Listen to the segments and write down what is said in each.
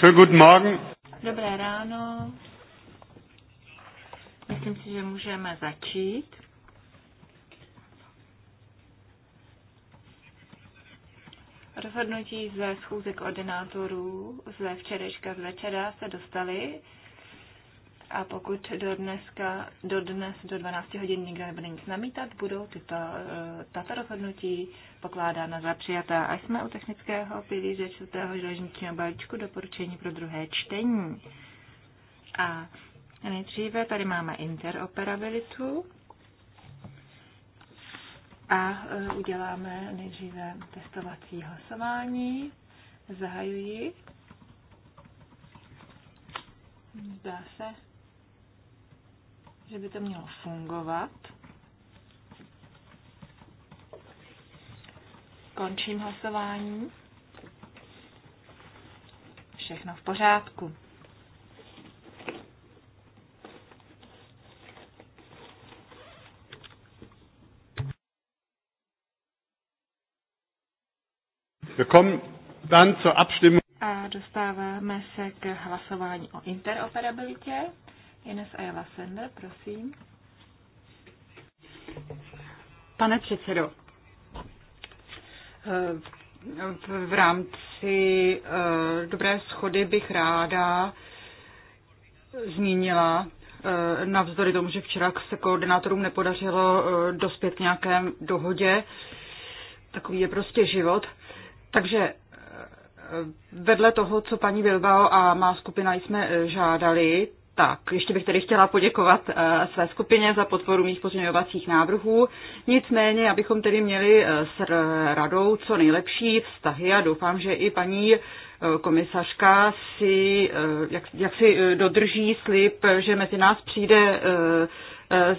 Schönen guten Morgen. Dobré ráno. Myslím si, že můžeme začít. Rozhodnutí ze schůzek ordinátorů ze včerejška z večera se dostali a pokud do, dneska, do dnes do 12 hodin nikdo nebude nic namítat, budou tyto, eh, tato rozhodnutí pokládána za přijatá. A jsme u technického pilíře čtvrtého železničního balíčku doporučení pro druhé čtení. A nejdříve tady máme interoperabilitu a eh, uděláme nejdříve testovací hlasování. Zahajuji. Zdá se, že by to mělo fungovat. Končím hlasování. Všechno v pořádku. A dostáváme se k hlasování o interoperabilitě. Ines Ayala Sender, prosím. Pane předsedo, eh, v rámci eh, dobré schody bych ráda zmínila, eh, navzdory tomu, že včera se koordinátorům nepodařilo dospět k nějaké dohodě, takový je prostě život. Takže vedle toho, co paní Bilbao a má skupina jsme žádali, tak, ještě bych tady chtěla poděkovat eh, své skupině za podporu mých pozměňovacích návrhů. Nicméně, abychom tedy měli eh, s radou co nejlepší vztahy a doufám, že i paní eh, komisařka si, jak, jak si dodrží slib, že mezi nás přijde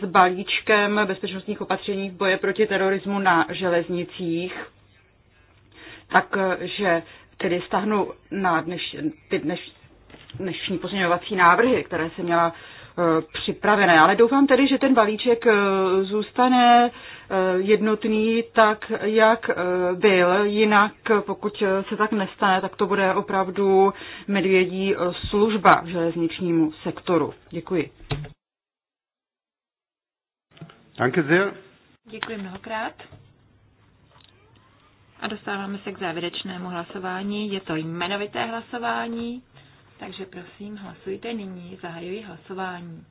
s balíčkem bezpečnostních opatření v boje proti terorismu na železnicích. Takže tedy stahnu na dneš, ty dnešní dnešní pozměňovací návrhy, které jsem měla e, připravené. Ale doufám tedy, že ten balíček e, zůstane e, jednotný tak, jak byl. Jinak, pokud se tak nestane, tak to bude opravdu medvědí služba železničnímu sektoru. Děkuji. Danke sehr. Děkuji mnohokrát. A dostáváme se k závěrečnému hlasování. Je to jmenovité hlasování. Takže prosím, hlasujte nyní. Zahajuji hlasování.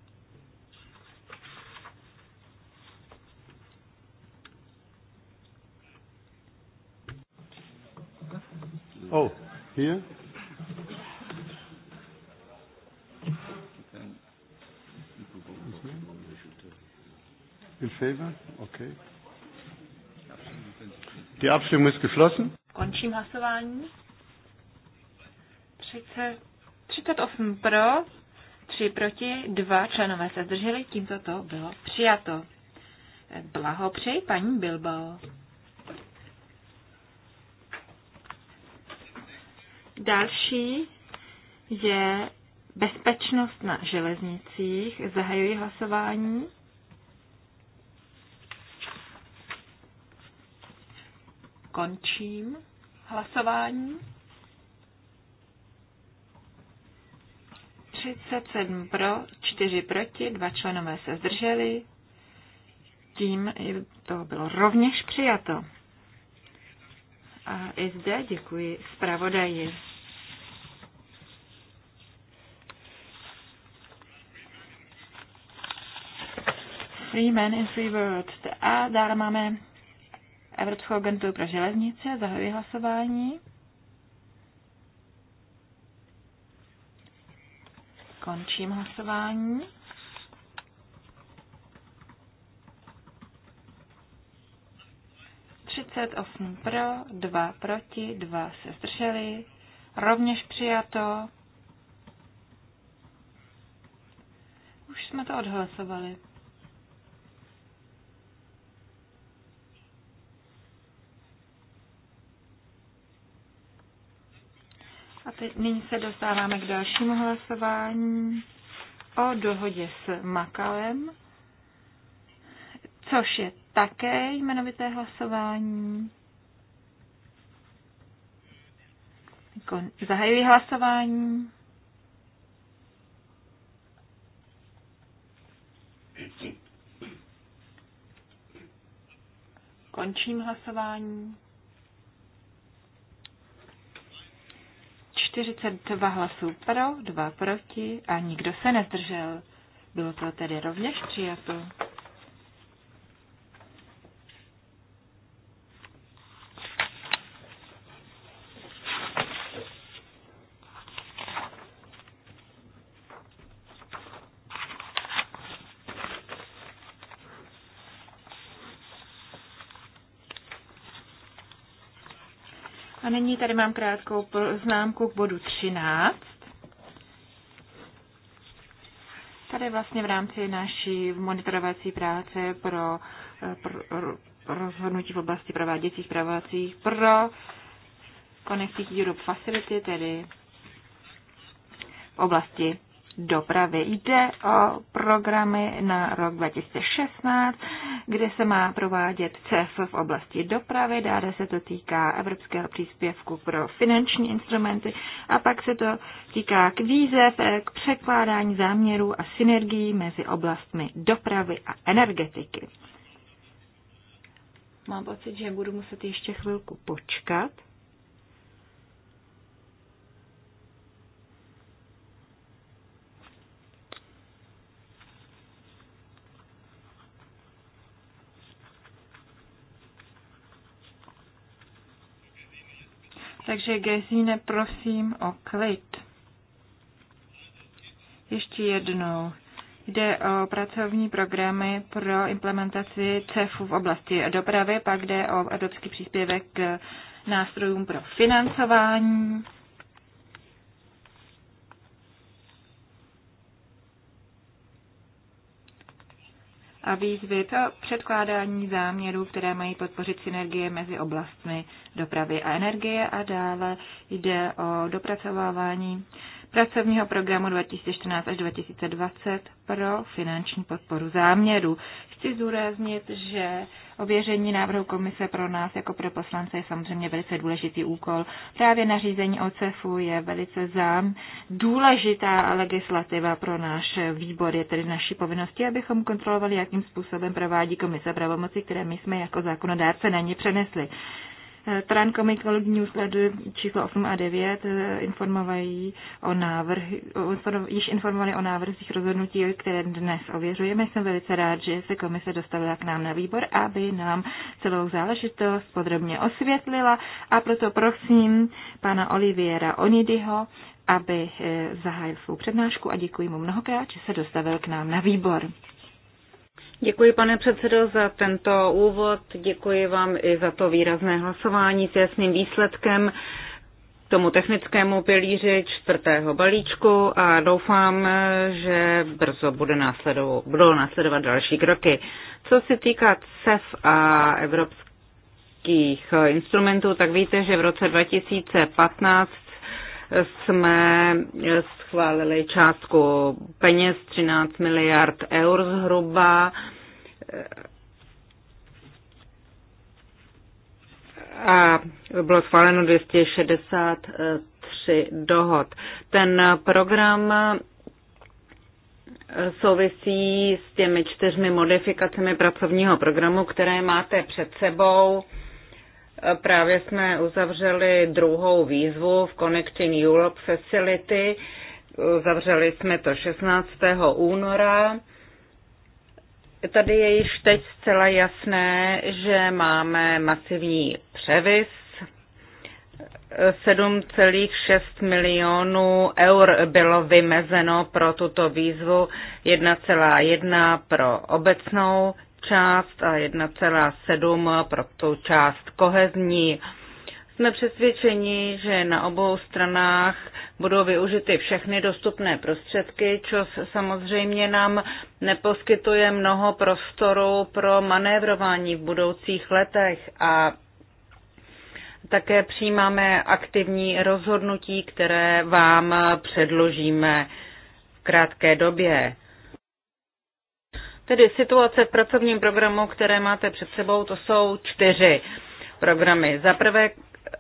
Oh, here? Mhm. In favor? Okay. Die Abstimmung ist geschlossen. Končím hlasování. 30 38 pro, 3 proti, 2 členové se zdrželi, tímto to bylo přijato. Blahopřeji paní Bilbo. Další je bezpečnost na železnicích. Zahajuji hlasování. Končím hlasování. 37 pro, 4 proti, 2 členové se zdrželi. Tím to bylo rovněž přijato. A i zde děkuji zpravodaji. Free men in Free World. A dále máme Evropskou agenturu pro železnice. Zahajuji hlasování. Končím hlasování. osm pro, dva proti, dva se zdrželi. Rovněž přijato. Už jsme to odhlasovali. A teď nyní se dostáváme k dalšímu hlasování o dohodě s Makalem, což je také jmenovité hlasování. Zahajuji hlasování. Končím hlasování. 42 hlasů pro, 2 proti a nikdo se nezdržel. Bylo to tedy rovněž přijato. nyní tady mám krátkou známku k bodu 13. Tady vlastně v rámci naší monitorovací práce pro, pro, rozhodnutí v oblasti prováděcích pravovacích pro Connected Europe Facility, tedy v oblasti dopravy. Jde o programy na rok 2016, kde se má provádět CEF v oblasti dopravy, dále se to týká evropského příspěvku pro finanční instrumenty a pak se to týká k výzev, k překládání záměrů a synergií mezi oblastmi dopravy a energetiky. Mám pocit, že budu muset ještě chvilku počkat. Takže Gesíne, prosím o klid. Ještě jednou. Jde o pracovní programy pro implementaci CEFu v oblasti dopravy, pak jde o evropský příspěvek k nástrojům pro financování a výzvy pro předkládání záměrů, které mají podpořit synergie mezi oblastmi dopravy a energie a dále jde o dopracovávání pracovního programu 2014 až 2020 pro finanční podporu záměru. Chci zúraznit, že ověření návrhu komise pro nás jako pro poslance je samozřejmě velice důležitý úkol. Právě nařízení OCEFu je velice zám důležitá legislativa pro náš výbor. Je tedy naší povinnosti, abychom kontrolovali, jakým způsobem provádí komise pravomoci, které my jsme jako zákonodárce na ně přenesli. Tran Comicology Newsletter číslo 8 a 9 eh, informovají o návrh. již informovali o návrzích rozhodnutí, které dnes ověřujeme. Jsem velice rád, že se komise dostavila k nám na výbor, aby nám celou záležitost podrobně osvětlila a proto prosím pana Oliviera Onidyho, aby eh, zahájil svou přednášku a děkuji mu mnohokrát, že se dostavil k nám na výbor. Děkuji, pane předsedo, za tento úvod. Děkuji vám i za to výrazné hlasování s jasným výsledkem k tomu technickému pilíři čtvrtého balíčku a doufám, že brzo bude následovat, budou následovat další kroky. Co se týká CEF a evropských instrumentů, tak víte, že v roce 2015 jsme schválili částku peněz 13 miliard eur zhruba. A bylo schváleno 263 dohod. Ten program souvisí s těmi čtyřmi modifikacemi pracovního programu, které máte před sebou. Právě jsme uzavřeli druhou výzvu v Connecting Europe Facility. Zavřeli jsme to 16. února. Tady je již teď zcela jasné, že máme masivní převis 7,6 milionů eur bylo vymezeno pro tuto výzvu, 1,1 pro obecnou část a 1,7 pro tu část kohezní. Jsme přesvědčeni, že na obou stranách budou využity všechny dostupné prostředky, což samozřejmě nám neposkytuje mnoho prostoru pro manévrování v budoucích letech a také přijímáme aktivní rozhodnutí, které vám předložíme v krátké době. Tedy situace v pracovním programu, které máte před sebou, to jsou čtyři programy. Za prvé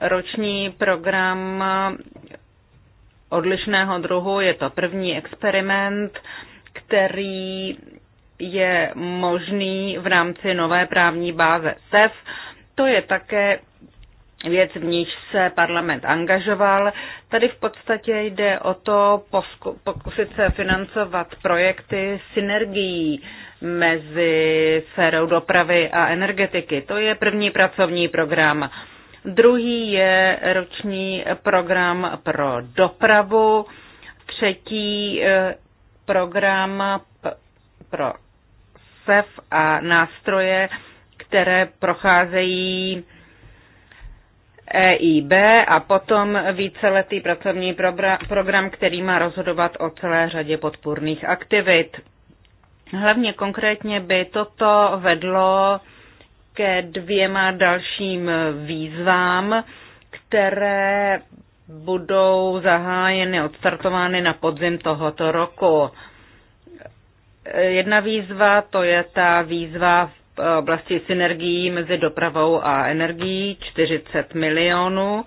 roční program odlišného druhu, je to první experiment, který je možný v rámci nové právní báze SEF. To je také věc, v níž se parlament angažoval. Tady v podstatě jde o to pokusit se financovat projekty synergií mezi sférou dopravy a energetiky. To je první pracovní program. Druhý je roční program pro dopravu. Třetí eh, program pro SEF a nástroje, které procházejí EIB a potom víceletý pracovní program, který má rozhodovat o celé řadě podpůrných aktivit. Hlavně konkrétně by toto vedlo ke dvěma dalším výzvám, které budou zahájeny, odstartovány na podzim tohoto roku. Jedna výzva, to je ta výzva v oblasti synergií mezi dopravou a energií, 40 milionů.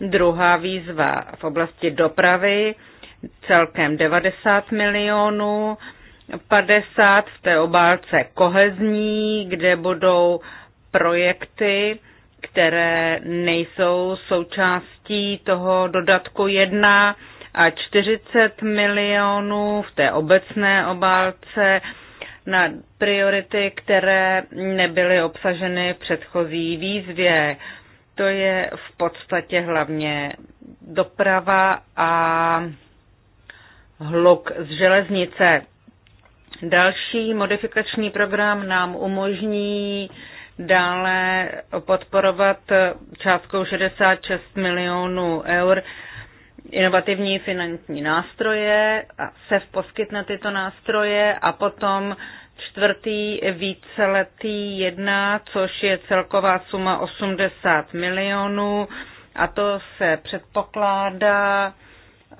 Druhá výzva v oblasti dopravy, celkem 90 milionů 50 v té obálce kohezní, kde budou projekty, které nejsou součástí toho dodatku 1 a 40 milionů v té obecné obálce na priority, které nebyly obsaženy v předchozí výzvě. To je v podstatě hlavně doprava a hluk z železnice. Další modifikační program nám umožní dále podporovat částkou 66 milionů eur inovativní finanční nástroje, se poskytne tyto nástroje a potom čtvrtý víceletý jedna, což je celková suma 80 milionů a to se předpokládá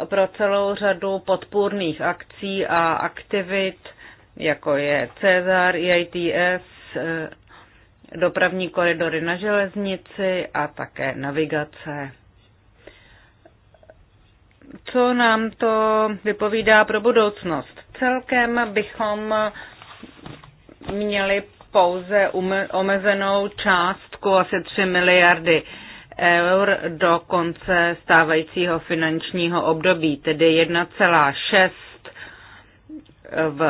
pro celou řadu podpůrných akcí a aktivit jako je Cezar, e IITS, e, dopravní koridory na železnici a také navigace. Co nám to vypovídá pro budoucnost? Celkem bychom měli pouze omezenou částku asi 3 miliardy eur do konce stávajícího finančního období, tedy v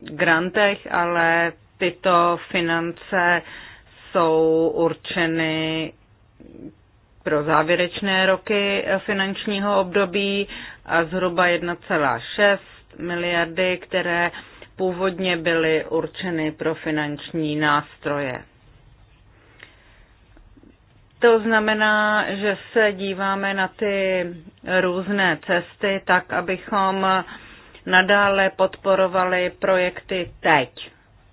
grantech, ale tyto finance jsou určeny pro závěrečné roky finančního období a zhruba 1,6 miliardy, které původně byly určeny pro finanční nástroje. To znamená, že se díváme na ty různé cesty tak, abychom nadále podporovali projekty teď.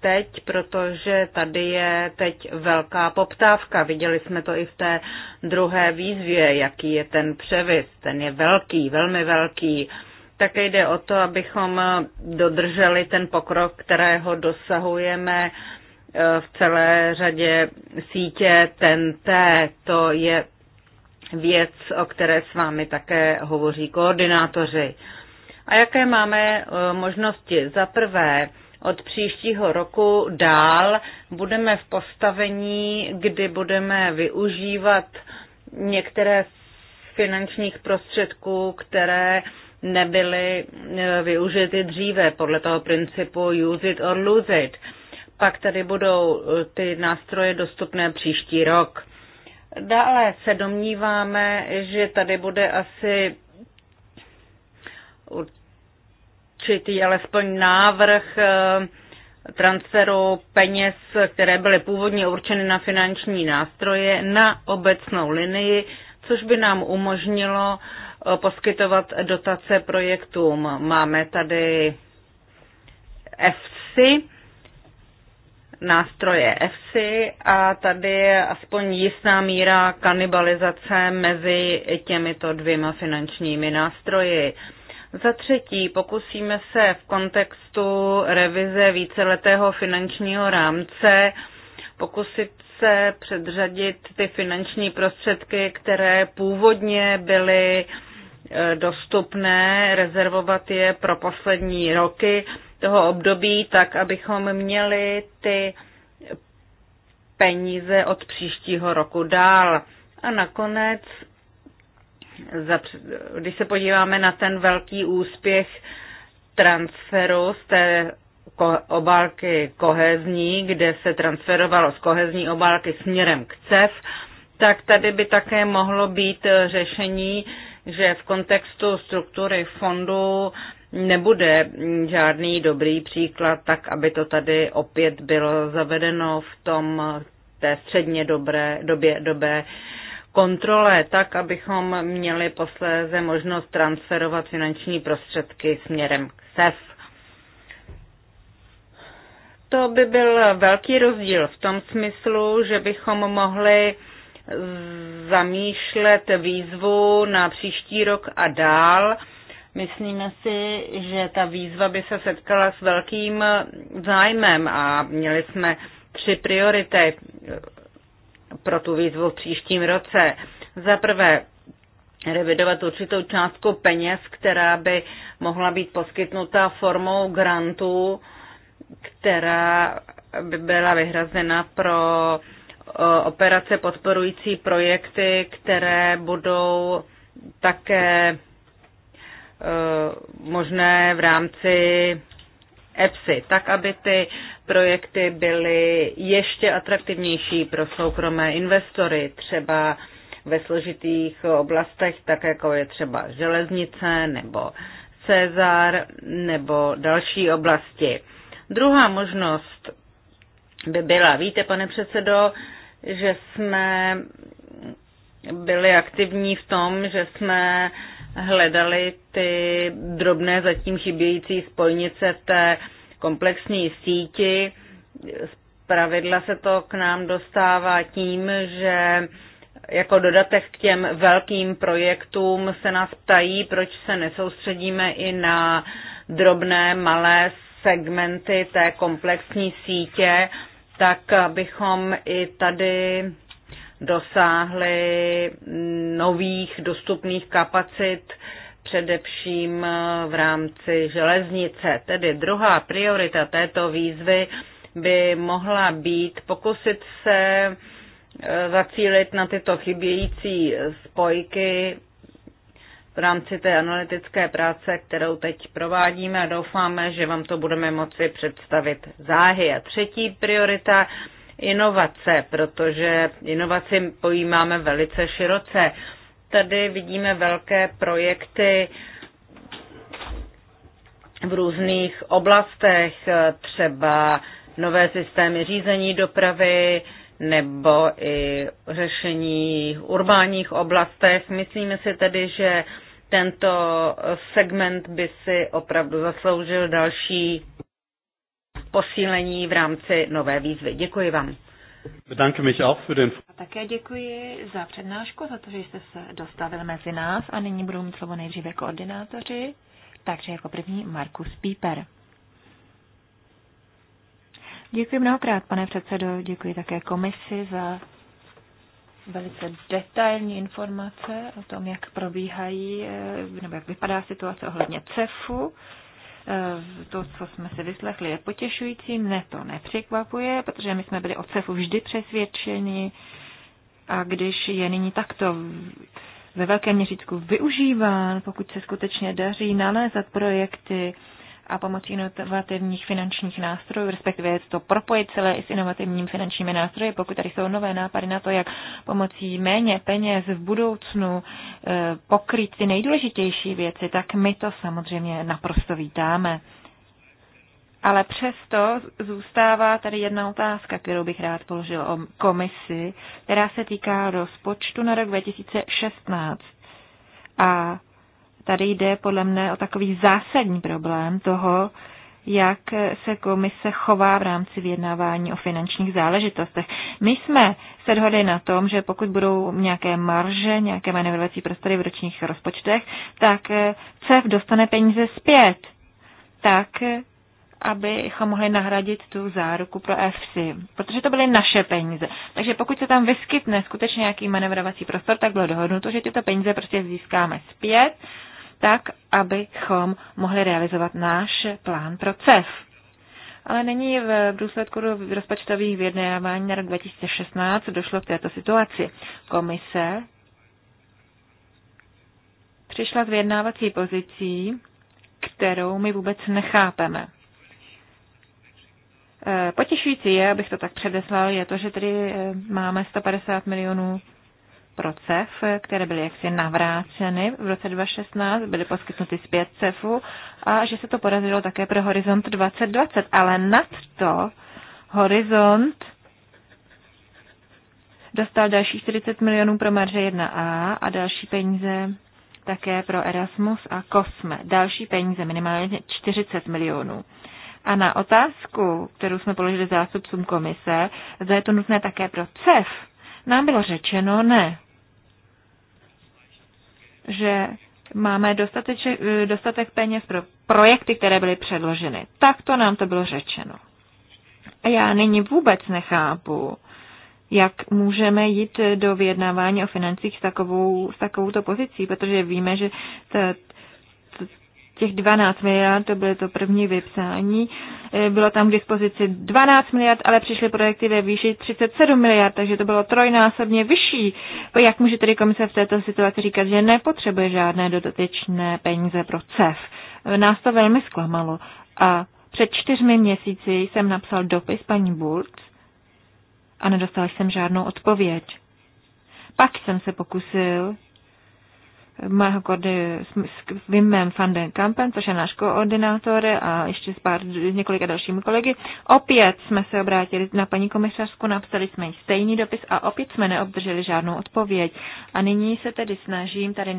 Teď, protože tady je teď velká poptávka. Viděli jsme to i v té druhé výzvě, jaký je ten převis. Ten je velký, velmi velký. Také jde o to, abychom dodrželi ten pokrok, kterého dosahujeme eh, v celé řadě sítě TNT. To je věc, o které s vámi také hovoří koordinátoři. A jaké máme eh, možnosti? Za prvé, od příštího roku dál budeme v postavení, kdy budeme využívat některé z finančních prostředků, které nebyly eh, využity dříve podle toho principu use it or lose it. Pak tady budou eh, ty nástroje dostupné příští rok. Dále se domníváme, že tady bude asi určitý alespoň návrh eh, transferu peněz, které byly původně určeny na finanční nástroje, na obecnou linii, což by nám umožnilo eh, poskytovat dotace projektům. Máme tady EFSI, nástroje EFSI a tady je aspoň jistá míra kanibalizace mezi těmito dvěma finančními nástroji. Za třetí, pokusíme se v kontextu revize víceletého finančního rámce pokusit se předřadit ty finanční prostředky, které původně byly e, dostupné, rezervovat je pro poslední roky toho období, tak abychom měli ty peníze od příštího roku dál. A nakonec když se podíváme na ten velký úspěch transferu z té obálky kohezní, kde se transferovalo z kohezní obálky směrem k CEF, tak tady by také mohlo být eh, řešení, že v kontextu struktury fondu nebude mm, žádný dobrý příklad, tak aby to tady opět bylo zavedeno v tom eh, té středně dobré, době, době kontrole, tak abychom měli posléze možnost transferovat finanční prostředky směrem k SEF. To by byl velký rozdíl v tom smyslu, že bychom mohli zamýšlet výzvu na příští rok a dál. Myslíme si, že ta výzva by se setkala s velkým zájmem a měli jsme tři priority pro tu výzvu v příštím roce. Za prvé, revidovat určitou částku peněz, která by mohla být poskytnuta formou grantů, která by byla vyhrazena pro operace podporující projekty, které budou také možné v rámci EPSI, tak aby ty projekty byly ještě atraktivnější pro soukromé investory, třeba ve složitých oblastech, tak jako je třeba železnice nebo Cezar nebo další oblasti. Druhá možnost by byla, víte, pane předsedo, že jsme byli aktivní v tom, že jsme uh, hledali ty drobné zatím chybějící spojnice v té komplexní síti. Pravidla se to k nám dostává tím, že jako dodatek k těm velkým projektům se nás ptají, proč se nesoustředíme i na drobné, malé segmenty té komplexní sítě, tak abychom i tady dosáhli nových dostupných kapacit, především v rámci železnice. Tedy druhá priorita této výzvy by mohla být pokusit se e, zacílit na tyto chybějící spojky v rámci té analytické práce, kterou teď provádíme a doufáme, že vám to budeme moci představit záhy. A třetí priorita inovace, protože inovaci pojímáme velice široce. Tady vidíme velké projekty v různých oblastech, třeba nové systémy řízení dopravy nebo i řešení v urbánních oblastech. Myslíme si tedy, že tento segment by si opravdu zasloužil další posílení v rámci nové výzvy. Děkuji vám. Bedanke mich auch für den... A také děkuji za přednášku, za to, že jste se dostavil mezi nás a nyní budou mít slovo nejdříve koordinátoři, takže jako první Markus Píper. Děkuji mnohokrát, pane předsedo, děkuji také komisi za velice detailní informace o tom, jak probíhají, eh, nebo jak vypadá situace ohledně CEFu to, co jsme si vyslechli, je potěšující. Mne to nepřekvapuje, protože my jsme byli o CEFu vždy přesvědčeni a když je nyní takto ve velkém měřítku využíván, pokud se skutečně daří nalézat projekty, a pomocí inovativních finančních nástrojů, respektive to propojit celé i s inovativním finančními nástroji, pokud tady jsou nové nápady na to, jak pomocí méně peněz v budoucnu eh, pokrýt ty nejdůležitější věci, tak my to samozřejmě naprosto vítáme. Ale přesto zůstává tady jedna otázka, kterou bych rád položil o komisi, která se týká rozpočtu na rok 2016. A Tady jde podle mne o takový zásadní problém toho, jak se komise chová v rámci vyjednávání o finančních záležitostech. My jsme se dohodli na tom, že pokud budou nějaké marže, nějaké manevrovací prostory v ročních rozpočtech, tak CEF dostane peníze zpět, tak abychom mohli nahradit tu záruku pro EFSI, protože to byly naše peníze. Takže pokud se tam vyskytne skutečně nějaký manevrovací prostor, tak bylo dohodnuto, že tyto peníze prostě získáme zpět tak abychom mohli realizovat náš plán pro CEF. Ale není v důsledku rozpočtových vyjednávání na rok 2016 došlo k této situaci. Komise přišla s vyjednávací pozicí, kterou my vůbec nechápeme. E, potěšující je, abych to tak předeslal, je to, že tady e, máme 150 milionů pro CEF, které byly jaksi navráceny v roce 2016, byly poskytnuty zpět CEFu a že se to podařilo také pro Horizont 2020. Ale nad to Horizont dostal další 40 milionů pro marže 1A a další peníze také pro Erasmus a Kosme. Další peníze, minimálně 40 milionů. A na otázku, kterou jsme položili zástupcům komise, zda je to nutné také pro CEF, nám bylo řečeno ne že máme eh, dostatek peněz pro projekty, které byly předloženy. Tak to nám to bylo řečeno. A já nyní vůbec nechápu, jak můžeme jít do vyjednávání o financích s, takovou, s takovouto pozicí, protože víme, že ta těch 12 miliard, to bylo to první vypsání, eh, bylo tam k dispozici 12 miliard, ale přišly projekty ve výši 37 miliard, takže to bylo trojnásobně vyšší. Jak může tedy komise v této situaci říkat, že nepotřebuje žádné dodatečné peníze pro CEF? Nás to velmi zklamalo a před čtyřmi měsíci jsem napsal dopis paní Bult a nedostal jsem žádnou odpověď. Pak jsem se pokusil s Vimem van den Kampen, což je náš koordinátor a ještě s pár, s několika dalšími kolegy. Opět jsme se obrátili na paní komisařku, napsali jsme jí stejný dopis a opět jsme neobdrželi žádnou odpověď. A nyní se tedy snažím tady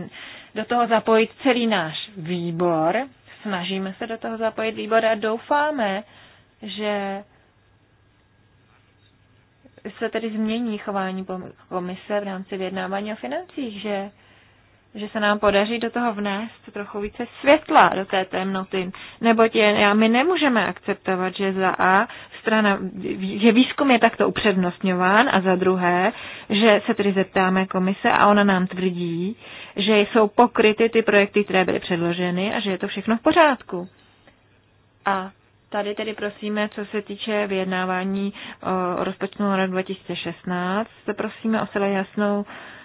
do toho zapojit celý náš výbor, snažíme se do toho zapojit výbor a doufáme, že se tedy změní chování komise v rámci vyjednávání o financích, že že se nám podaří do toho vnést trochu více světla do té temnoty. Neboť je, my nemůžeme akceptovat, že za A strana, že výzkum je takto upřednostňován a za druhé, že se tedy zeptáme komise a ona nám tvrdí, že jsou pokryty ty projekty, které byly předloženy a že je to všechno v pořádku. A tady tedy prosíme, co se týče vyjednávání o rozpočtu na rok 2016, prosíme o celé jasnou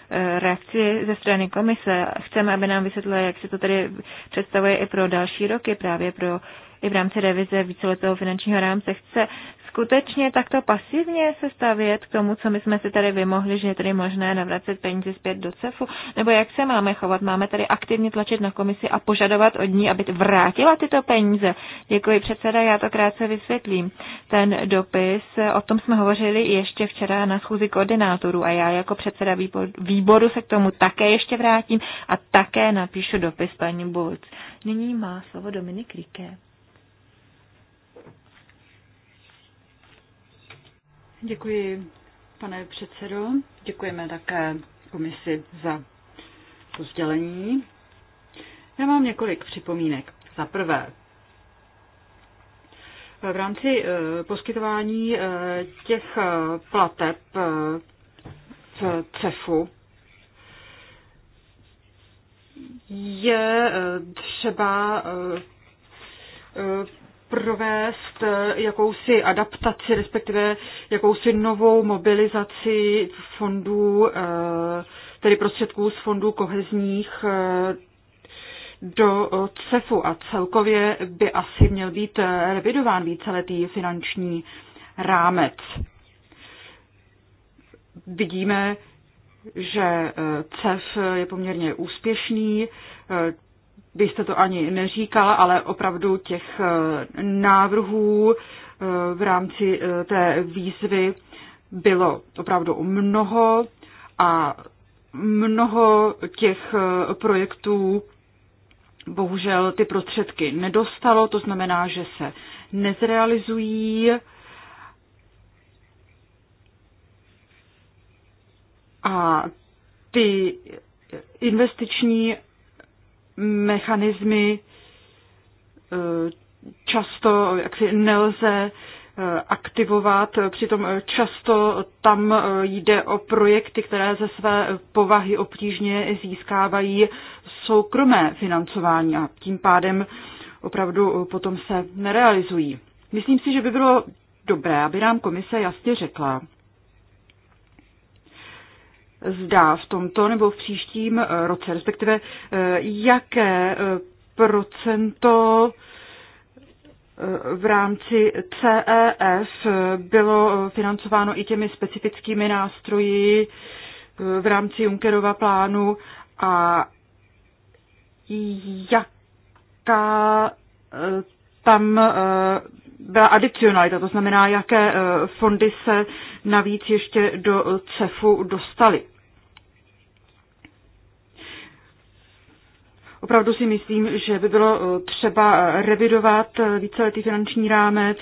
Eh, reakci ze strany komise. Chceme, aby nám vysvětlila, jak se to tady představuje i pro další roky, právě pro i v rámci revize víceletého finančního rámce. Chce skutečně takto pasivně se stavět k tomu, co my jsme si tady vymohli, že je tady možné navracet peníze zpět do CEFu? Nebo jak se máme chovat? Máme tady aktivně tlačit na komisi a požadovat od ní, aby vrátila tyto peníze? Děkuji předseda, já to krátce vysvětlím. Ten dopis, o tom jsme hovořili ještě včera na schůzi koordinátorů a já jako předseda výboru, se k tomu také ještě vrátím a také napíšu dopis paní Bulc. Nyní má slovo Dominik Riké. Děkuji, pane předsedo. Děkujeme také komisi za to sdělení. Já mám několik připomínek. Za prvé, v rámci eh, poskytování eh, těch eh, plateb v CEFu je třeba provést eh, jakousi adaptaci, respektive jakousi novou mobilizaci fondů, eh, tedy prostředků z fondů kohezních eh, do CEFu a celkově by asi měl být revidován víceletý finanční rámec. Vidíme, že CEF je poměrně úspěšný, byste to ani neříkala, ale opravdu těch eh, návrhů eh, v rámci eh, té výzvy bylo opravdu mnoho a mnoho těch projektů bohužel ty prostředky nedostalo, to znamená, že se nezrealizují. A ty investiční mechanismy eh, často jaksi nelze eh, aktivovat. Eh, přitom často tam jde o projekty, které ze své povahy obtížně získávají soukromé financování a tím pádem opravdu potom se nerealizují. Myslím si, že by bylo dobré, aby nám komise jasně řekla, zdá v tomto nebo v příštím eh, roce, respektive eh, jaké eh, procento v rámci CEF bylo financováno i těmi specifickými nástroji v rámci Junckerova plánu a jaká tam byla adicionalita, to znamená, jaké fondy se navíc ještě do CEFu dostaly. Opravdu si myslím, že by bylo eh, třeba eh, revidovat eh, víceletý finanční rámec,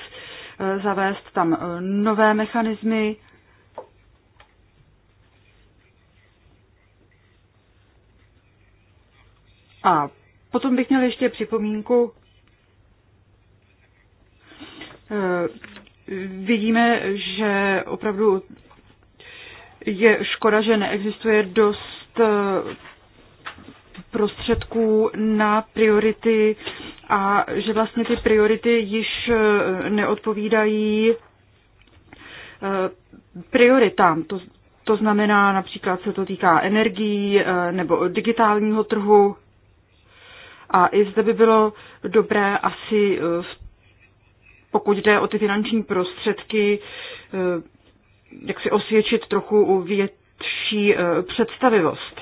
zavést tam nové mechanismy. A potom bych měl ještě připomínku. Vidíme, že opravdu je škoda, že neexistuje dost prostředků na priority a že vlastně ty priority již eh, neodpovídají eh, prioritám. To, to znamená například se to týká energií eh, nebo digitálního trhu. A i zde by bylo dobré asi, pokud jde o ty finanční prostředky, jak si osvědčit trochu větší představivost.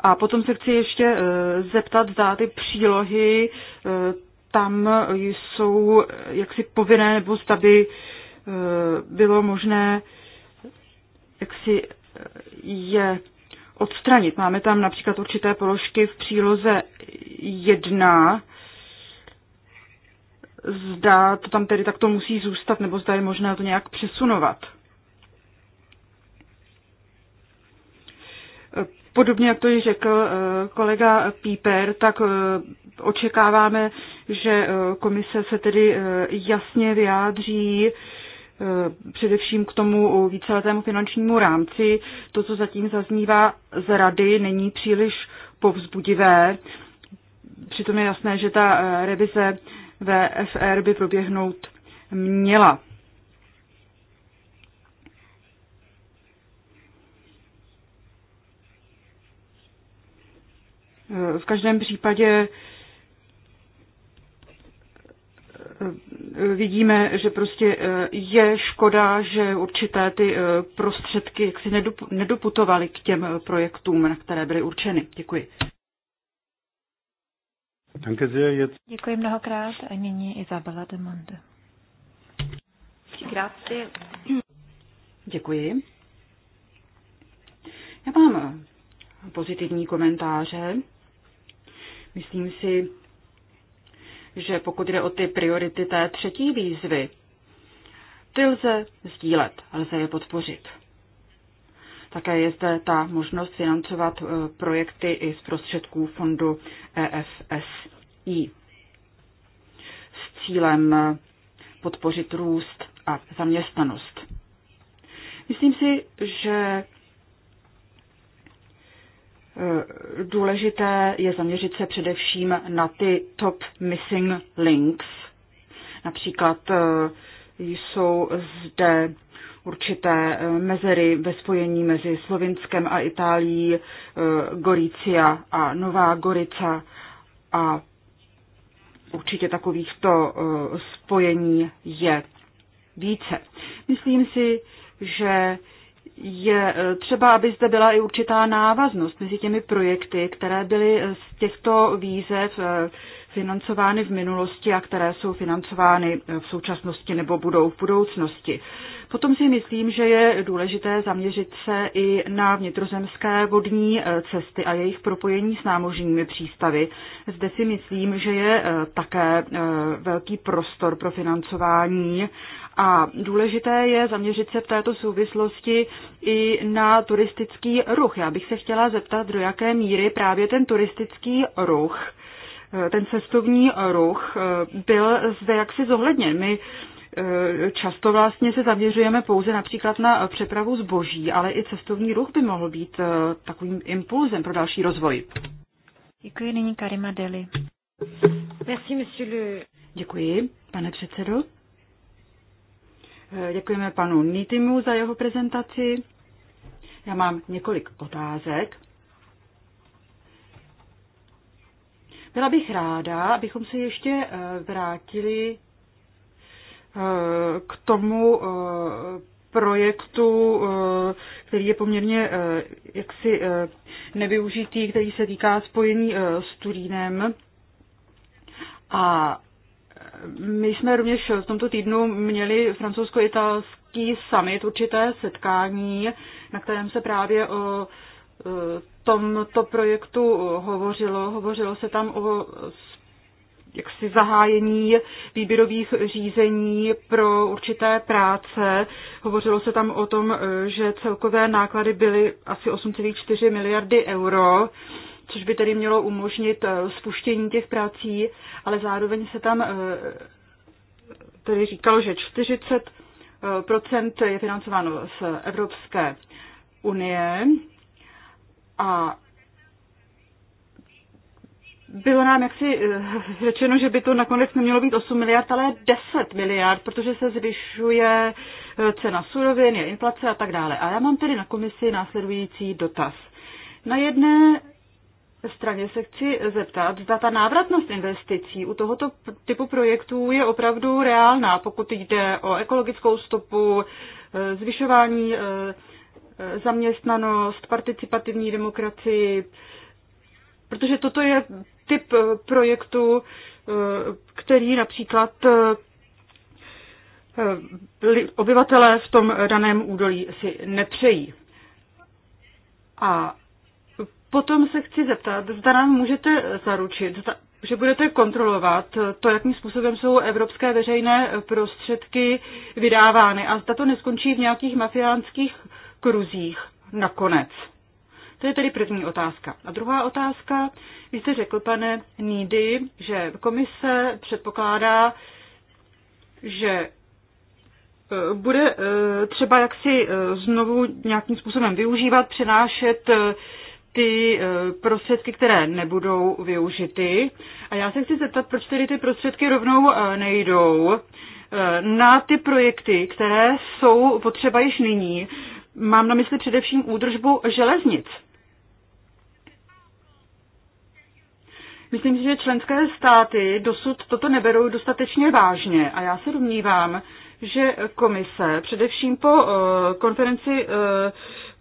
A potom se chci ještě eh, zeptat, zda ty přílohy eh, tam jsou jaksi povinné, nebo zda by eh, bylo možné jaksi je odstranit. Máme tam například určité položky v příloze 1, zda to tam tedy takto musí zůstat, nebo zda je možné to nějak přesunovat. Podobně jak to ji řekl eh, kolega Píper, tak eh, očekáváme, že eh, komise se tedy jasně vyjádří především k tomu víceletému finančnímu rámci. To, co zatím zaznívá z rady, není příliš povzbudivé. Přitom je jasné, že ta revize VFR by proběhnout měla. V každém případě eh, vidíme, že prostě eh, je škoda, že určité ty eh, prostředky jaksi nedoputovaly k těm projektům, na které byly určeny. Děkuji. Děkuji mnohokrát a nyní Izabela de Monde. Děkuji. Já mám pozitivní komentáře Myslím si, že pokud jde o ty priority té třetí výzvy, ty lze sdílet, lze je podpořit. Také je zde ta možnost financovat eh, projekty i z prostředků fondu EFSI s cílem eh, podpořit růst a zaměstnanost. Myslím si, že důležité je zaměřit se především na ty top missing links. Například eh, jsou zde určité eh, mezery ve spojení mezi Slovinskem a Itálií, eh, Goricia a Nová Gorica a určitě takovýchto spojení je více. Myslím si, že je eh, třeba, aby zde byla i určitá návaznost mezi těmi projekty, které byly z těchto výzev eh, financovány v minulosti a které jsou financovány v současnosti nebo budou v budoucnosti. Potom si myslím, že je důležité zaměřit se i na vnitrozemské vodní eh, cesty a jejich propojení s námořními přístavy. Zde si myslím, že je eh, také eh, velký prostor pro financování a důležité je zaměřit se v této souvislosti i na turistický ruch. Já bych se chtěla zeptat, do jaké míry právě ten turistický ruch Eh, ten cestovní ruch eh, byl zde jaksi zohledněn. My eh, často vlastně se zaměřujeme pouze například na přepravu zboží, ale i cestovní ruch by mohl být takovým impulzem pro další rozvoj. Děkuji, nyní Karima Deli. Merci, monsieur le... Děkuji, pane předsedo. Děkujeme panu Nitimu za jeho prezentaci. Já mám několik otázek. Byla bych ráda, abychom se ještě eh, vrátili eh, k tomu eh, projektu, který je poměrně jaksi nevyužitý, který se týká spojení s Turínem. A my jsme rovněž v tomto týdnu měli francouzsko-italský summit, určité setkání, na kterém se právě o tomto projektu hovořilo. Hovořilo se tam o jaksi zahájení výběrových řízení pro určité práce. Hovořilo se tam o tom, že celkové náklady byly asi 8,4 miliardy euro, což by tedy mělo umožnit eh, spuštění těch prací, ale zároveň se tam eh, tedy říkalo, že 40 eh, je financováno z Evropské unie a bylo nám jaksi eh, řečeno, že by to nakonec nemělo být 8 miliard, ale 10 miliard, protože se zvyšuje eh, cena surovin, je inflace a tak dále. A já mám tedy na komisi následující dotaz. Na jedné straně se chci zeptat, zda ta návratnost investicí u tohoto typu projektů je opravdu reálná, pokud jde o ekologickou stopu, eh, zvyšování zaměstnanost, participativní demokracii, protože toto je typ eh, projektu, eh, který například eh, obyvatelé v tom daném údolí si nepřejí. A potom se chci zeptat, zda nám můžete zaručit, že budete kontrolovat to, jakým způsobem jsou evropské veřejné prostředky vydávány a zda to neskončí v nějakých mafiánských kruzích nakonec? To je tedy první otázka. A druhá otázka, vy jste řekl, pane Nídy, že komise předpokládá, že e, bude e, třeba jaksi e, znovu nějakým způsobem využívat, přenášet ty prostředky, které nebudou využity. A já se chci zeptat, proč tedy ty prostředky rovnou nejdou na ty projekty, které jsou potřeba již nyní, Mám na mysli především údržbu železnic. Myslím si, že členské státy dosud toto neberou dostatečně vážně a já se domnívám, že komise především po eh, konferenci eh,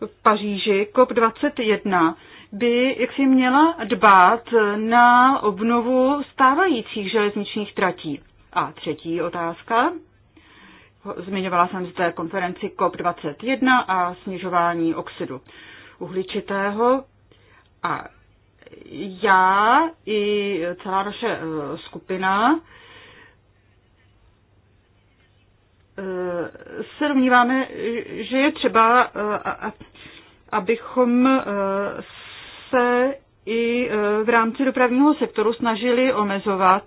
v Paříži COP21 by jaksi měla dbát na obnovu stávajících železničních tratí. A třetí otázka. Zmiňovala jsem zde konferenci COP21 a snižování oxidu uhličitého. A já i celá naše e, skupina e, se domníváme, že je třeba, e, abychom se i v rámci dopravního sektoru snažili omezovat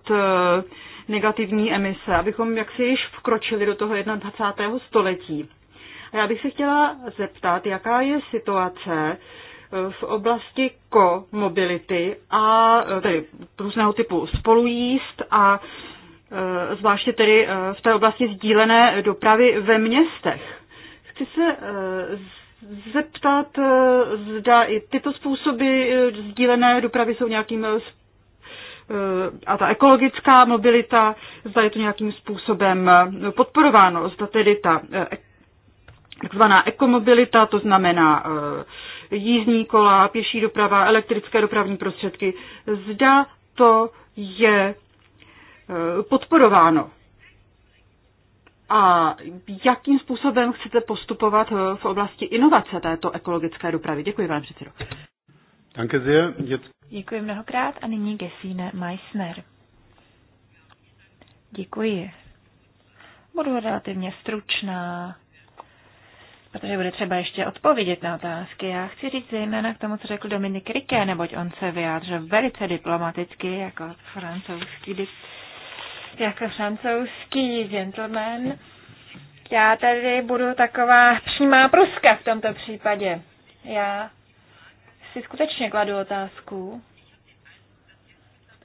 negativní emise, abychom jaksi již vkročili do toho 21. století. A já bych se chtěla zeptat, jaká je situace eh, v oblasti komobility a eh, tedy různého typu spolujíst a eh, zvláště tedy v té oblasti sdílené dopravy ve městech. Chci se zeptat, zda i tyto způsoby sdílené dopravy jsou nějakým Eh, a ta ekologická mobilita, zda je to nějakým způsobem eh, podporováno, zda tedy ta eh, takzvaná ekomobilita, to znamená jízdní kola, pěší doprava, elektrické dopravní prostředky, zda to je podporováno. A jakým způsobem chcete postupovat v oblasti inovace této ekologické dopravy? Děkuji, vám předsedo. Danke sehr. Jetzt Děkuji mnohokrát a nyní Gesine Meissner. Děkuji. Budu relativně stručná, protože bude třeba ještě odpovědět na otázky. Já chci říct zejména k tomu, co řekl Dominik Riké, neboť on se vyjádřil velice diplomaticky, jako francouzský, jako francouzský gentleman. Já tady budu taková přímá pruska v tomto případě. Já si skutečně kladu otázku,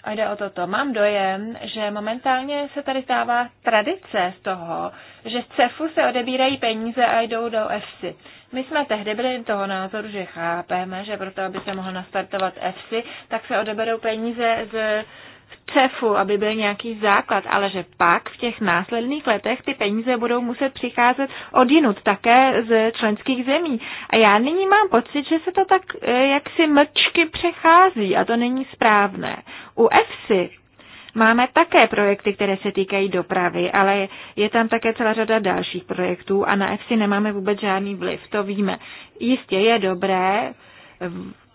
a jde o toto. Mám dojem, že momentálně se tady stává tradice z toho, že z CEFu se odebírají peníze a jdou do EFSI. My jsme tehdy byli toho názoru, že chápeme, že proto, aby se mohl nastartovat EFSI, tak se odeberou peníze z CEFu, aby byl nějaký základ, ale že pak v těch následných letech ty peníze budou muset přicházet odinut také z členských zemí. A já nyní mám pocit, že se to tak eh, jaksi mlčky přechází a to není správné. U EFSI Máme také projekty, které se týkají dopravy, ale je tam také celá řada dalších projektů a na EFSI nemáme vůbec žádný vliv, to víme. Jistě je dobré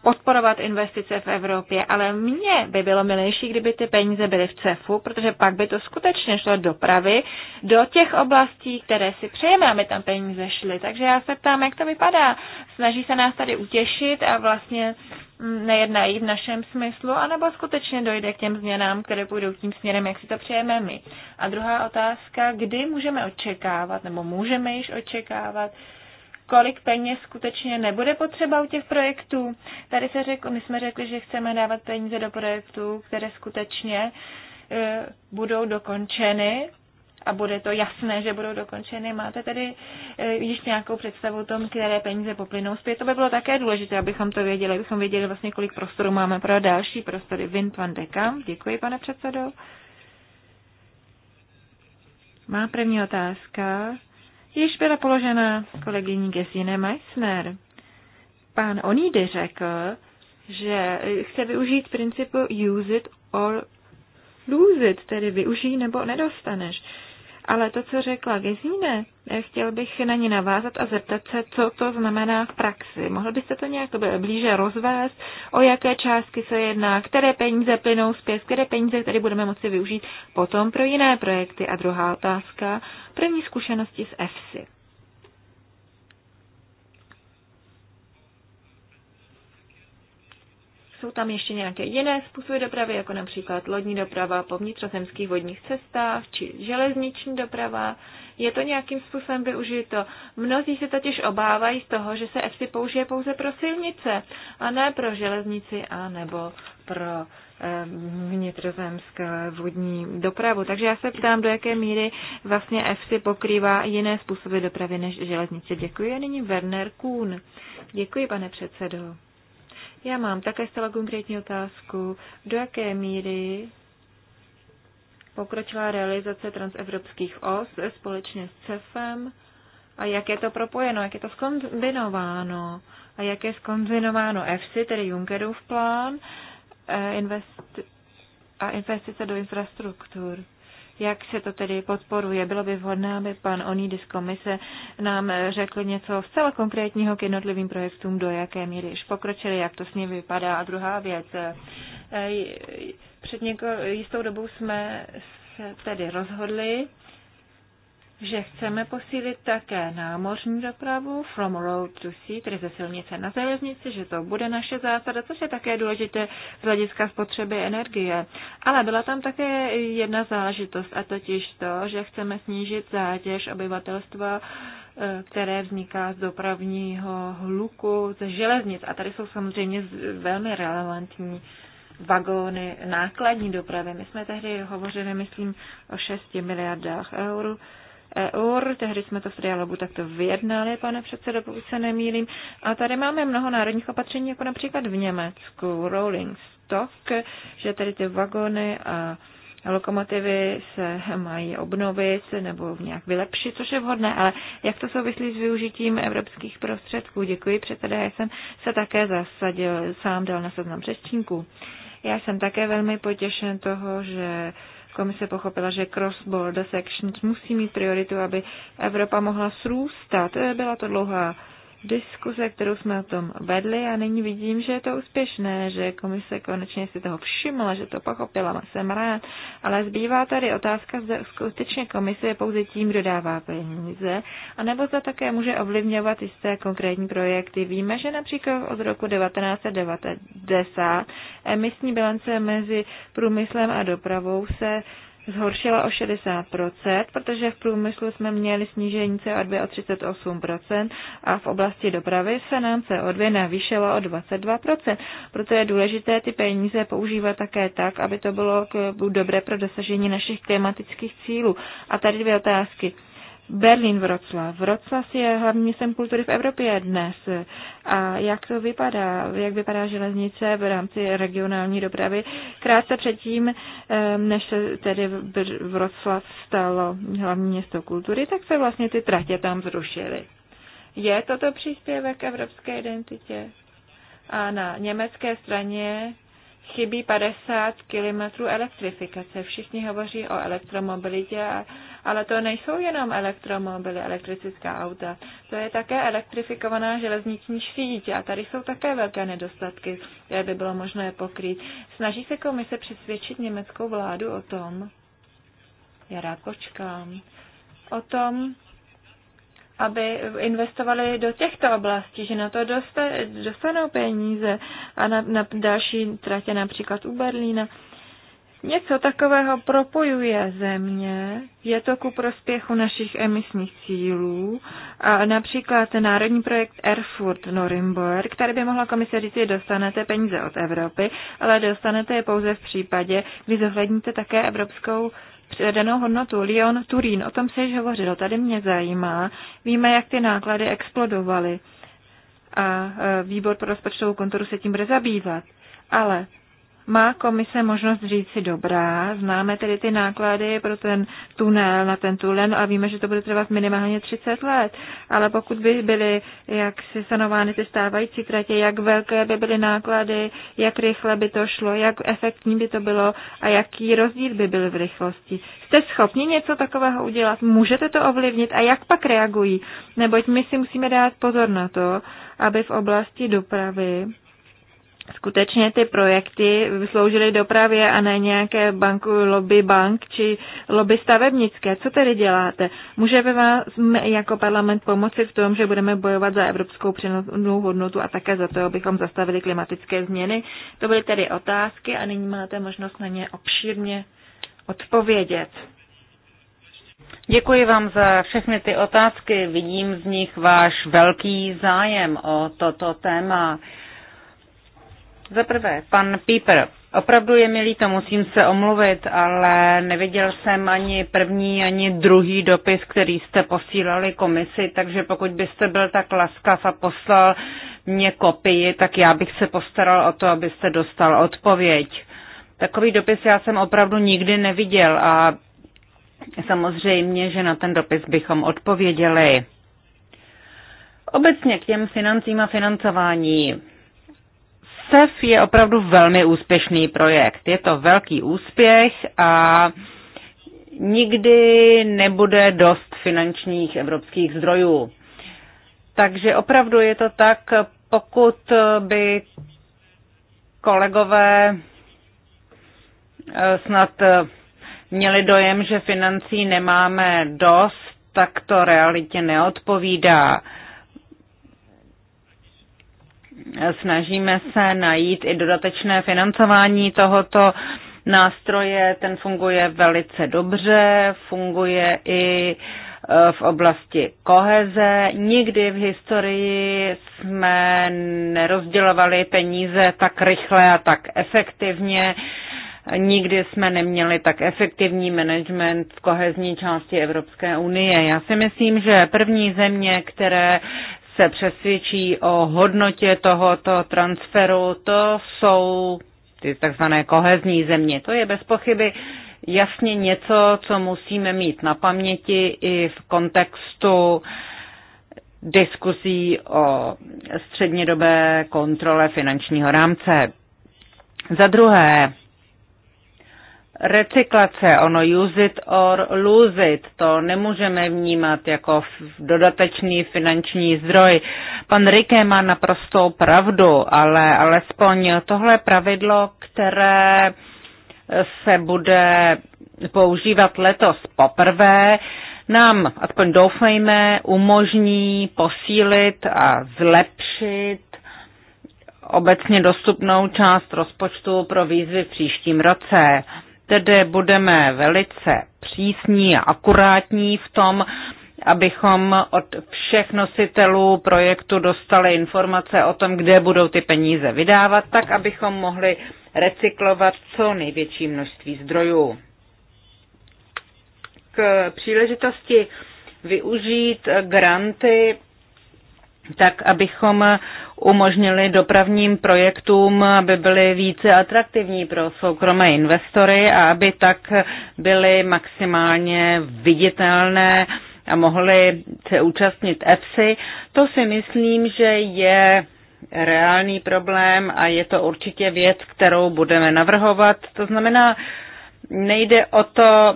podporovat investice v Evropě, ale mně by bylo milejší, kdyby ty peníze byly v CEFu, protože pak by to skutečně šlo dopravy do těch oblastí, které si přejeme, aby tam peníze šly. Takže já se ptám, jak to vypadá. Snaží se nás tady utěšit a vlastně mm, nejednají v našem smyslu, anebo skutečně dojde k těm změnám, které půjdou tím směrem, jak si to přejeme my. A druhá otázka, kdy můžeme očekávat, nebo můžeme již očekávat, kolik peněz skutečně nebude potřeba u těch projektů. Tady se řekl, my jsme řekli, že chceme dávat peníze do projektů, které skutečně e, budou dokončeny a bude to jasné, že budou dokončeny. Máte tedy e, již nějakou představu o tom, které peníze poplynou zpět? To by bylo také důležité, abychom to věděli, abychom věděli vlastně, kolik prostoru máme pro další prostory. Vint van de Kamp, děkuji, pane předsedo. Má první otázka již byla položena kolegyní Gesine Meissner. Pán Onídy řekl, že chce využít principu use it or lose it, tedy využij nebo nedostaneš. Ale to, co řekla Gesine, eh, chtěl bych na ní navázat a zeptat se, co to znamená v praxi. Mohl byste to nějak blíže rozvést, o jaké částky se jedná, které peníze plynou zpět, které peníze, které budeme moci využít potom pro jiné projekty. A druhá otázka, první zkušenosti z EFSI. Jsou tam ještě nějaké jiné způsoby dopravy, jako například lodní doprava po vnitrozemských vodních cestách či železniční doprava. Je to nějakým způsobem využito. Mnozí se totiž obávají z toho, že se EFSI použije pouze pro silnice a ne pro železnici a nebo pro eh, vnitrozemské vodní dopravu. Takže já se ptám, do jaké míry vlastně EFSI pokrývá jiné způsoby dopravy než železnice. Děkuji a nyní Werner Kuhn. Děkuji, pane předsedo. Já mám také zcela konkrétní otázku. Do jaké míry pokročila realizace transevropských os společně s CEFem a jak je to propojeno, jak je to skombinováno a jak je skombinováno EFSI, tedy Junckerův plán eh, invest a investice do infrastruktur jak se to tedy podporuje. Bylo by vhodné, aby pan Onídy komise nám řekl něco zcela konkrétního k jednotlivým projektům, do jaké míry již pokročili, jak to s ním vypadá. A druhá věc, eh, eh, před něko, jistou dobou jsme se tedy rozhodli, že chceme posílit také námořní dopravu from road to sea, tedy ze silnice na železnici, že to bude naše zásada, což je také důležité z hlediska spotřeby energie. Ale byla tam také jedna záležitost, a totiž to, že chceme snížit zátěž obyvatelstva eh, které vzniká z dopravního hluku ze železnic. A tady jsou samozřejmě velmi relevantní vagóny nákladní dopravy. My jsme tehdy hovořili, myslím, o 6 miliardách eur eur. Tehdy jsme to v dialogu takto vyjednali, pane předsedo, pokud se nemýlím. A tady máme mnoho národních opatření, jako například v Německu rolling stock, že tady ty vagony a lokomotivy se mají obnovit nebo nějak vylepšit, což je vhodné, ale jak to souvislí s využitím evropských prostředků? Děkuji předseda, já jsem se také zasadil, sám dal na seznam řečníků. Já jsem také velmi potěšen toho, že uh, Komise pochopila, že cross-border sections musí mít prioritu, aby Evropa mohla srůstat. Byla to dlouhá diskuze, kterou jsme o tom vedli a nyní vidím, že je to úspěšné, že komise konečně si toho všimla, že to pochopila, jsem rád, ale zbývá tady otázka, zda skutečně komise je pouze tím, kdo dává peníze, anebo zda také může ovlivňovat jisté konkrétní projekty. Víme, že například od roku 1990 emisní bilance mezi průmyslem a dopravou se zhoršila o 60%, protože v průmyslu jsme měli snížení CO2 o 38% a v oblasti dopravy se nám CO2 navýšilo o 22%. Proto je důležité ty peníze používat také tak, aby to bylo dobré pro dosažení našich klimatických cílů. A tady dvě otázky. Berlín-Vroclav. Vroclav je hlavním městem kultury v Evropě dnes. A jak to vypadá? Jak vypadá železnice v rámci regionální dopravy? Krátce předtím, ehm, než se tedy Vroclav stalo hlavní město kultury, tak se vlastně ty tratě tam zrušily. Je toto příspěvek k evropské identitě? A na německé straně chybí 50 kilometrů elektrifikace. Všichni hovoří o elektromobilitě, ale to nejsou jenom elektromobily, elektrická auta. To je také elektrifikovaná železniční síť a tady jsou také velké nedostatky, které by bylo možné pokrýt. Snaží se komise přesvědčit německou vládu o tom, já rád počkám, o tom, aby investovali do těchto oblastí, že na to dostanou peníze a na, na další tratě například u Berlína. Něco takového propojuje země, je to ku prospěchu našich emisních cílů. A například národní projekt Erfurt Norimburg, který by mohla komise říct, že dostanete peníze od Evropy, ale dostanete je pouze v případě, kdy zohledníte také evropskou předanou hodnotu Lyon Turín. O tom se již hovořilo, tady mě zajímá. Víme, jak ty náklady explodovaly a e, výbor pro rozpočtovou kontoru se tím bude zabývat. Ale má komise možnost říct si dobrá, známe tedy ty náklady pro ten tunel, na ten tunel a víme, že to bude trvat minimálně 30 let, ale pokud by byly jak si sanovány ty stávající tratě, jak velké by byly náklady, jak rychle by to šlo, jak efektní by to bylo a jaký rozdíl by byl v rychlosti. Jste schopni něco takového udělat? Můžete to ovlivnit? A jak pak reagují? Neboť my si musíme dát pozor na to, aby v oblasti dopravy skutečně ty projekty sloužily dopravě a ne nějaké banku, lobby bank či lobby stavebnické. Co tedy děláte? Můžeme vás jako parlament pomoci v tom, že budeme bojovat za evropskou přenosnou hodnotu a také za to, abychom zastavili klimatické změny? To byly tedy otázky a nyní máte možnost na ně obšírně odpovědět. Děkuji vám za všechny ty otázky. Vidím z nich váš velký zájem o toto téma. Za prvé, pan Píper, opravdu je milý, to musím se omluvit, ale neviděl jsem ani první, ani druhý dopis, který jste posílali komisi, takže pokud byste byl tak laskav a poslal mě kopii, tak já bych se postaral o to, abyste dostal odpověď. Takový dopis já jsem opravdu nikdy neviděl a samozřejmě, že na ten dopis bychom odpověděli. Obecně k těm financím a financování. CEF je opravdu velmi úspěšný projekt. Je to velký úspěch a nikdy nebude dost finančních evropských zdrojů. Takže opravdu je to tak, pokud by kolegové eh, snad eh, měli dojem, že financí nemáme dost, tak to realitě neodpovídá snažíme se najít i dodatečné financování tohoto nástroje. Ten funguje velice dobře, funguje i e, v oblasti koheze. Nikdy v historii jsme nerozdělovali peníze tak rychle a tak efektivně. Nikdy jsme neměli tak efektivní management v kohezní části Evropské unie. Já si myslím, že první země, které se přesvědčí o hodnotě tohoto transferu, to jsou ty takzvané kohezní země. To je bez pochyby jasně něco, co musíme mít na paměti i v kontextu diskuzí o střednědobé kontrole finančního rámce. Za druhé, recyklace, ono use it or lose it, to nemůžeme vnímat jako dodatečný finanční zdroj. Pan Rike má naprostou pravdu, ale alespoň tohle pravidlo, které se bude používat letos poprvé, nám, aspoň doufejme, umožní posílit a zlepšit obecně dostupnou část rozpočtu pro výzvy v příštím roce tedy budeme velice přísní a akurátní v tom, abychom od všech nositelů projektu dostali informace o tom, kde budou ty peníze vydávat, tak abychom mohli recyklovat co největší množství zdrojů. K příležitosti využít granty tak abychom umožnili dopravním projektům, aby byly více atraktivní pro soukromé investory a aby tak byly maximálně viditelné a mohly se účastnit EFSI. To si myslím, že je reálný problém a je to určitě věc, kterou budeme navrhovat. To znamená, nejde o to,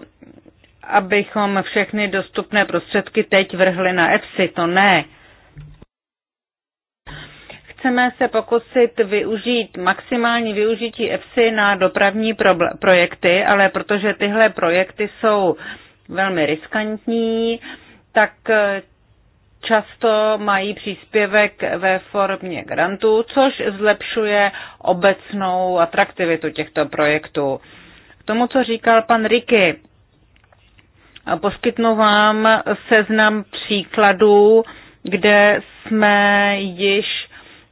abychom všechny dostupné prostředky teď vrhli na EFSI, to ne chceme se pokusit využít maximální využití EFSI na dopravní projekty, ale protože tyhle projekty jsou velmi riskantní, tak eh, často mají příspěvek ve formě grantů, což zlepšuje obecnou atraktivitu těchto projektů. K tomu, co říkal pan Riky, poskytnu vám seznam příkladů, kde jsme již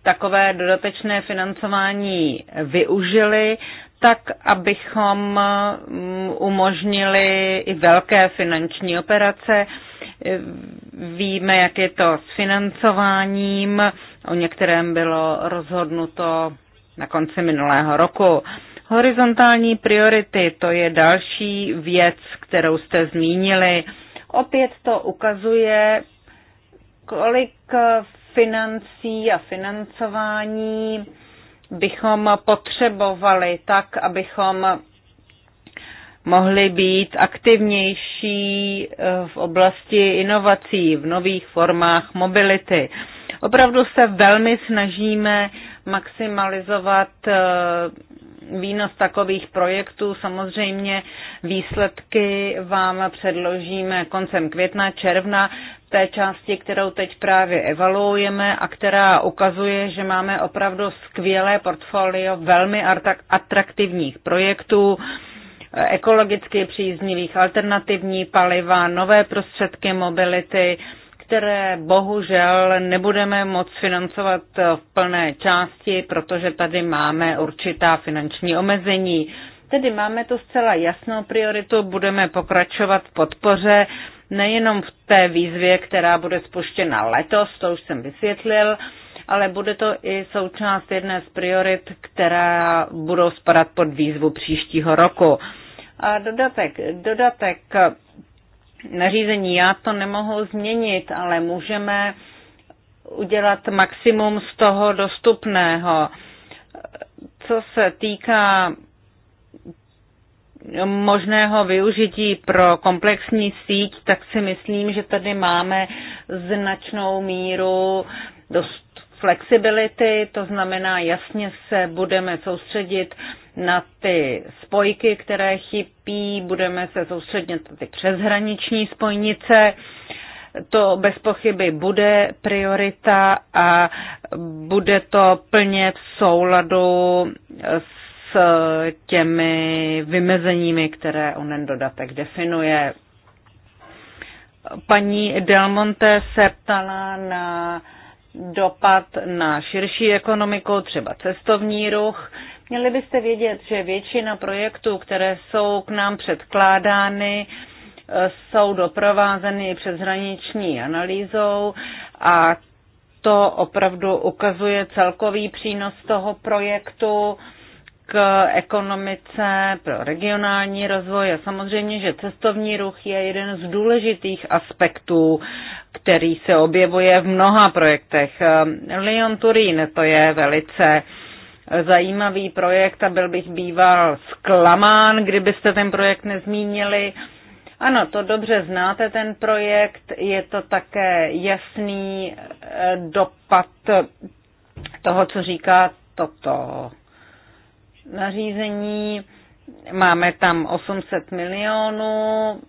takové dodatečné financování využili, tak abychom mm, umožnili i velké finanční operace. Víme, jak je to s financováním. O některém bylo rozhodnuto na konci minulého roku. Horizontální priority, to je další věc, kterou jste zmínili. Opět to ukazuje, kolik financí a financování bychom potřebovali tak, abychom mohli být aktivnější eh, v oblasti inovací, v nových formách mobility. Opravdu se velmi snažíme maximalizovat eh, výnos takových projektů. Samozřejmě výsledky vám předložíme koncem května, června té části, kterou teď právě evaluujeme a která ukazuje, že máme opravdu skvělé portfolio velmi atraktivních projektů, ekologicky příznivých alternativní paliva, nové prostředky mobility, které bohužel nebudeme moc financovat v plné části, protože tady máme určitá finanční omezení. Tedy máme tu zcela jasnou prioritu, budeme pokračovat v podpoře nejenom v té výzvě, která bude spuštěna letos, to už jsem vysvětlil, ale bude to i součást jedné z priorit, která budou spadat pod výzvu příštího roku. A dodatek, dodatek nařízení, já to nemohu změnit, ale můžeme udělat maximum z toho dostupného. Co se týká možného využití pro komplexní síť, tak si myslím, že tady máme značnou míru dost flexibility, to znamená jasně se budeme soustředit na ty spojky, které chybí, budeme se soustředit na ty přeshraniční spojnice, to bez pochyby bude priorita a bude to plně v souladu s s eh, těmi vymezeními, které onen dodatek definuje. Paní Delmonte se ptala na dopad na širší ekonomiku, třeba cestovní ruch. Měli byste vědět, že většina projektů, které jsou k nám předkládány, eh, jsou doprovázeny přeshraniční analýzou a to opravdu ukazuje celkový přínos toho projektu k ekonomice pro regionální rozvoj a samozřejmě, že cestovní ruch je jeden z důležitých aspektů, který se objevuje v mnoha projektech. Lyon Turín to je velice zajímavý projekt a byl bych býval zklamán, kdybyste ten projekt nezmínili. Ano, to dobře znáte, ten projekt. Je to také jasný eh, dopad toho, co říká toto nařízení. Máme tam 800 milionů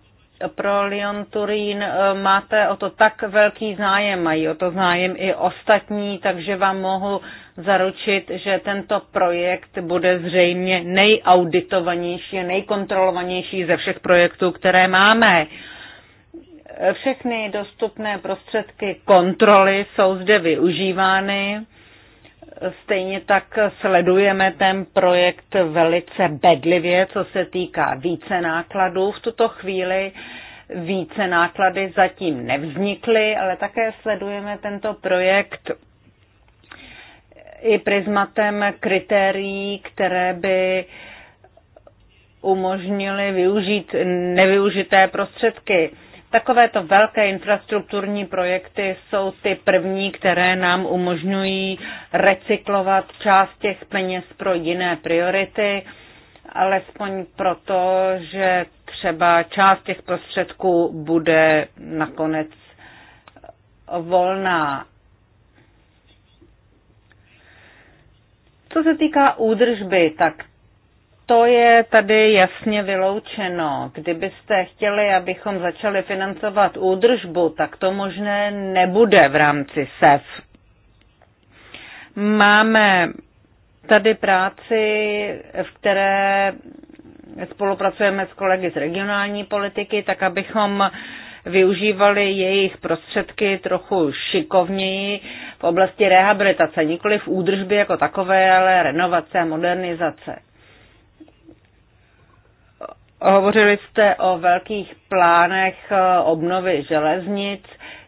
pro Lyon Turín. Eh, máte o to tak velký zájem, mají o to zájem i ostatní, takže vám mohu zaručit, že tento projekt bude zřejmě nejauditovanější, nejkontrolovanější ze všech projektů, které máme. Všechny dostupné prostředky kontroly jsou zde využívány Stejně tak sledujeme ten projekt velice bedlivě, co se týká více nákladů. V tuto chvíli více náklady zatím nevznikly, ale také sledujeme tento projekt i prismatem kritérií, které by umožnily využít nevyužité prostředky. Takovéto velké infrastrukturní projekty jsou ty první, které nám umožňují recyklovat část těch peněz pro jiné priority, alespoň proto, že třeba část těch prostředků bude nakonec volná. Co se týká údržby, tak to je tady jasně vyloučeno. Kdybyste chtěli, abychom začali financovat údržbu, tak to možné nebude v rámci SEF. Máme tady práci, v které spolupracujeme s kolegy z regionální politiky, tak abychom využívali jejich prostředky trochu šikovněji v oblasti rehabilitace, nikoli v údržbě jako takové, ale renovace a modernizace. Hovořili jste o velkých plánech eh, obnovy železnic.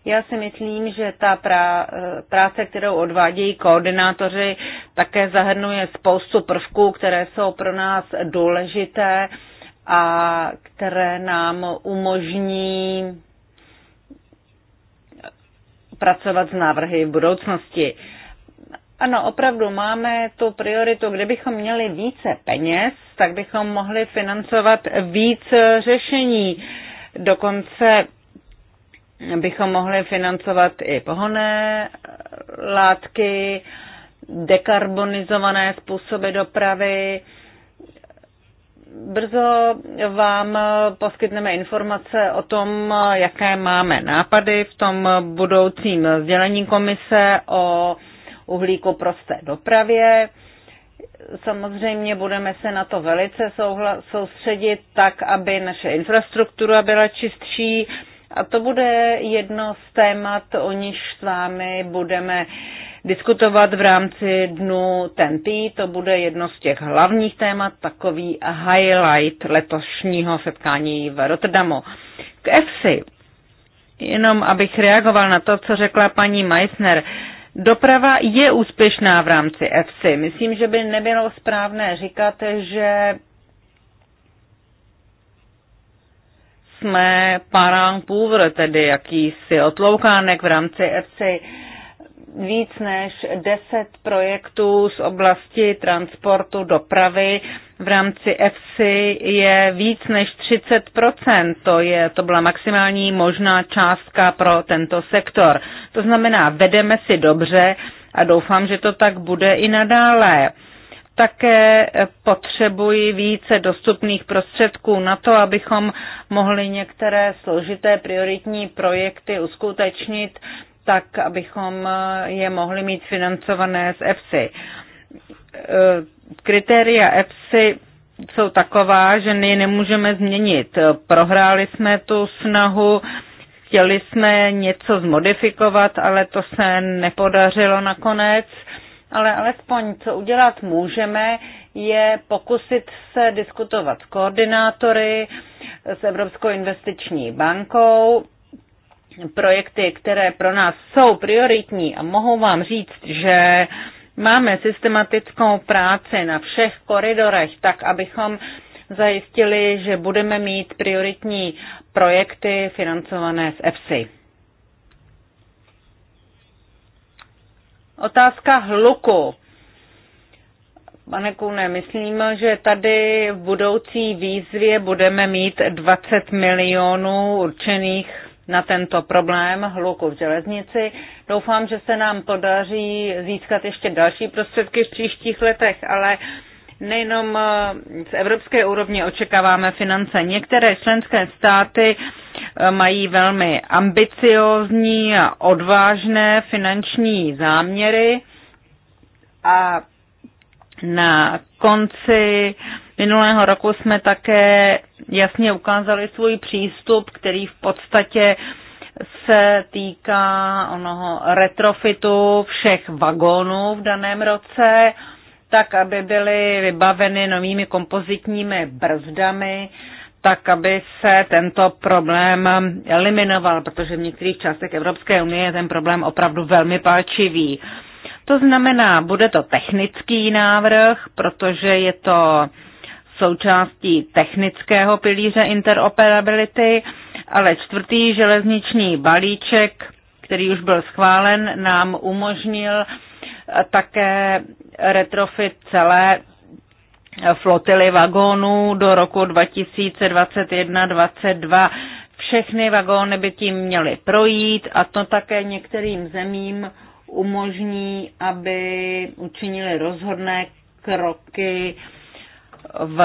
Já si myslím, že ta eh, práce, kterou odvádějí koordinátoři, také zahrnuje spoustu prvků, které jsou pro nás důležité a které nám umožní pracovat s návrhy v budoucnosti. Ano, opravdu máme tu prioritu, kdybychom měli více peněz, tak bychom mohli financovat víc řešení. Dokonce bychom mohli financovat i pohonné látky, dekarbonizované způsoby dopravy. Brzo vám poskytneme informace o tom, jaké máme nápady v tom budoucím sdělení komise o uhlíku prosté dopravě. Samozřejmě budeme se na to velice soustředit tak, aby naše infrastruktura byla čistší. A to bude jedno z témat, o níž s vámi budeme diskutovat v rámci dnu TNT. To bude jedno z těch hlavních témat, takový highlight letošního setkání v Rotterdamu. K EFSI. Jenom abych reagoval na to, co řekla paní Meissner. Doprava je úspěšná v rámci EFSI. Myslím, že by nebylo správné říkat, že jsme parán půvr, tedy jakýsi otloukánek v rámci EFSI. Víc než 10 projektů z oblasti transportu dopravy v rámci EFSI je víc než 30%. To, je, to byla maximální možná částka pro tento sektor. To znamená, vedeme si dobře a doufám, že to tak bude i nadále. Také potřebují více dostupných prostředků na to, abychom mohli některé složité prioritní projekty uskutečnit tak, abychom je mohli mít financované z EFSI. Eh, kritéria EPSI jsou taková, že my nemůžeme změnit. Prohráli jsme tu snahu, chtěli jsme něco zmodifikovat, ale to se nepodařilo nakonec. Ale alespoň, co udělat můžeme, je pokusit se diskutovat s koordinátory, s Evropskou investiční bankou, projekty, které pro nás jsou prioritní a mohu vám říct, že uh, Máme systematickou práci na všech koridorech, tak abychom zajistili, že budeme mít prioritní projekty financované z EFSI. Otázka hluku. Pane Kune, myslím, že tady v budoucí výzvě budeme mít 20 milionů určených na tento problém hluku v železnici. Doufám, že se nám podaří získat ještě další prostředky v příštích letech, ale nejenom eh, z evropské úrovně očekáváme finance. Některé členské státy eh, mají velmi ambiciózní a odvážné finanční záměry a na konci uh, Minulého roku jsme také jasně ukázali svůj přístup, který v podstatě se týká onoho retrofitu všech vagónů v daném roce, tak aby byly vybaveny novými kompozitními brzdami, tak aby se tento problém eliminoval, protože v některých částech Evropské unie je ten problém opravdu velmi palčivý. To znamená, bude to technický návrh, protože je to součástí technického pilíře interoperability, ale čtvrtý železniční balíček, který už byl schválen, nám umožnil také retrofit celé flotily vagónů do roku 2021-2022. Všechny vagóny by tím měly projít a to také některým zemím umožní, aby učinili rozhodné kroky v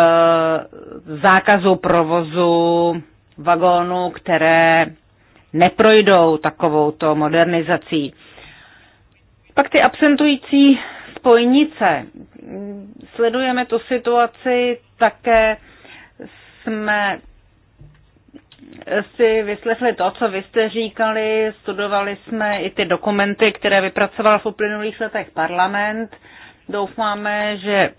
zákazu provozu vagónů, které neprojdou takovouto modernizací. Pak ty absentující spojnice. Sledujeme tu situaci, také jsme si vyslechli to, co vy jste říkali, studovali jsme i ty dokumenty, které vypracoval v uplynulých letech parlament. Doufáme, že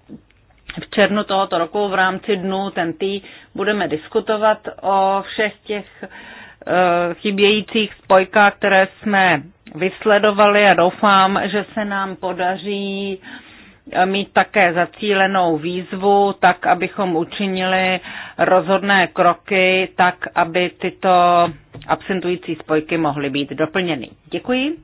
v červnu tohoto roku v rámci dnu ten tý budeme diskutovat o všech těch eh, chybějících spojkách, které jsme vysledovali a doufám, že se nám podaří eh, mít také zacílenou výzvu, tak abychom učinili rozhodné kroky, tak aby tyto absentující spojky mohly být doplněny. Děkuji.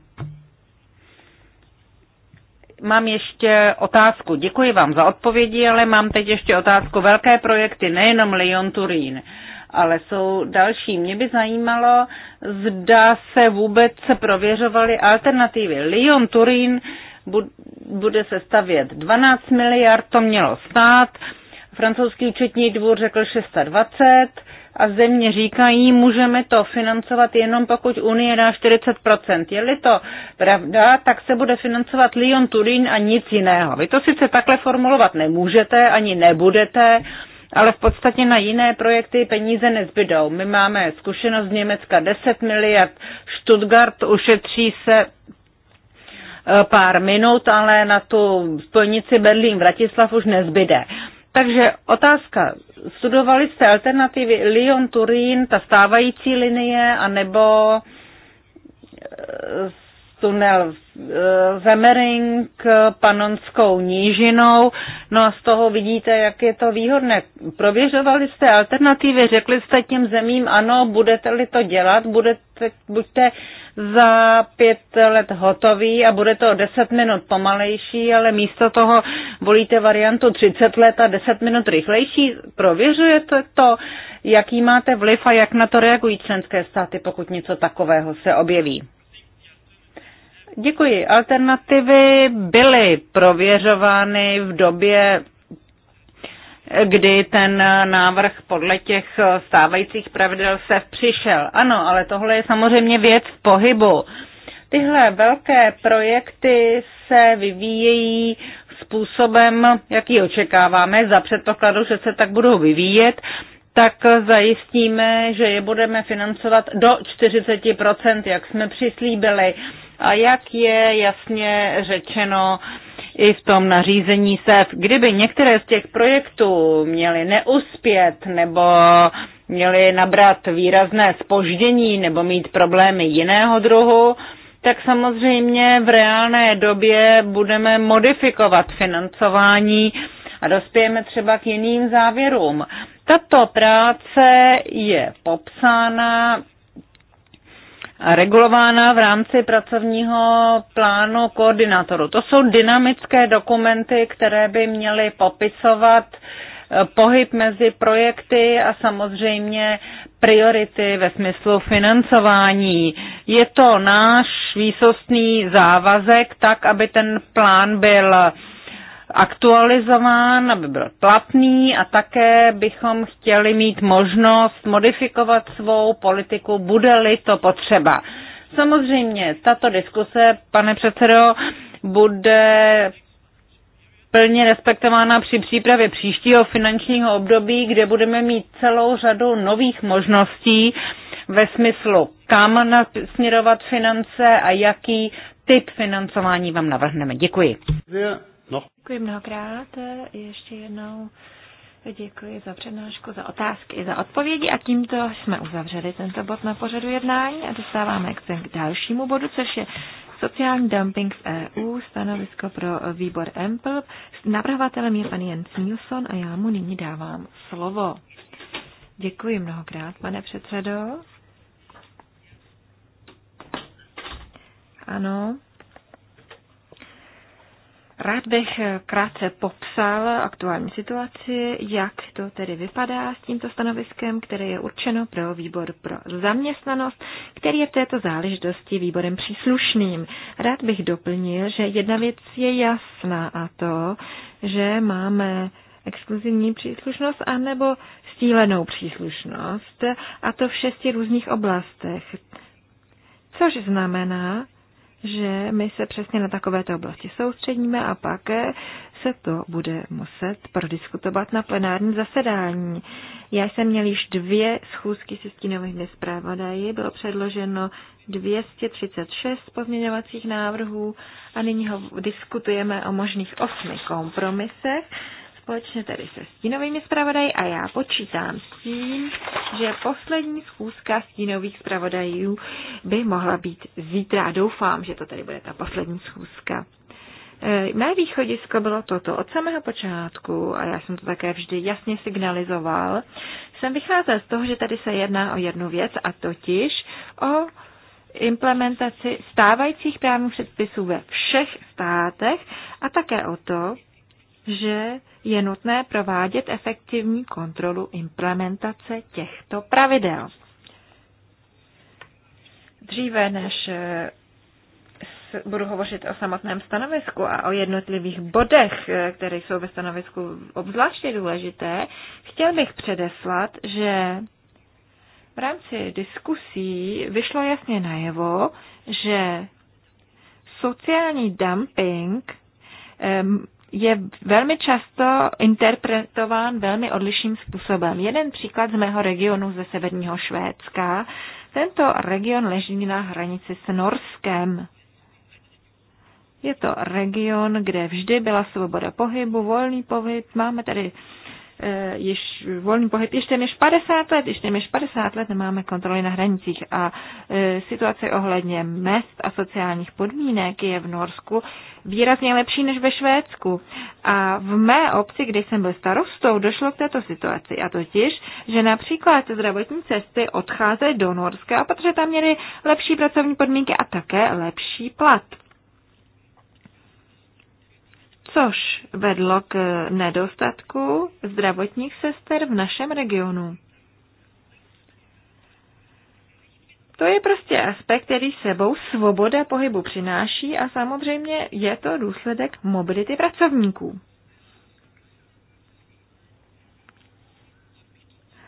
Mám ještě otázku. Děkuji vám za odpovědi, ale mám teď ještě otázku. Velké projekty, nejenom Lyon Turín, ale jsou další. Mě by zajímalo, zda se vůbec prověřovaly alternativy. Lyon Turín bude se stavět 12 miliard, to mělo stát. Francouzský účetní dvůr řekl 620 a země říkají, můžeme to financovat jenom pokud Unie dá 40%. Je-li to pravda, tak se bude financovat Lyon Turín a nic jiného. Vy to sice takhle formulovat nemůžete, ani nebudete, ale v podstatě na jiné projekty peníze nezbydou. My máme zkušenost z Německa 10 miliard, Stuttgart ušetří se eh, pár minut, ale na tu spojnici Berlín-Vratislav už nezbyde. Takže otázka studovali jste alternativy Lyon, Turín, ta stávající linie, anebo eh, tunel eh, Zemering panonskou nížinou. No a z toho vidíte, jak je to výhodné. Prověřovali jste alternativy, řekli jste těm zemím, ano, budete-li to dělat, budete, buďte za pět let hotový a bude to deset minut pomalejší, ale místo toho volíte variantu 30 let a deset minut rychlejší. Prověřujete to, jaký máte vliv a jak na to reagují členské státy, pokud něco takového se objeví. Děkuji. Alternativy byly prověřovány v době kdy ten návrh podle těch stávajících pravidel se přišel. Ano, ale tohle je samozřejmě věc v pohybu. Tyhle velké projekty se vyvíjejí způsobem, jaký očekáváme, za předpokladu, že se tak budou vyvíjet, tak zajistíme, že je budeme financovat do 40%, jak jsme přislíbili. A jak je jasně řečeno, uh, i v tom nařízení SEF. Kdyby některé z těch projektů měly neuspět nebo měly nabrat výrazné spoždění nebo mít problémy jiného druhu, tak samozřejmě v reálné době budeme modifikovat financování a dospějeme třeba k jiným závěrům. Tato práce je popsána regulována v rámci pracovního plánu koordinátoru. To jsou dynamické dokumenty, které by měly popisovat eh, pohyb mezi projekty a samozřejmě priority ve smyslu financování. Je to náš výsostný závazek tak, aby ten plán byl aktualizován, aby byl platný a také bychom chtěli mít možnost modifikovat svou politiku, bude-li to potřeba. Samozřejmě, tato diskuse, pane předsedo, bude plně respektována při přípravě příštího finančního období, kde budeme mít celou řadu nových možností ve smyslu, kam směrovat finance a jaký typ financování vám navrhneme. Děkuji. No. Děkuji mnohokrát. Ještě jednou děkuji za přednášku, za otázky i za odpovědi a tímto jsme uzavřeli tento bod na pořadu jednání a dostáváme k k dalšímu bodu, což je sociální dumping v EU, stanovisko pro výbor EMPL. Navrhovatelem je pan Jens Nilsson a já mu nyní dávám slovo. Děkuji mnohokrát, pane předsedo. Ano. Rád bych krátce popsal aktuální situaci, jak to tedy vypadá s tímto stanoviskem, které je určeno pro výbor pro zaměstnanost, který je v této záležitosti výborem příslušným. Rád bych doplnil, že jedna věc je jasná a to, že máme exkluzivní příslušnost anebo stílenou příslušnost a to v šesti různých oblastech. Což znamená, že my se přesně na takovéto oblasti soustředíme a pak se to bude muset prodiskutovat na plenární zasedání. Já jsem měl již dvě schůzky se stínovými zpravodaji, bylo předloženo 236 pozměňovacích návrhů a nyní ho diskutujeme o možných osmi kompromisech společně tedy se stínovými zpravodaji a já počítám s tím, že poslední schůzka stínových zpravodajů by mohla být zítra. Doufám, že to tady bude ta poslední schůzka. E, mé východisko bylo toto od samého počátku, a já jsem to také vždy jasně signalizoval, jsem vycházel z toho, že tady se jedná o jednu věc, a totiž o implementaci stávajících právních předpisů ve všech státech a také o to, že je nutné provádět efektivní kontrolu implementace těchto pravidel. Dříve než eh, budu hovořit o samotném stanovisku a o jednotlivých bodech, eh, které jsou ve stanovisku obzvláště důležité, chtěl bych předeslat, že v rámci diskusí vyšlo jasně najevo, že sociální dumping je velmi často interpretován velmi odlišným způsobem. Jeden příklad z mého regionu ze severního Švédska. Tento region leží na hranici s Norskem. Je to region, kde vždy byla svoboda pohybu, volný pohyb. Máme tady Eh, již volný pohyb ještě než 50 let, ještě než 50 let nemáme kontroly na hranicích a eh, situace ohledně mest a sociálních podmínek je v Norsku výrazně lepší než ve Švédsku. A v mé obci, kde jsem byl starostou, došlo k této situaci a totiž, že například zdravotní cesty odcházejí do Norska, protože tam měly lepší pracovní podmínky a také lepší plat což vedlo k nedostatku zdravotních sester v našem regionu. To je prostě aspekt, který sebou svoboda pohybu přináší a samozřejmě je to důsledek mobility pracovníků.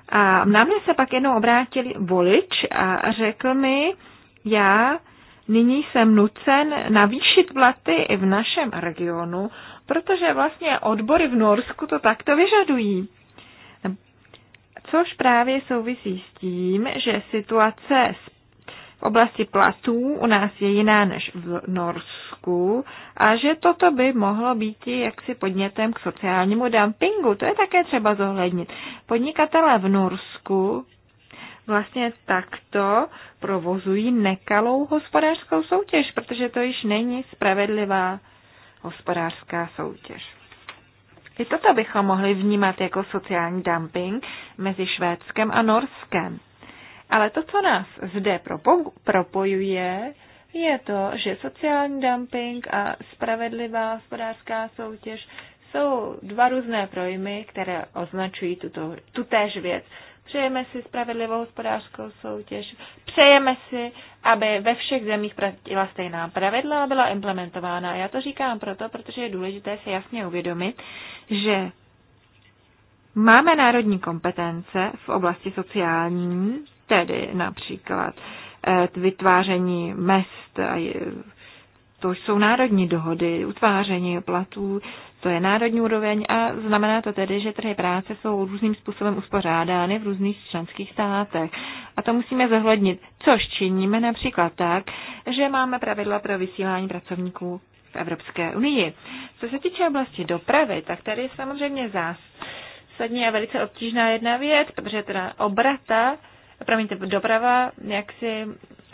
A na mě se pak jednou obrátil volič a řekl mi, já nyní jsem nucen navýšit platy i v našem regionu, protože vlastně odbory v Norsku to takto vyžadují. Což právě souvisí s tím, že situace v oblasti platů u nás je jiná než v Norsku a že toto by mohlo být jaksi podnětem k sociálnímu dumpingu. To je také třeba zohlednit. Podnikatelé v Norsku vlastně takto provozují nekalou hospodářskou soutěž, protože to již není spravedlivá hospodářská soutěž. I toto bychom mohli vnímat jako sociální dumping mezi Švédskem a Norskem. Ale to, co nás zde propo- propojuje, je to, že sociální dumping a spravedlivá hospodářská soutěž jsou dva různé projmy, které označují tuto, tutéž věc. Přejeme si spravedlivou hospodářskou soutěž. Přejeme si, aby ve všech zemích platila stejná pravidla a byla implementována. já to říkám proto, protože je důležité si jasně uvědomit, že máme národní kompetence v oblasti sociální, tedy například eh, vytváření mest a to jsou národní dohody, utváření platů, to je národní úroveň a znamená to tedy, že trhy práce jsou různým způsobem uspořádány v různých členských státech. A to musíme zohlednit, což činíme například tak, že máme pravidla pro vysílání pracovníků v Evropské unii. Co se týče oblasti dopravy, tak tady je samozřejmě zásadní a velice obtížná jedna věc, protože teda obrata promiňte, doprava jaksi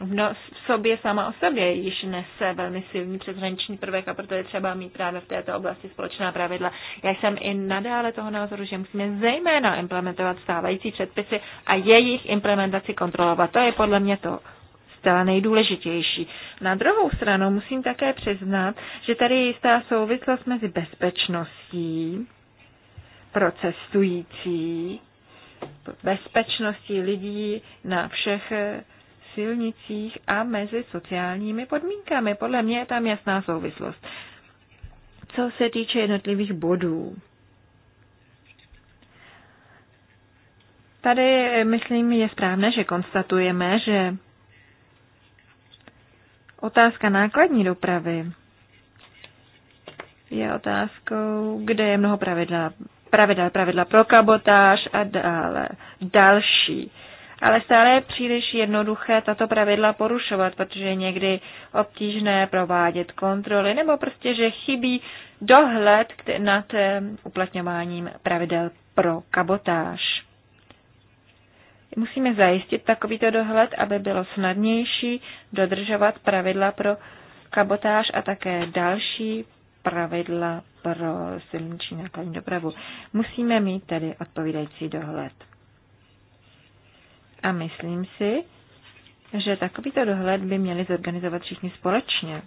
No, v sobě sama o sobě již nese velmi silný přeshraniční prvek a proto je třeba mít právě v této oblasti společná pravidla. Já jsem i nadále toho názoru, že musíme zejména implementovat stávající předpisy a jejich implementaci kontrolovat. To je podle mě to zcela nejdůležitější. Na druhou stranu musím také přiznat, že tady je jistá souvislost mezi bezpečností pro bezpečností lidí na všech silnicích a mezi sociálními podmínkami. Podle mě je tam jasná souvislost. Co se týče jednotlivých bodů, tady, myslím, je správné, že konstatujeme, že otázka nákladní dopravy je otázkou, kde je mnoho pravidla, pravidel, pravidla pro kabotáž a dále další ale stále je příliš jednoduché tato pravidla porušovat, protože je někdy obtížné provádět kontroly nebo prostě, že chybí dohled nad eh, uplatňováním pravidel pro kabotáž. Musíme zajistit takovýto dohled, aby bylo snadnější dodržovat pravidla pro kabotáž a také další pravidla pro silniční nákladní dopravu. Musíme mít tedy odpovídající dohled. A myslím si, že takovýto dohled by měli zorganizovat všichni společně.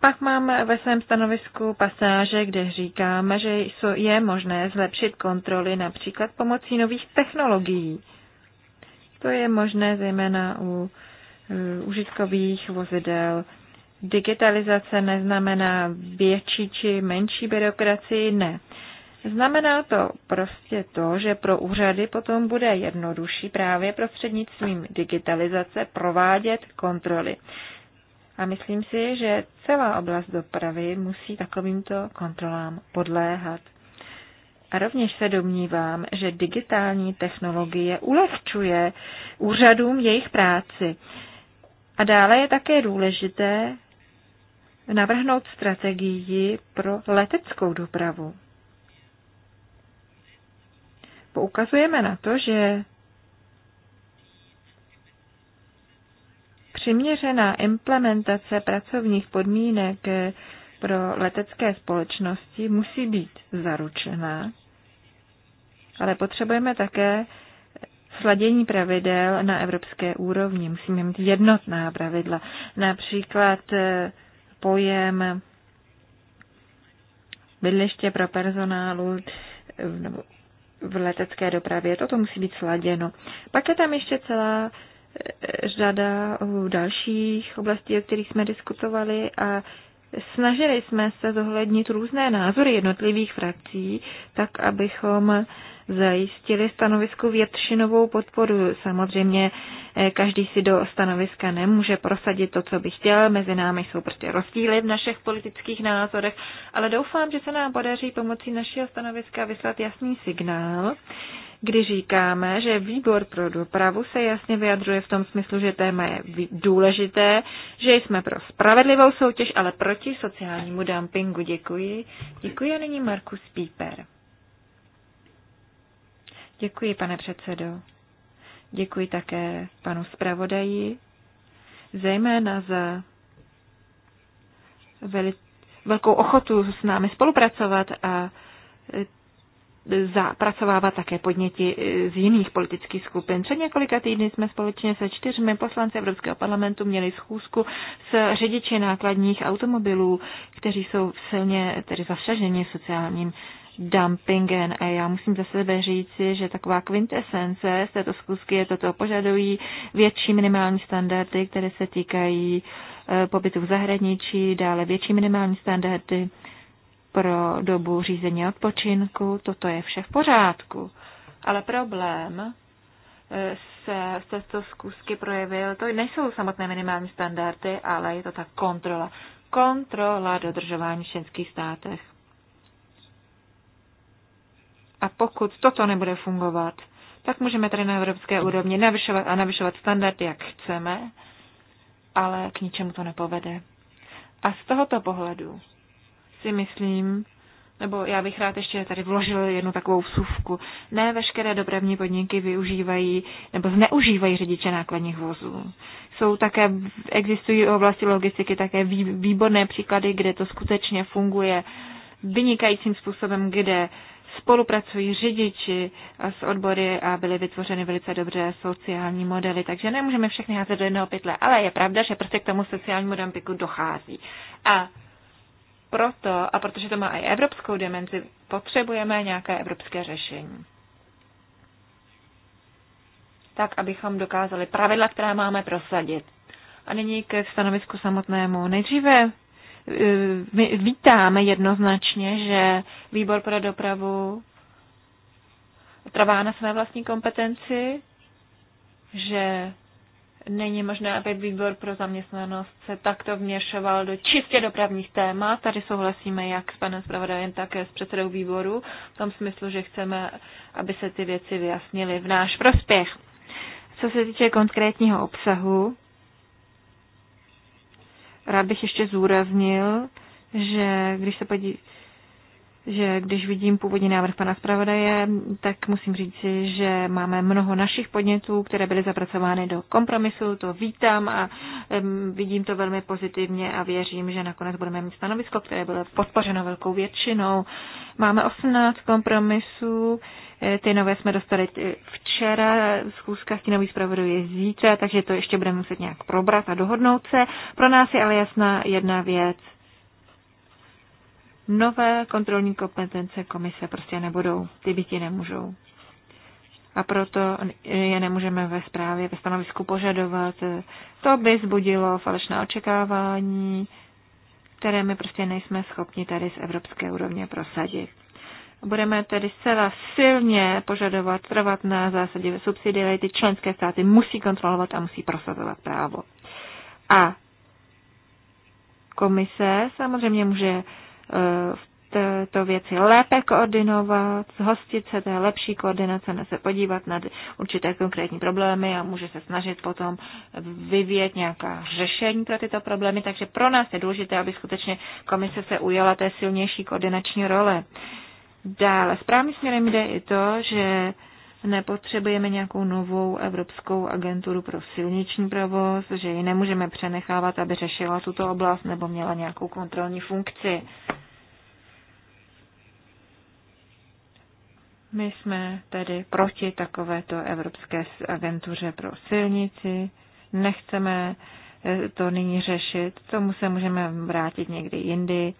Pak máme ve svém stanovisku pasáže, kde říkáme, že je možné zlepšit kontroly například pomocí nových technologií. To je možné zejména u užitkových vozidel. Digitalizace neznamená větší či menší byrokracii, ne. Znamená to prostě to, že pro úřady potom bude jednodušší právě prostřednictvím digitalizace provádět kontroly. A myslím si, že celá oblast dopravy musí takovýmto kontrolám podléhat. A rovněž se domnívám, že digitální technologie ulehčuje úřadům jejich práci. A dále je také důležité navrhnout strategii pro leteckou dopravu poukazujeme na to, že přiměřená implementace pracovních podmínek pro letecké společnosti musí být zaručena, ale potřebujeme také sladění pravidel na evropské úrovni. Musíme mít jednotná pravidla. Například eh, pojem bydliště pro personálu v letecké dopravě. Toto musí být sladěno. Pak je tam ještě celá eh, řada eh, dalších oblastí, o kterých jsme diskutovali a snažili jsme se zohlednit různé názory jednotlivých frakcí, tak abychom zajistili stanovisku většinovou podporu. Samozřejmě eh, každý si do stanoviska nemůže prosadit to, co by chtěl. Mezi námi jsou prostě rozdíly v našich politických názorech, ale doufám, že se nám podaří pomocí našeho stanoviska vyslat jasný signál, kdy říkáme, že výbor pro dopravu se jasně vyjadřuje v tom smyslu, že téma je důležité, že jsme pro spravedlivou soutěž, ale proti sociálnímu dumpingu. Děkuji. Děkuji a nyní Markus Píper. Děkuji, pane předsedo. Děkuji také panu zpravodaji, zejména za veli, velkou ochotu s námi spolupracovat a e, zapracovávat také podněti e, z jiných politických skupin. Před několika týdny jsme společně se čtyřmi poslanci Evropského parlamentu měli schůzku s řidiči nákladních automobilů, kteří jsou silně tedy zasaženi sociálním dumpingem. A já musím za sebe říci, že taková kvintesence z této zkusky je toto. Požadují větší minimální standardy, které se týkají eh, pobytu v zahraničí, dále větší minimální standardy pro dobu řízení odpočinku. Toto je vše v pořádku. Ale problém eh, se z této zkusky projevil, to nejsou samotné minimální standardy, ale je to ta kontrola. Kontrola dodržování v členských státech. A pokud toto nebude fungovat, tak můžeme tady na evropské úrovni navyšovat a navyšovat standardy, jak chceme, ale k ničemu to nepovede. A z tohoto pohledu si myslím, nebo já bych rád ještě tady vložil jednu takovou vsuvku. Ne veškeré dopravní podniky využívají nebo zneužívají řidiče nákladních vozů. Jsou také, existují v oblasti logistiky také výborné příklady, kde to skutečně funguje vynikajícím způsobem, kde spolupracují řidiči s odbory a byly vytvořeny velice dobře sociální modely, takže nemůžeme všechny házet do jednoho pytle, ale je pravda, že prostě k tomu sociálnímu dumpingu dochází. A proto, a protože to má i evropskou dimenzi, potřebujeme nějaké evropské řešení. Tak, abychom dokázali pravidla, která máme, prosadit. A nyní ke stanovisku samotnému. Nejdříve Eh, my vítáme jednoznačně, že výbor pro dopravu trvá na své vlastní kompetenci, že není možné, aby výbor pro zaměstnanost se takto vměšoval do čistě dopravních témat. Tady souhlasíme jak s panem zpravodajem, tak s předsedou výboru, v tom smyslu, že chceme, aby se ty věci vyjasnily v náš prospěch. Co se týče konkrétního obsahu, Rád bych ještě zúraznil, že když se podí, že když vidím původní návrh pana zpravodaje, tak musím říci, že máme mnoho našich podnětů, které byly zapracovány do kompromisu, to vítám a um, vidím to velmi pozitivně a věřím, že nakonec budeme mít stanovisko, které bylo podpořeno velkou většinou. Máme 18 kompromisů, Eh, ty nové jsme dostali eh, včera, schůzka stínových zpravodajů je zítra, takže to ještě budeme muset nějak probrat a dohodnout se. Pro nás je ale jasná jedna věc. Nové kontrolní kompetence komise prostě nebudou, ty byti nemůžou. A proto je nemůžeme ve zprávě, ve stanovisku požadovat. To by zbudilo falešná očekávání, které my prostě nejsme schopni tady z evropské úrovně prosadit. Budeme tedy zcela silně požadovat, trvat na zásadě subsidiarity. Členské státy musí kontrolovat a musí prosazovat právo. A komise samozřejmě může eh, v to věci lépe koordinovat, zhostit se té lepší koordinace, se podívat na určité konkrétní problémy a může se snažit potom vyvíjet nějaká řešení pro tyto problémy. Takže pro nás je důležité, aby skutečně komise se ujala té silnější koordinační role. Uh, Dále správným směrem jde i to, že nepotřebujeme nějakou novou evropskou agenturu pro silniční provoz, že ji nemůžeme přenechávat, aby řešila tuto oblast nebo měla nějakou kontrolní funkci. My jsme tedy proti takovéto Evropské agentuře pro silnici. Nechceme eh, to nyní řešit, tomu se můžeme vrátit někdy jindy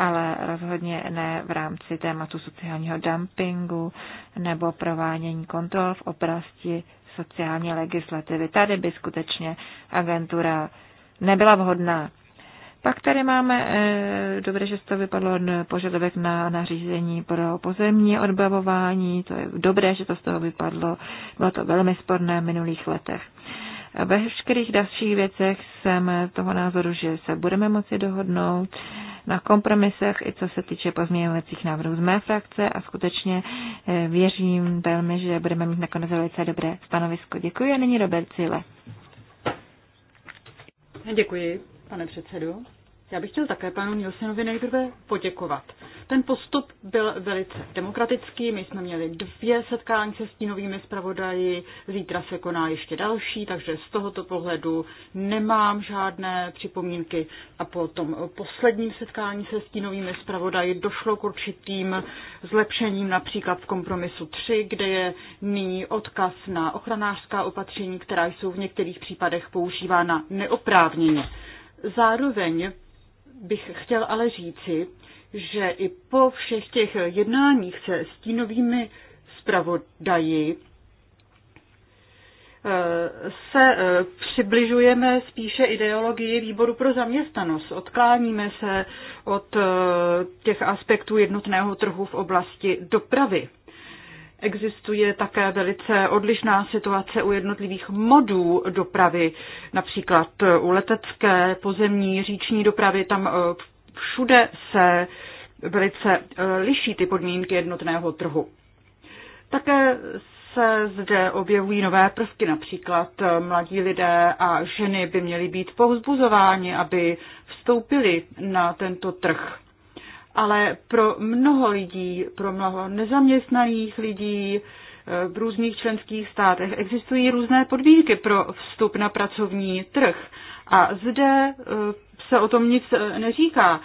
ale rozhodně ne v rámci tématu sociálního dumpingu nebo provádění kontrol v oblasti sociální legislativy. Tady by skutečně agentura nebyla vhodná. Pak tady máme, eh, dobře, že to vypadlo požadavek na nařízení pro pozemní odbavování, to je dobré, že to z toho vypadlo, bylo to velmi sporné v minulých letech. Ve všech dalších věcech jsem toho názoru, že se budeme moci dohodnout na kompromisech, i co se týče pozměňovacích návrhů z mé frakce a skutečně eh, věřím velmi, že budeme mít nakonec velice dobré stanovisko. Děkuji a nyní Robert Cíle. Děkuji, pane předsedu. Já bych chtěl také panu Nilsenovi nejprve poděkovat. Ten postup byl velice demokratický, my jsme měli dvě setkání se stínovými zpravodaji, zítra se koná ještě další, takže z tohoto pohledu nemám žádné připomínky. A po tom posledním setkání se stínovými zpravodaji došlo k určitým zlepšením, například v kompromisu 3, kde je nyní odkaz na ochranářská opatření, která jsou v některých případech používána neoprávněně. Zároveň bych chtěl ale říci, že i po všech těch jednáních se stínovými zpravodaji eh, se eh, přibližujeme spíše ideologii výboru pro zaměstnanost. Odkláníme se od eh, těch aspektů jednotného trhu v oblasti dopravy. Existuje také velice odlišná situace u jednotlivých modů dopravy, například u letecké, pozemní, říční dopravy. Tam eh, všude se velice eh, liší ty podmínky jednotného trhu. Také se zde objevují nové prvky, například eh, mladí lidé a ženy by měly být povzbuzováni, aby vstoupili na tento trh ale pro mnoho lidí, pro mnoho nezaměstnaných lidí eh, v různých členských státech existují různé podmínky pro vstup na pracovní trh. A zde eh, se o tom nic eh, neříká.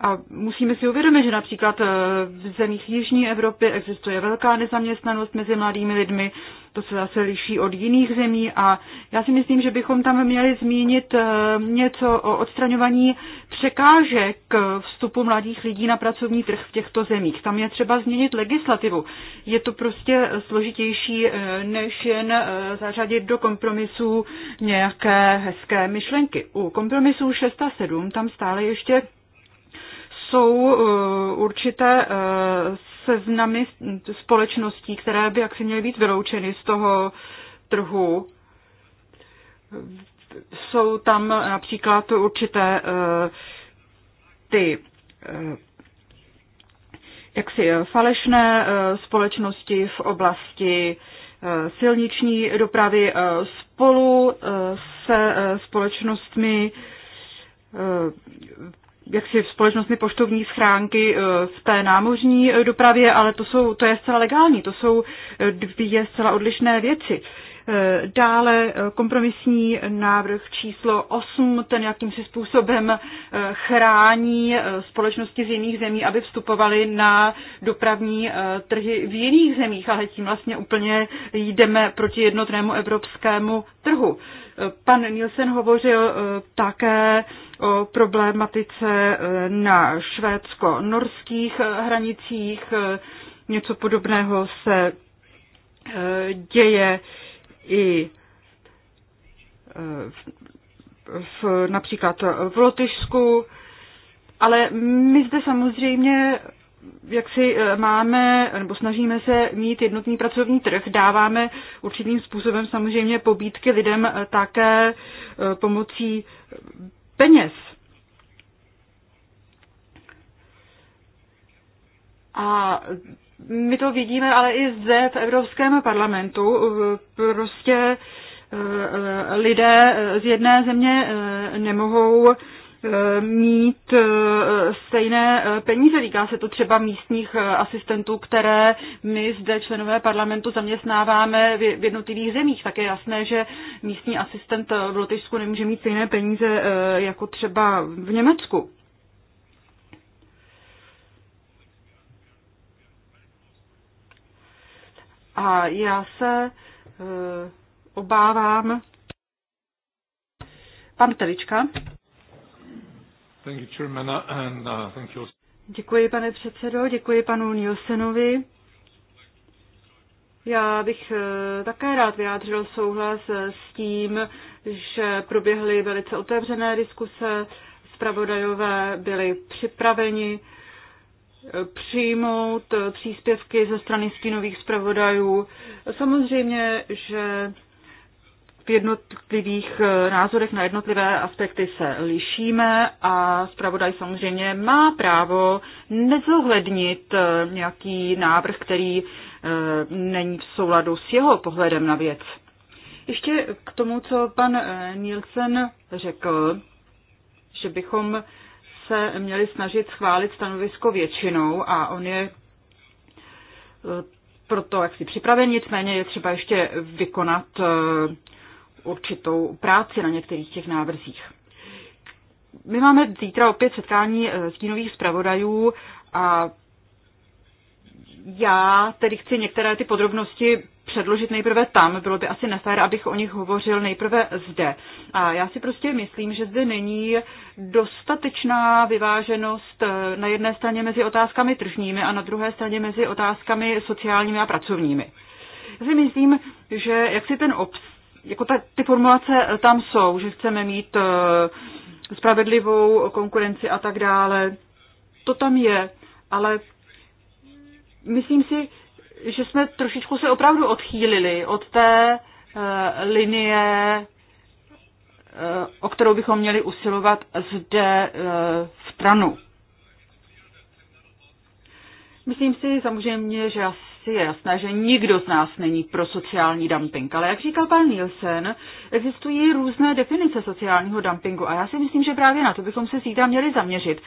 A musíme si uvědomit, že například eh, v zemích Jižní Evropy existuje velká nezaměstnanost mezi mladými lidmi, to se zase liší od jiných zemí a já si myslím, že bychom tam měli zmínit eh, něco o odstraňování překážek vstupu mladých lidí na pracovní trh v těchto zemích. Tam je třeba změnit legislativu. Je to prostě složitější, eh, než jen zařadit do kompromisů nějaké hezké myšlenky. U kompromisů 6 a 7 tam stále ještě jsou uh, určité uh, seznamy společností, které by jaksi měly být vyloučeny z toho trhu. Jsou tam například určité uh, ty jaksi falešné společnosti v oblasti silniční dopravy spolu se společnostmi jaksi v společnosti poštovní schránky eh, v té námořní eh, dopravě, ale to, jsou, to je zcela legální, to jsou eh, dvě zcela odlišné věci. Dále kompromisní návrh číslo 8, ten jakýmsi způsobem chrání společnosti z jiných zemí, aby vstupovaly na dopravní trhy v jiných zemích, ale tím vlastně úplně jdeme proti jednotnému evropskému trhu. Pan Nielsen hovořil eh, také o problematice eh, na švédsko-norských eh, hranicích. Něco podobného se děje i v, například v Lotyšsku, ale my zde samozřejmě jak si eh, máme, nebo snažíme se mít jednotný pracovní trh, dáváme určitým způsobem samozřejmě pobídky lidem eh, také eh, pomocí peněz. A my to vidíme ale i zde v Evropském parlamentu. Prostě lidé z jedné země nemohou mít eh, stejné eh, peníze. Týká se to třeba místních eh, asistentů, které my zde členové parlamentu zaměstnáváme v jednotlivých zemích. Tak je jasné, že místní asistent v Lotyšsku nemůže mít stejné peníze jako třeba v Německu. A já se obávám. Pan Telička. Uh, děkuji, pane předsedo, děkuji panu Nielsenovi. Já bych eh, také rád vyjádřil souhlas eh, s tím, že proběhly velice otevřené diskuse, zpravodajové byli připraveni eh, přijmout příspěvky ze strany stínových zpravodajů. Samozřejmě, že v jednotlivých eh, názorech na jednotlivé aspekty se lišíme a zpravodaj samozřejmě má právo nezohlednit eh, nějaký návrh, který eh, není v souladu s jeho pohledem na věc. Ještě k tomu, co pan Nielsen řekl, že bychom se měli snažit schválit stanovisko většinou a on je proto jaksi připraven, nicméně je třeba ještě vykonat určitou práci na některých těch návrzích. My máme zítra opět setkání eh, stínových zpravodajů a já tedy chci některé ty podrobnosti předložit nejprve tam. Bylo by asi nefér, abych o nich hovořil nejprve zde. A já si prostě myslím, že zde není dostatečná vyváženost eh, na jedné straně mezi otázkami tržními a na druhé straně mezi otázkami sociálními a pracovními. Já si myslím, že jak si ten obs jako ta, ty formulace eh, tam jsou, že chceme mít eh, spravedlivou konkurenci a tak dále. To tam je, ale myslím si, že jsme trošičku se opravdu odchýlili od té eh, linie, o kterou bychom měli usilovat zde v Tranu. Myslím si samozřejmě, že asi asi je jasné, že nikdo z nás není pro sociální dumping, ale jak říkal pan Nielsen, existují různé definice sociálního dumpingu a já si myslím, že právě na to bychom se zítra měli zaměřit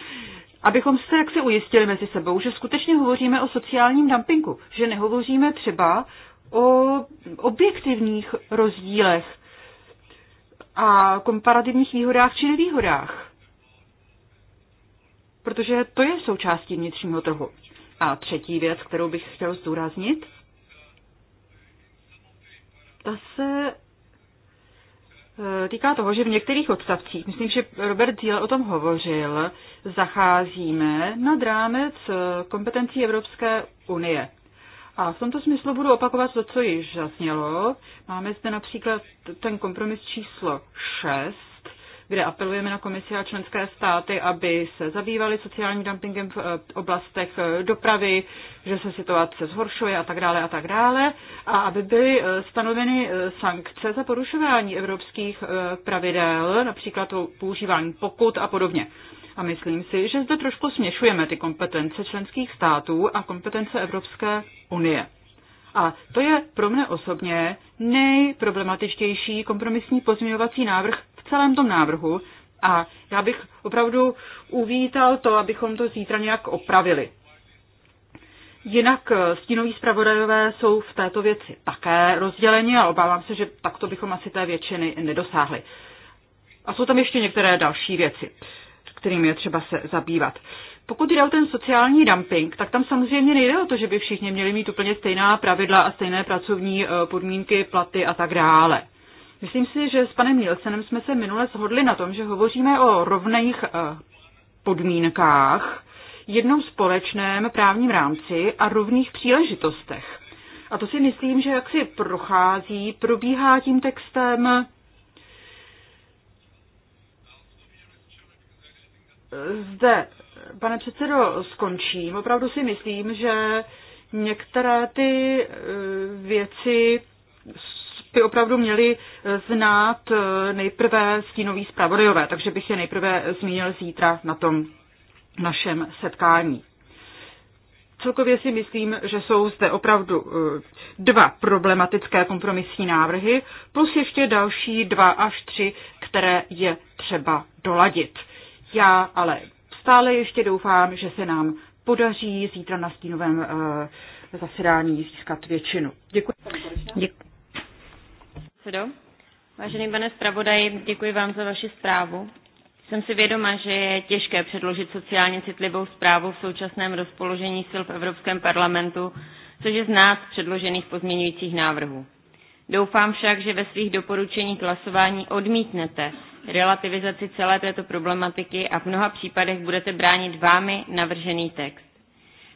abychom se jaksi ujistili mezi sebou, že skutečně hovoříme o sociálním dumpingu, že nehovoříme třeba o objektivních rozdílech a komparativních výhodách či nevýhodách. Protože to je součástí vnitřního trhu. A třetí věc, kterou bych chtěl zdůraznit, ta se e, týká toho, že v některých odstavcích, myslím, že Robert Díl o tom hovořil, zacházíme nad rámec e, kompetencí Evropské unie. A v tomto smyslu budu opakovat to, co již zasnělo. Máme zde například ten kompromis číslo 6, kde apelujeme na komisi a členské státy, aby se zabývali sociálním dumpingem v eh, oblastech eh, dopravy, že se situace zhoršuje a tak dále a tak dále a aby byly eh, stanoveny sankce za porušování evropských pravidel, například o používání pokut a podobně. A myslím si, že zde trošku směšujeme ty kompetence členských států a kompetence Evropské unie. A to je pro mne osobně nejproblematičtější kompromisní pozměňovací návrh celém tom návrhu a já bych opravdu uvítal to, abychom to zítra nějak opravili. Jinak eh, stínoví zpravodajové jsou v této věci také rozděleni a obávám se, že takto bychom asi té většiny nedosáhli. A jsou tam ještě některé další věci, kterými je třeba se zabývat. Pokud jde o ten sociální dumping, tak tam samozřejmě nejde o to, že by všichni měli mít úplně stejná pravidla a stejné pracovní eh, podmínky, platy a tak dále. Myslím si, že s panem Nielsenem jsme se minule shodli na tom, že hovoříme o rovných eh, podmínkách, jednom společném právním rámci a rovných příležitostech. A to si myslím, že jak si prochází, probíhá tím textem zde, pane předsedo, skončím. Opravdu si myslím, že některé ty eh, věci by opravdu měli eh, znát eh, nejprve stínoví zpravodajové, takže bych je nejprve zmínil zítra na tom našem setkání. Celkově si myslím, že jsou zde opravdu eh, dva problematické kompromisní návrhy, plus ještě další dva až tři, které je třeba doladit. Já ale stále ještě doufám, že se nám podaří zítra na stínovém zasedání získat většinu. Děkuji. Děkuji předsedo. Vážený pane zpravodaji, děkuji vám za vaši zprávu. Jsem si vědoma, že je těžké předložit sociálně citlivou zprávu v současném rozpoložení sil v Evropském parlamentu, což je z z předložených pozměňujících návrhů. Doufám však, že ve svých doporučeních hlasování odmítnete relativizaci celé této problematiky a v mnoha případech budete bránit vámi navržený text.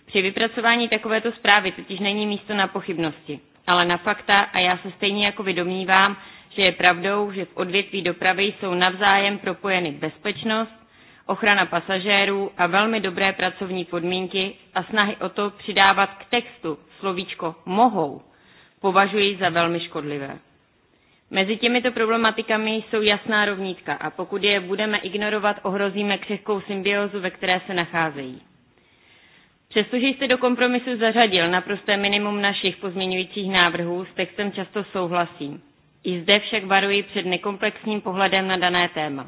Při vypracování takovéto zprávy totiž není místo na pochybnosti ale na fakta a já se stejně jako vy domnívám, že je pravdou, že v odvětví dopravy jsou navzájem propojeny bezpečnost, ochrana pasažérů a velmi dobré pracovní podmínky a snahy o to přidávat k textu slovíčko mohou považuji za velmi škodlivé. Mezi těmito problematikami jsou jasná rovnítka a pokud je budeme ignorovat, ohrozíme křehkou symbiozu, ve které se nacházejí. Přestože jste do kompromisu zařadil naprosté minimum našich pozměňujících návrhů, s textem často souhlasím. I zde však varuji před nekomplexním pohledem na dané téma.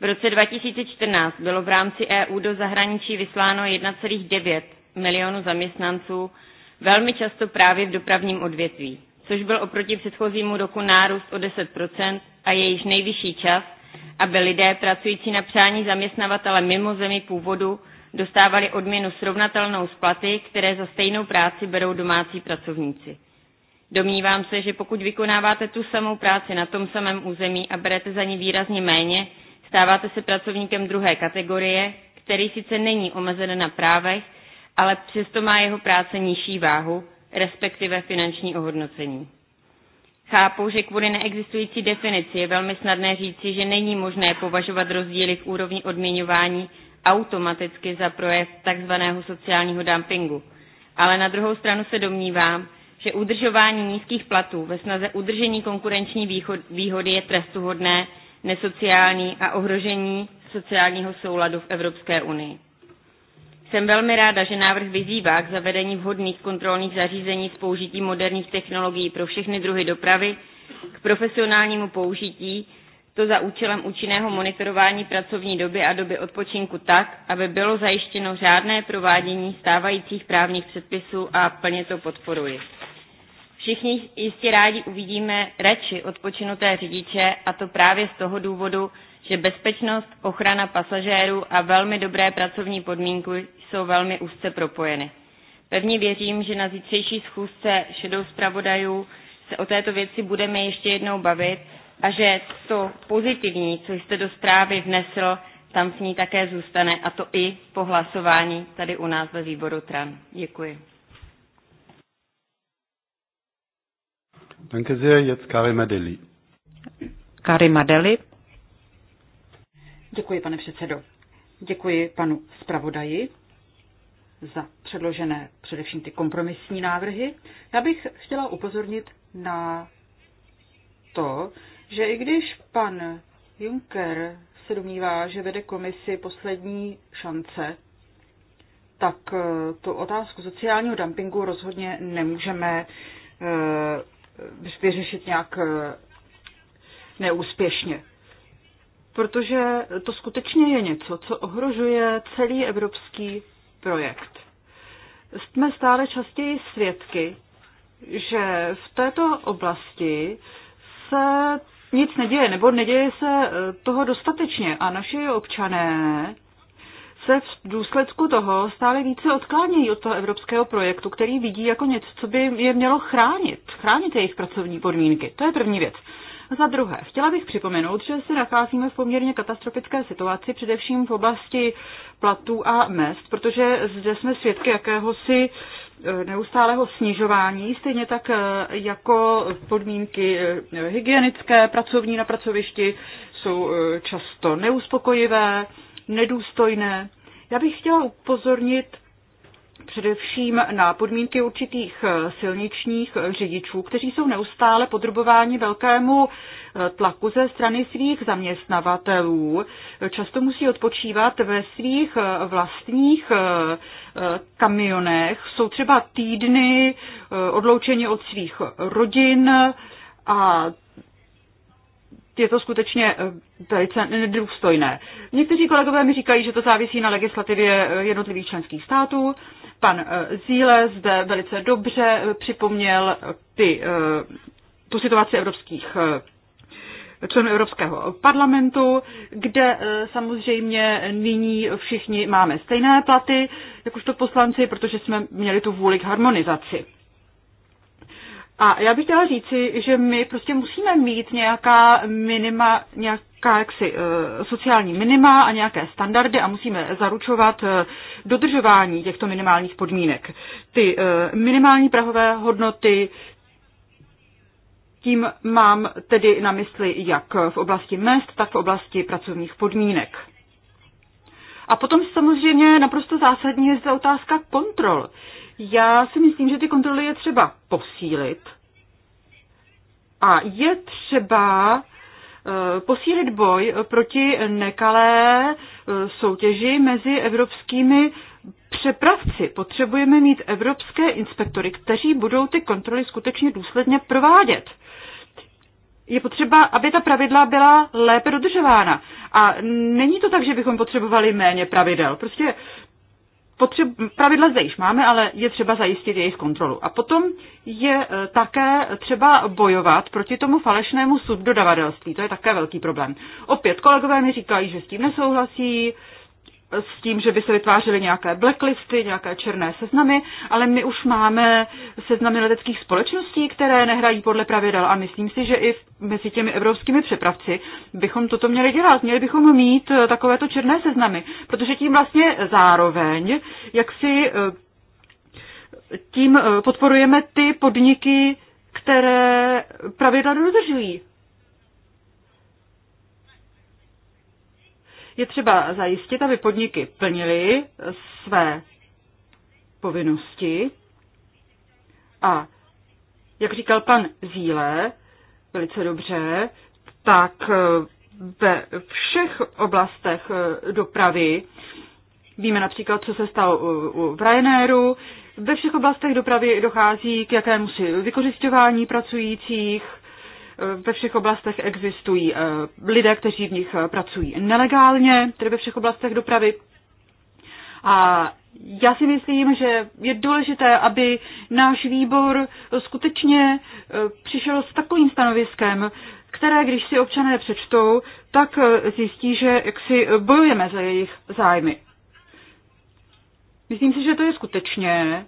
V roce 2014 bylo v rámci EU do zahraničí vysláno 1,9 milionu zaměstnanců, velmi často právě v dopravním odvětví, což byl oproti předchozímu roku nárůst o 10 a je již nejvyšší čas, aby lidé pracující na přání zaměstnavatele mimo zemi původu dostávali odměnu srovnatelnou s platy, které za stejnou práci berou domácí pracovníci. Domnívám se, že pokud vykonáváte tu samou práci na tom samém území a berete za ní výrazně méně, stáváte se pracovníkem druhé kategorie, který sice není omezen na právech, ale přesto má jeho práce nižší váhu, respektive finanční ohodnocení. Chápu, že kvůli neexistující definici je velmi snadné říci, že není možné považovat rozdíly v úrovni odměňování automaticky za projev tzv. sociálního dumpingu. Ale na druhou stranu se domnívám, že udržování nízkých platů ve snaze udržení konkurenční výhody je trestuhodné, nesociální a ohrožení sociálního souladu v Evropské unii. Jsem velmi ráda, že návrh vyzývá k zavedení vhodných kontrolních zařízení s použitím moderních technologií pro všechny druhy dopravy, k profesionálnímu použití to za účelem účinného monitorování pracovní doby a doby odpočinku tak, aby bylo zajištěno řádné provádění stávajících právních předpisů a plně to podporuji. Všichni jistě rádi uvidíme radši odpočinuté řidiče a to právě z toho důvodu, že bezpečnost, ochrana pasažérů a velmi dobré pracovní podmínky jsou velmi úzce propojeny. Pevně věřím, že na zítřejší schůzce šedou zpravodajů se o této věci budeme ještě jednou bavit a že to pozitivní, co jste do zprávy vnesl, tam s ní také zůstane a to i po hlasování tady u nás ve výboru TRAN. Děkuji. Danke sehr, jetzt Karim Adeli. Karim Adeli. Děkuji, pane předsedo. Děkuji panu zpravodaji za předložené především ty kompromisní návrhy. Já bych chtěla upozornit na to, že i když pan Juncker se domnívá, že vede komisi poslední šance, tak eh, tu otázku sociálního dumpingu rozhodně nemůžeme eh, vyřešit nějak eh, neúspěšně. Protože to skutečně je něco, co ohrožuje celý evropský projekt. Jsme stále častěji svědky, že v této oblasti se nic neděje, nebo neděje se eh, toho dostatečně a naši občané se v důsledku toho stále více odklánějí od toho evropského projektu, který vidí jako něco, co by je mělo chránit, chránit jejich pracovní podmínky. To je první věc. Za druhé, chtěla bych připomenout, že se nacházíme v poměrně katastrofické situaci, především v oblasti platů a mest, protože zde jsme svědky jakéhosi uh, neustálého snižování, stejně tak eh, jako podmínky eh, hygienické, pracovní na pracovišti jsou eh, často neuspokojivé, nedůstojné. Já bych chtěla upozornit především na podmínky určitých eh, silničních eh, řidičů, kteří jsou neustále podrobováni velkému eh, tlaku ze strany svých zaměstnavatelů. Často musí odpočívat ve svých vlastních kamionech. Jsou třeba týdny odloučeni od svých rodin a je to skutečně eh, velice nedůstojné. Někteří kolegové mi říkají, že to závisí na legislativě eh, jednotlivých členských států. Pan eh, Zíle zde velice dobře připomněl ty, tu situaci evropských členů Evropského parlamentu, kde samozřejmě nyní všichni máme stejné platy, jakožto poslanci, protože jsme měli tu vůli k harmonizaci. A já bych chtěla říci, že my prostě musíme mít nějaká minima, nějaká jaksi eh, sociální minima a nějaké standardy a musíme zaručovat eh, dodržování těchto minimálních podmínek. Ty eh, minimální prahové hodnoty, tím mám tedy na mysli jak v oblasti mest, tak v oblasti pracovních podmínek. A potom samozřejmě naprosto zásadní je zde otázka kontrol. Já si myslím, že ty kontroly je třeba posílit a je třeba eh, posílit boj proti nekalé eh, soutěži mezi evropskými přepravci. Potřebujeme mít evropské inspektory, kteří budou ty kontroly skutečně důsledně provádět. Je potřeba, aby ta pravidla byla lépe dodržována. A není to tak, že bychom potřebovali méně pravidel. Prostě potřeb, pravidla zde již máme, ale je třeba zajistit jejich kontrolu. A potom je e, také třeba bojovat proti tomu falešnému subdodavatelství. To je také velký problém. Opět kolegové mi říkají, že s tím nesouhlasí, s tím, že by se vytvářely nějaké blacklisty, nějaké černé seznamy, ale my už máme seznamy leteckých společností, které nehrají podle pravidel a myslím si, že i mezi těmi evropskými přepravci bychom toto měli dělat. Měli bychom mít eh, takovéto černé seznamy, protože tím vlastně zároveň, jak si eh, tím eh, podporujeme ty podniky, které pravidla dodržují. Je třeba zajistit, aby podniky plnily své povinnosti a jak říkal pan Zíle velice dobře, tak eh, ve všech oblastech eh, dopravy, víme například, co se stalo u Ryanairu, ve všech oblastech dopravy dochází k jakémusi vykořišťování pracujících, ve všech oblastech existují eh, lidé, kteří v nich eh, pracují nelegálně, tedy ve všech oblastech dopravy. A já si myslím, že je důležité, aby náš výbor skutečně eh, přišel s takovým stanoviskem, které, když si občané přečtou, tak zjistí, že jak si bojujeme za jejich zájmy. Myslím si, že to je skutečně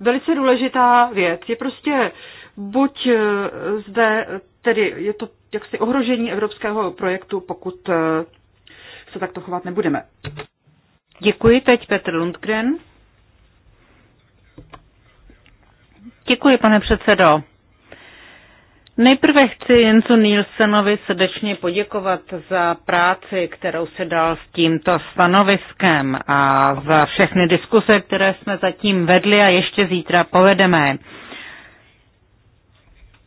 velice důležitá věc. Je prostě Buď eh, zde tedy je to jaksi ohrožení evropského projektu, pokud eh, se takto chovat nebudeme. Děkuji, teď Petr Lundgren. Děkuji, pane předsedo. Nejprve chci Jensu Nielsenovi srdečně poděkovat za práci, kterou se dal s tímto stanoviskem a za všechny diskuse, které jsme zatím vedli a ještě zítra povedeme.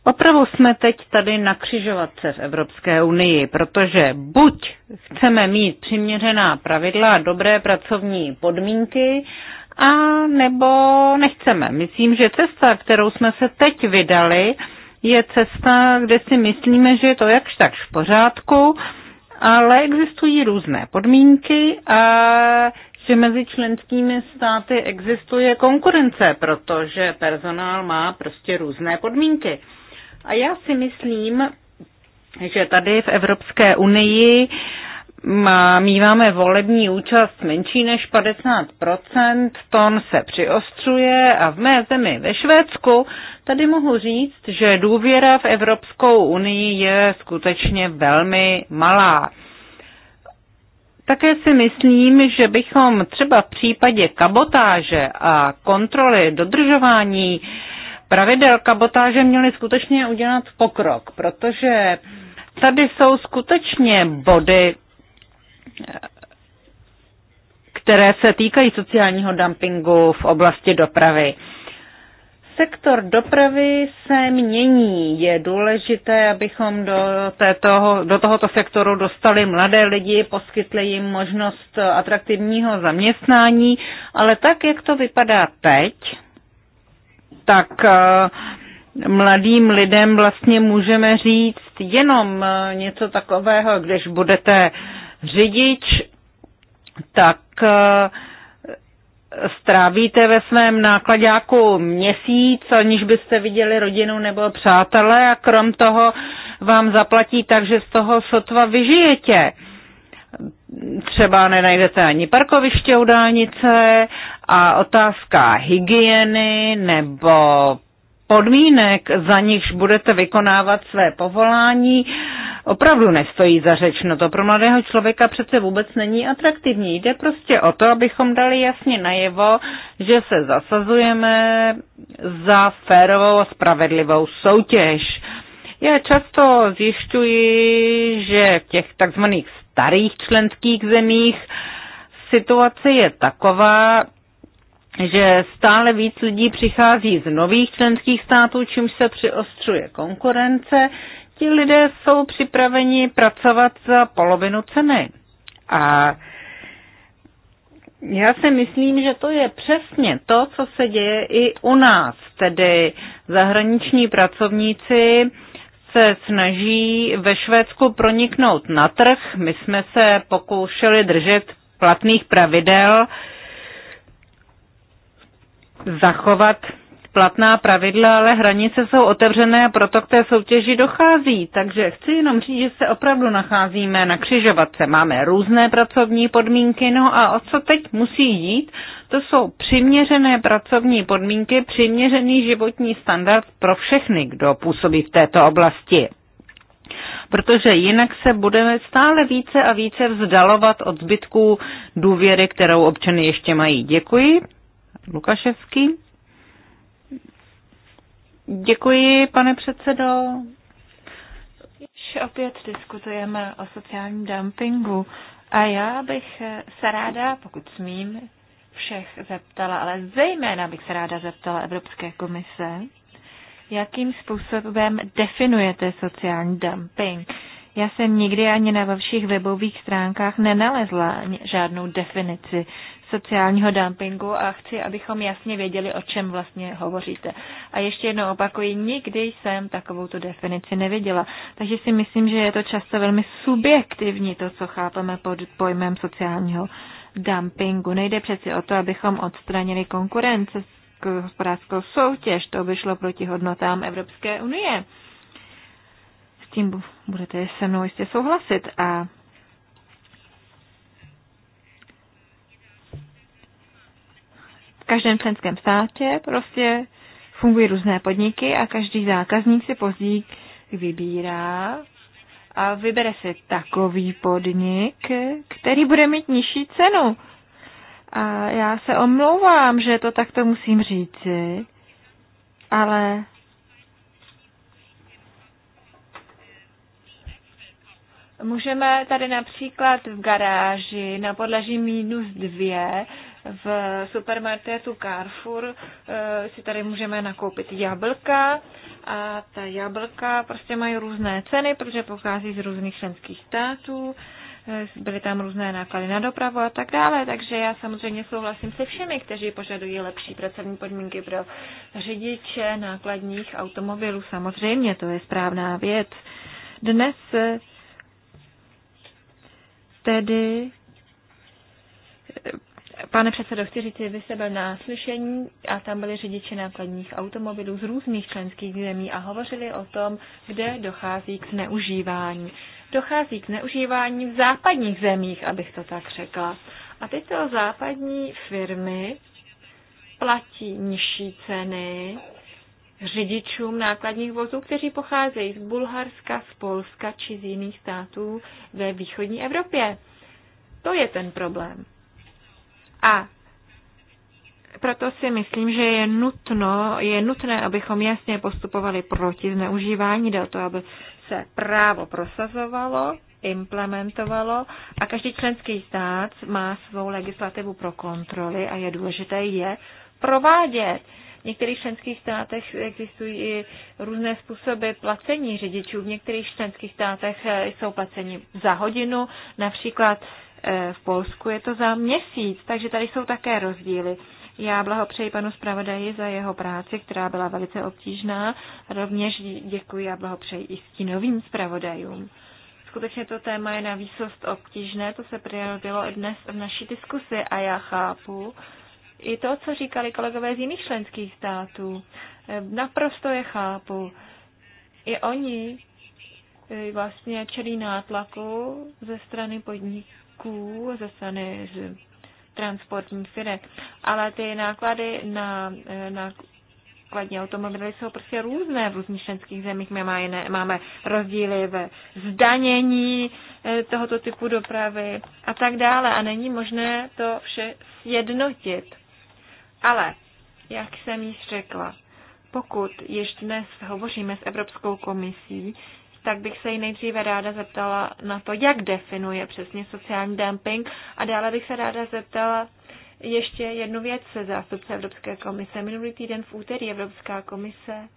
Opravdu jsme teď tady na křižovatce v Evropské unii, protože buď chceme mít přiměřená pravidla, dobré pracovní podmínky, a nebo nechceme. Myslím, že cesta, kterou jsme se teď vydali, je cesta, kde si myslíme, že je to jakž tak v pořádku, ale existují různé podmínky a že mezi členskými státy existuje konkurence, protože personál má prostě různé podmínky. A já si myslím, že tady v Evropské unii míváme volební účast menší než 50%, ton se přiostřuje a v mé zemi ve Švédsku tady mohu říct, že důvěra v Evropskou unii je skutečně velmi malá. Také si myslím, že bychom třeba v případě kabotáže a kontroly dodržování eh, pravidel kabotáže měli skutečně udělat pokrok, protože tady jsou skutečně body, které se týkají sociálního dumpingu v oblasti dopravy. Sektor dopravy se mění. Je důležité, abychom do, této, do tohoto sektoru dostali mladé lidi, poskytli jim možnost atraktivního zaměstnání, ale tak, jak to vypadá teď, tak eh, mladým lidem vlastně můžeme říct jenom eh, něco takového, když budete řidič, tak eh, strávíte ve svém nákladáku měsíc, aniž byste viděli rodinu nebo přátelé a krom toho vám zaplatí tak, že z toho sotva vyžijete třeba nenajdete ani parkoviště u dálnice a otázka hygieny nebo podmínek, za nichž budete vykonávat své povolání, opravdu nestojí za řeč. No to pro mladého člověka přece vůbec není atraktivní. Jde prostě o to, abychom dali jasně najevo, že se zasazujeme za férovou a spravedlivou soutěž. Já často zjišťuji, že v těch takzvaných starých členských zemích situace je taková, že stále víc lidí přichází z nových členských států, čímž se přiostřuje konkurence. Ti lidé jsou připraveni pracovat za polovinu ceny. A já si myslím, že to je přesně to, co se děje i u nás, tedy zahraniční pracovníci se snaží ve Švédsku proniknout na trh. My jsme se pokoušeli držet platných pravidel, zachovat platná pravidla, ale hranice jsou otevřené a proto k té soutěži dochází. Takže chci jenom říct, že se opravdu nacházíme na křižovatce. Máme různé pracovní podmínky, no a o co teď musí jít? To jsou přiměřené pracovní podmínky, přiměřený životní standard pro všechny, kdo působí v této oblasti. Protože jinak se budeme stále více a více vzdalovat od zbytků důvěry, kterou občany ještě mají. Děkuji. Lukaševský. Děkuji, pane předsedo. opět diskutujeme o sociálním dumpingu a já bych se ráda, pokud smím, všech zeptala, ale zejména bych se ráda zeptala Evropské komise, jakým způsobem definujete sociální dumping. Já jsem nikdy ani na vašich webových stránkách nenalezla žádnou definici sociálního dumpingu a chci, abychom jasně věděli, o čem vlastně hovoříte. A ještě jednou opakuji, nikdy jsem takovou tu definici neviděla. Takže si myslím, že je to často velmi subjektivní, to, co chápeme pod pojmem sociálního dumpingu. Nejde přeci o to, abychom odstranili konkurence hospodářskou soutěž. To by šlo proti hodnotám Evropské unie. S tím budete se mnou jistě souhlasit. A V každém členském státě prostě fungují různé podniky a každý zákazník si později vybírá a vybere si takový podnik, který bude mít nižší cenu. A já se omlouvám, že to takto musím říci, ale můžeme tady například v garáži na podlaží minus dvě v supermarketu Carrefour eh, si tady můžeme nakoupit jablka a ta jablka prostě mají různé ceny, protože pochází z různých členských států, eh, byly tam různé náklady na dopravu a tak dále, takže já samozřejmě souhlasím se všemi, kteří požadují lepší pracovní podmínky pro řidiče nákladních automobilů. Samozřejmě, to je správná věc. Dnes tedy Pane předsedo, chci říct, vy jste byl na slyšení a tam byli řidiči nákladních automobilů z různých členských zemí a hovořili o tom, kde dochází k zneužívání. Dochází k zneužívání v západních zemích, abych to tak řekla. A tyto západní firmy platí nižší ceny řidičům nákladních vozů, kteří pocházejí z Bulharska, z Polska či z jiných států ve východní Evropě. To je ten problém. A proto si myslím, že je nutno, je nutné, abychom jasně postupovali proti zneužívání, jde o to, aby se právo prosazovalo, implementovalo a každý členský stát má svou legislativu pro kontroly a je důležité je provádět. V některých členských státech existují i různé způsoby placení řidičů. V některých členských státech jsou placeni za hodinu, například E, v Polsku je to za měsíc, takže tady jsou také rozdíly. Já blahopřeji panu zpravodaji za jeho práci, která byla velice obtížná. Rovněž děkuji a blahopřeji i stínovým zpravodajům. Skutečně to téma je na výsost obtížné, to se projevilo i dnes v naší diskusi a já chápu i to, co říkali kolegové z jiných členských států. Naprosto je chápu. I oni e, vlastně čelí nátlaku ze strany podniků zisků ze strany transportních firm, ale ty náklady na, eh, na nákladní automobily jsou prostě různé v různých členských zemích. My máme rozdíly ve zdanění eh, tohoto typu dopravy a tak dále. A není možné to vše sjednotit. Ale, jak jsem již řekla, pokud již dnes hovoříme s Evropskou komisí, tak bych se jí nejdříve ráda zeptala na to, jak definuje přesně sociální dumping a dále bych se ráda zeptala ještě jednu věc se zástupce Evropské komise. Minulý týden v úterý Evropská komise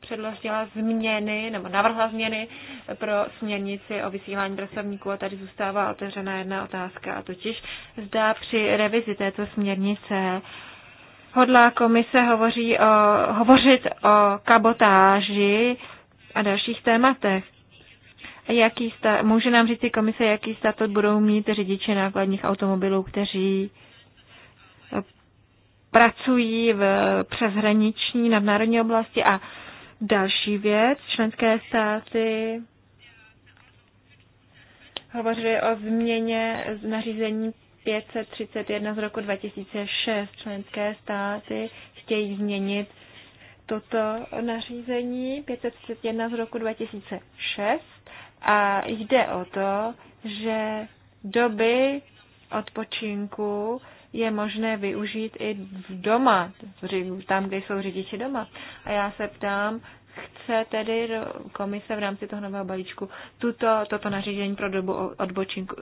předložila změny nebo navrhla změny pro směrnici o vysílání pracovníků a tady zůstává otevřená jedna otázka a totiž zdá při revizi této směrnice hodlá komise hovoří o, hovořit o kabotáži a dalších tématech. A jaký sta, může nám říct komise, jaký statut budou mít řidiče nákladních automobilů, kteří eh, pracují v přeshraniční nadnárodní oblasti a další věc, členské státy hovořili o změně z nařízení 531 z roku 2006. Členské státy chtějí změnit toto nařízení 531 z roku 2006 a jde o to, že doby odpočinku je možné využít i v doma, tam, kde jsou řidiči doma. A já se ptám, chce tedy komise v rámci toho nového balíčku tuto, toto nařízení pro dobu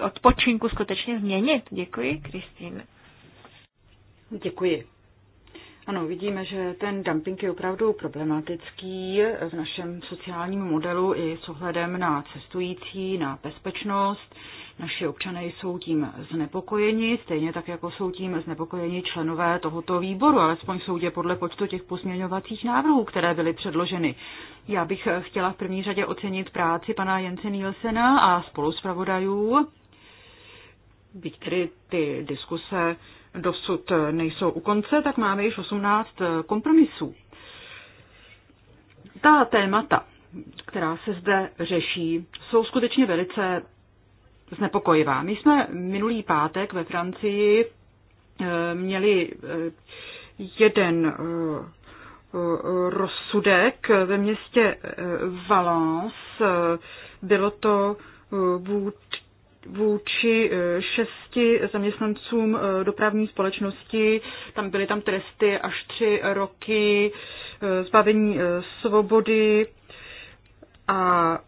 odpočinku skutečně změnit? Děkuji, Kristýn. Děkuji. Ano, vidíme, že ten dumping je opravdu problematický v našem sociálním modelu i s ohledem na cestující, na bezpečnost. Naši občané jsou tím znepokojeni, stejně tak jako jsou tím znepokojeni členové tohoto výboru, alespoň soudě podle počtu těch pozměňovacích návrhů, které byly předloženy. Já bych chtěla v první řadě ocenit práci pana Jense Nielsena a spoluzpravodajů, byť tedy ty diskuse dosud nejsou u konce, tak máme již 18 eh, kompromisů. Ta témata, která se zde řeší, jsou skutečně velice znepokojivá. My jsme minulý pátek ve Francii eh, měli eh, jeden rozsudek ve městě Valence. Bylo to vůd vůči eh, šesti zaměstnancům eh, dopravní společnosti. Tam byly tam tresty až tři roky eh, zbavení svobody a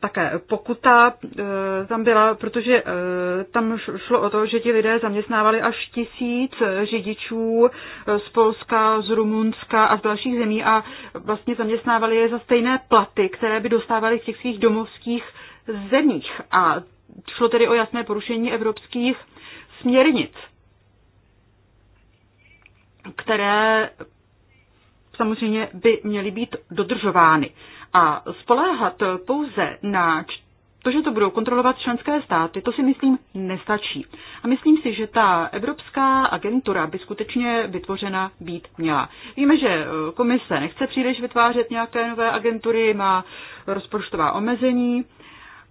také pokuta tam byla, protože tam šlo o to, že ti lidé zaměstnávali až tisíc řidičů z Polska, z Rumunska a z dalších zemí a vlastně zaměstnávali je za stejné platy, které by dostávali v těch svých domovských zemích. A šlo tedy o jasné porušení evropských směrnic, které samozřejmě by měly být dodržovány. A spoléhat pouze na to, že to budou kontrolovat členské státy, to si myslím nestačí. A myslím si, že ta Evropská agentura by skutečně vytvořena být měla. Víme, že eh, komise nechce příliš vytvářet nějaké nové agentury, má rozpočtová omezení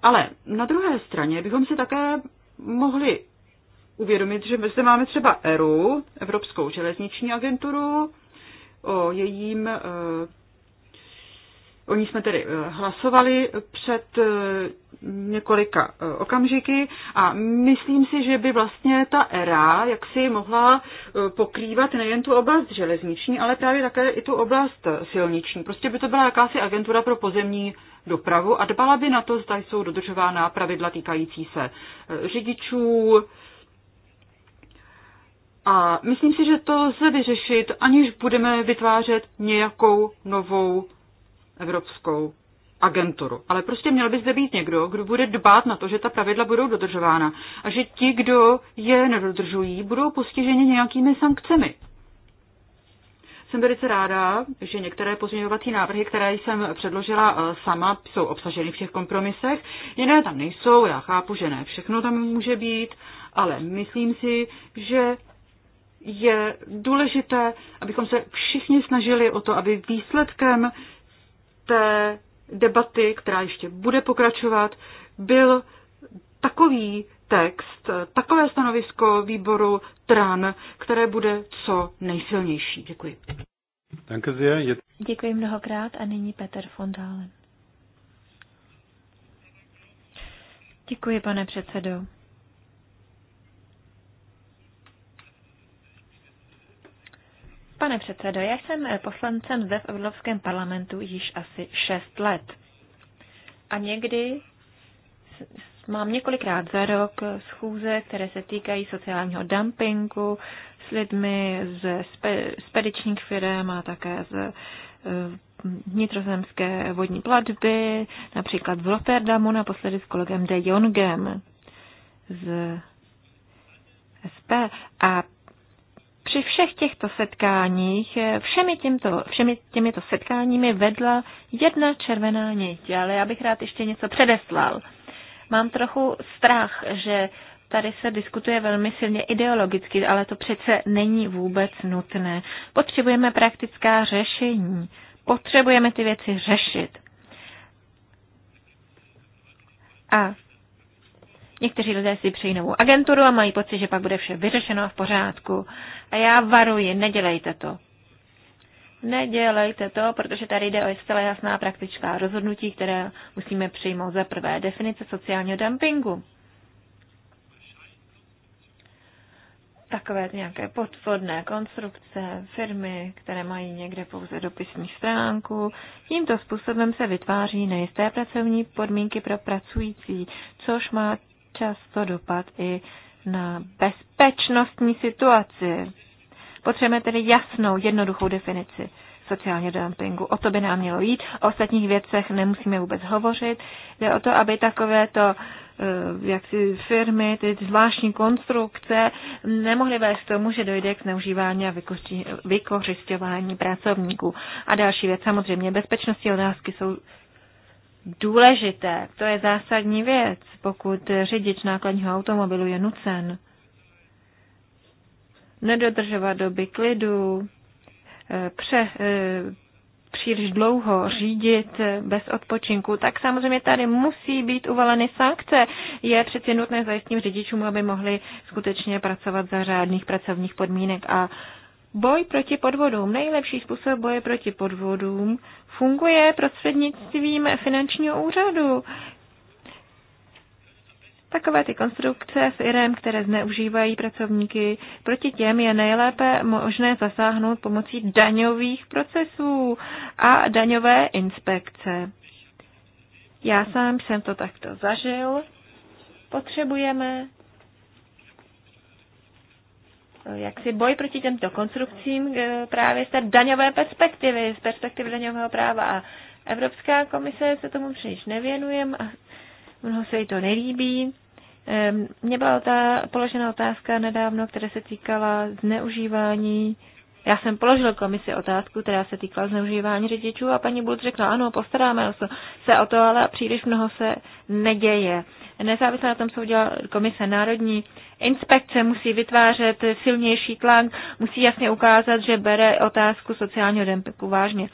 ale na druhé straně bychom si také mohli uvědomit, že my zde máme třeba ERU, Evropskou železniční agenturu, o jejím eh, O ní jsme tedy eh, hlasovali před eh, několika eh, okamžiky a myslím si, že by vlastně ta era jaksi mohla pokrývat nejen tu oblast železniční, ale právě také i tu oblast silniční. Prostě by to byla jakási agentura pro pozemní dopravu a dbala by na to, zda jsou dodržována pravidla týkající se řidičů, a myslím si, že to lze vyřešit, aniž budeme vytvářet nějakou novou evropskou agenturu. Ale prostě měl by zde být někdo, kdo bude dbát na to, že ta pravidla budou dodržována a že ti, kdo je nedodržují, budou postiženi nějakými sankcemi. Jsem velice ráda, že některé pozměňovací návrhy, které jsem předložila eh, sama, jsou obsaženy v těch kompromisech. Jiné tam nejsou, já chápu, že ne všechno tam může být, ale myslím si, že je důležité, abychom se všichni snažili o to, aby výsledkem té debaty, která ještě bude pokračovat, byl takový text, takové stanovisko výboru TRAN, které bude co nejsilnější. Děkuji. Děkuji mnohokrát a nyní Petr von Dahlen. Děkuji, pane předsedo. pane předsedo. Já jsem eh, poslancem zde v Evropském parlamentu již asi 6 let. A někdy mám několikrát za rok schůze, které se týkají sociálního dumpingu s lidmi z spedičních firm a také z eh, vnitrozemské vodní platby, například v Rotterdamu, naposledy s kolegem De Jongem z SP. A při všech těchto setkáních, eh, všemi, těmto, všemi těmito setkáními vedla jedna červená niť, ale já bych rád ještě něco předeslal. Mám trochu strach, že tady se diskutuje velmi silně ideologicky, ale to přece není vůbec nutné. Potřebujeme praktická řešení. Potřebujeme ty věci řešit. A Někteří lidé si přejí novou agenturu a mají pocit, že pak bude vše vyřešeno a v pořádku. A já varuji, nedělejte to. Nedělejte to, protože tady jde o zcela jasná praktická rozhodnutí, které musíme přijmout za prvé definice sociálního dumpingu. takové nějaké podvodné konstrukce, firmy, které mají někde pouze dopisní stránku. Tímto způsobem se vytváří nejisté pracovní podmínky pro pracující, což má často dopad i na bezpečnostní situaci. Potřebujeme tedy jasnou, jednoduchou definici sociálního dumpingu. O to by nám mělo jít. O ostatních věcech nemusíme vůbec hovořit. Jde o to, aby takovéto eh, jaksi firmy, ty zvláštní konstrukce nemohly vést k tomu, že dojde k zneužívání a vykořišťování pracovníků. A další věc, samozřejmě, bezpečnostní otázky jsou důležité. To je zásadní věc, pokud řidič nákladního automobilu je nucen nedodržovat doby klidu, eh, pře, eh, příliš dlouho řídit eh, bez odpočinku, tak samozřejmě tady musí být uvaleny sankce. Je přeci nutné zajistit řidičům, aby mohli skutečně pracovat za řádných pracovních podmínek a Boj proti podvodům. Nejlepší způsob boje proti podvodům funguje prostřednictvím finančního úřadu. Takové ty konstrukce s IREM, které zneužívají pracovníky, proti těm je nejlépe možné zasáhnout pomocí daňových procesů a daňové inspekce. Já sám jsem to takto zažil. Potřebujeme jak si boj proti těmto konstrukcím e, právě z té daňové perspektivy, z perspektivy daňového práva. A Evropská komise se tomu příliš nevěnuje a mnoho se jí to nelíbí. E, Mně byla ta položena otázka nedávno, která se týkala zneužívání. Já jsem položil komisi otázku, která se týkala zneužívání řidičů a paní Bud řekla, ano, postaráme se o to, ale příliš mnoho se neděje nezávisle na tom, co udělá komise národní inspekce, musí vytvářet silnější tlak, musí jasně ukázat, že bere otázku sociálního dempingu vážně.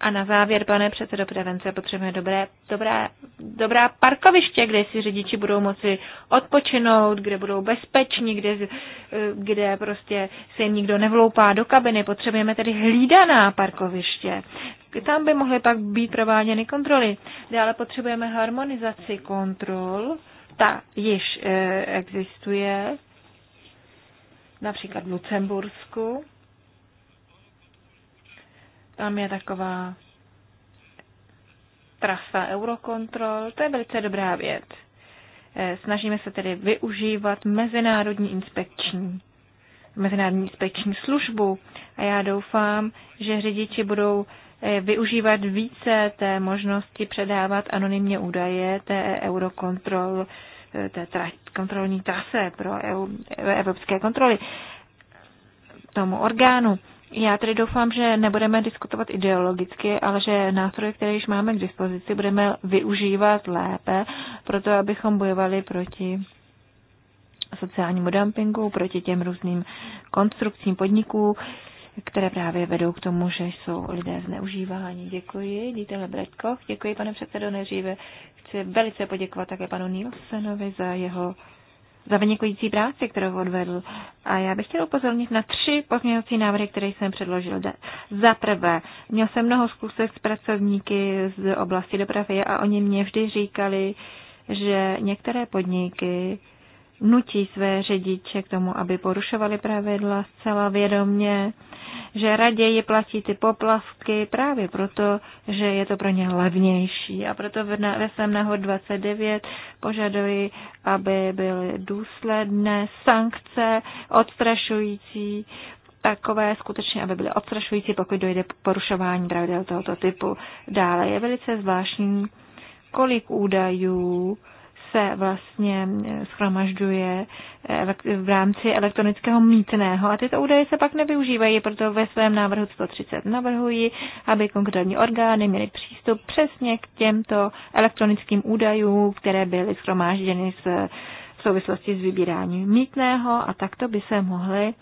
A na závěr, pane předsedo prevence, potřebujeme dobré, dobré, dobrá parkoviště, kde si řidiči budou moci odpočinout, kde budou bezpeční, kde, eh, kde prostě se jim nikdo nevloupá do kabiny. Potřebujeme tedy hlídaná parkoviště tam by mohly pak být prováděny kontroly. Dále potřebujeme harmonizaci kontrol, ta již eh, existuje, například v Lucembursku. Tam je taková trasa Eurokontrol, to je velice dobrá věc. Eh, snažíme se tedy využívat mezinárodní inspekční mezinárodní inspekční službu a já doufám, že řidiči budou E, využívat více té možnosti předávat anonymně údaje té eurokontrol, e, té tra, kontrolní trase pro EU, evropské kontroly tomu orgánu. Já tedy doufám, že nebudeme diskutovat ideologicky, ale že nástroje, které již máme k dispozici, budeme využívat lépe, proto abychom bojovali proti sociálnímu dumpingu, proti těm různým konstrukcím podniků, které právě vedou k tomu, že jsou lidé zneužíváni. Děkuji, Dieter Lebretkoch, děkuji pane předsedo nejdříve. Chci velice poděkovat také panu Nilsenovi za jeho za vynikující práci, kterou odvedl. A já bych chtěl upozornit na tři pozměňovací návrhy, které jsem předložil. Za prvé, měl jsem mnoho zkusek s pracovníky z oblasti dopravy a oni mě vždy říkali, že některé podniky nutí své řidiče k tomu, aby porušovali pravidla zcela vědomně, že raději platí ty poplavky právě proto, že je to pro ně levnější. A proto ve svém nahod 29 požaduji, aby byly důsledné sankce odstrašující takové skutečně, aby byly odstrašující, pokud dojde k porušování pravidel tohoto typu. Dále je velice zvláštní, kolik údajů se vlastně schromažďuje eh, v rámci elektronického mítného a tyto údaje se pak nevyužívají, proto ve svém návrhu 130 navrhuji, aby konkrétní orgány měly přístup přesně k těmto elektronickým údajům, které byly schromážděny v souvislosti s vybíráním mítného a takto by se mohly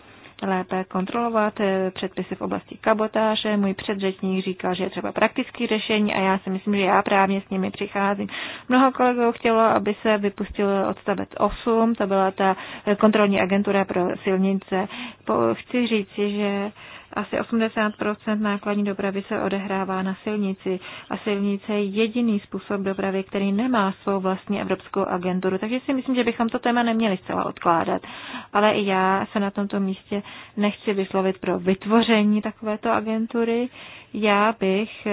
lépe kontrolovat eh, předpisy v oblasti kabotáže. Můj předřečník říkal, že je třeba praktické řešení a já si myslím, že já právě s nimi přicházím. Mnoho kolegů chtělo, aby se vypustil odstavec 8, to byla ta eh, kontrolní agentura pro silnice. Chci říct, že asi 80 nákladní dopravy se odehrává na silnici a silnice je jediný způsob dopravy, který nemá svou vlastní evropskou agenturu. Takže si myslím, že bychom to téma neměli zcela odkládat. Ale i já se na tomto místě nechci vyslovit pro vytvoření takovéto agentury. Já bych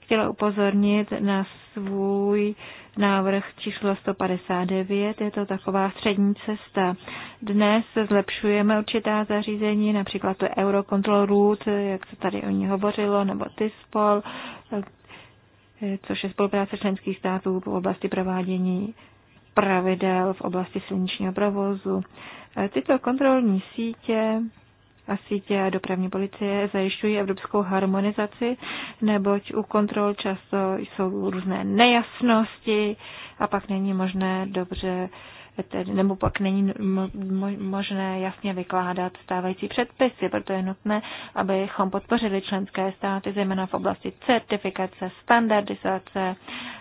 chtěla upozornit na svůj uh, Návrh číslo 159 je to taková střední cesta. Dnes zlepšujeme určitá zařízení, například to Eurocontrol Root, jak se tady o ní hovořilo, nebo TISPOL, což je spolupráce členských států v oblasti provádění pravidel v oblasti silničního provozu. Tyto kontrolní sítě a sítě dopravní policie zajišťují evropskou harmonizaci, neboť u kontrol často jsou různé nejasnosti a pak není možné dobře nebo pak není možné jasně vykládat stávající předpisy, proto je nutné, abychom podpořili členské státy, zejména v oblasti certifikace, standardizace,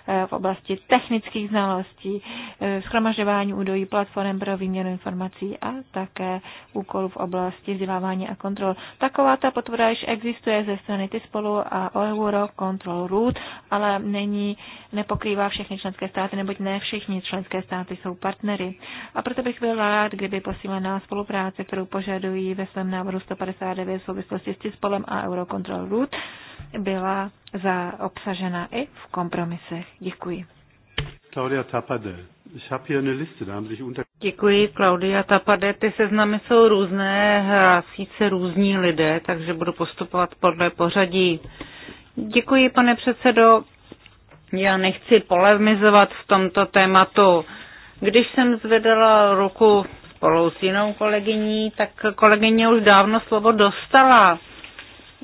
eh, v oblasti technických znalostí, eh, schromažďování údajů platform pro výměnu informací a také úkolů v oblasti vzdělávání a kontrol. Taková ta potvrda již existuje ze strany ty spolu a Euro Control Root, ale není, nepokrývá všechny členské státy, neboť ne všichni členské státy jsou partnery podniky. A proto bych byl rád, kdyby posílená spolupráce, kterou požadují ve svém návrhu 159 v souvislosti s Tispolem a Eurocontrol Root, byla za obsažena i v kompromisech. Děkuji. Claudia Tapade. Ich habe hier eine Liste, da haben sich unter Děkuji, Claudia Tapade. Ty seznamy jsou různé, hlásí se různí lidé, takže budu postupovat podle pořadí. Děkuji, pane předsedo. Já nechci polemizovat v tomto tématu. Když jsem zvedala ruku spolu s jinou kolegyní, tak kolegyně už dávno slovo dostala.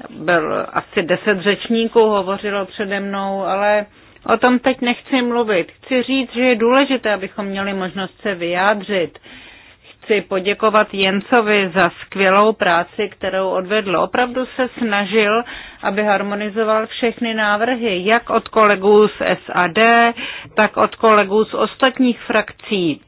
Byl asi deset řečníků, hovořilo přede mnou, ale o tom teď nechci mluvit. Chci říct, že je důležité, abychom měli možnost se vyjádřit chci poděkovat Jencovi za skvělou práci, kterou odvedl. Opravdu se snažil, aby harmonizoval všechny návrhy, jak od kolegů z SAD, tak od kolegů z ostatních frakcí.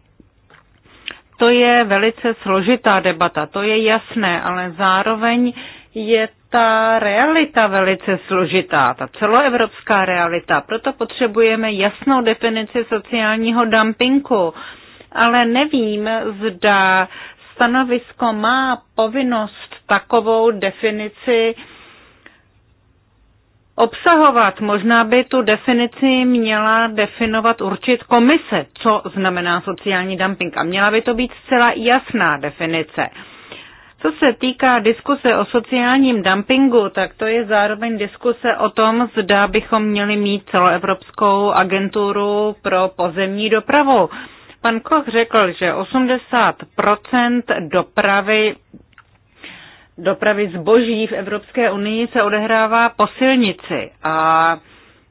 To je velice složitá debata, to je jasné, ale zároveň je ta realita velice složitá, ta celoevropská realita. Proto potřebujeme jasnou definici sociálního dumpingu ale nevím, zda stanovisko má povinnost takovou definici obsahovat. Možná by tu definici měla definovat určit komise, co znamená sociální dumping. A měla by to být zcela jasná definice. Co se týká diskuse o sociálním dumpingu, tak to je zároveň diskuse o tom, zda bychom měli mít celoevropskou agenturu pro pozemní dopravu. Pan Koch řekl, že 80 dopravy dopravy zboží v Evropské unii se odehrává po silnici a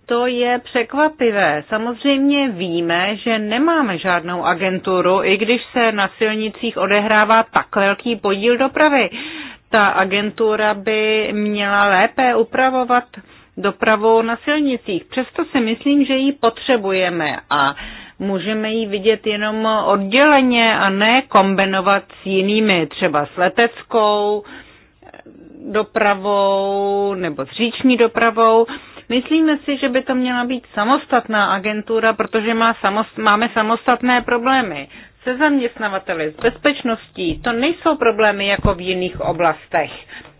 to je překvapivé. Samozřejmě víme, že nemáme žádnou agenturu, i když se na silnicích odehrává tak velký podíl dopravy. Ta agentura by měla lépe upravovat dopravu na silnicích. Přesto si myslím, že ji potřebujeme a Můžeme ji vidět jenom odděleně a ne kombinovat s jinými, třeba s leteckou dopravou nebo s říční dopravou. Myslíme si, že by to měla být samostatná agentura, protože má samost, máme samostatné problémy se zaměstnavateli, s bezpečností. To nejsou problémy jako v jiných oblastech.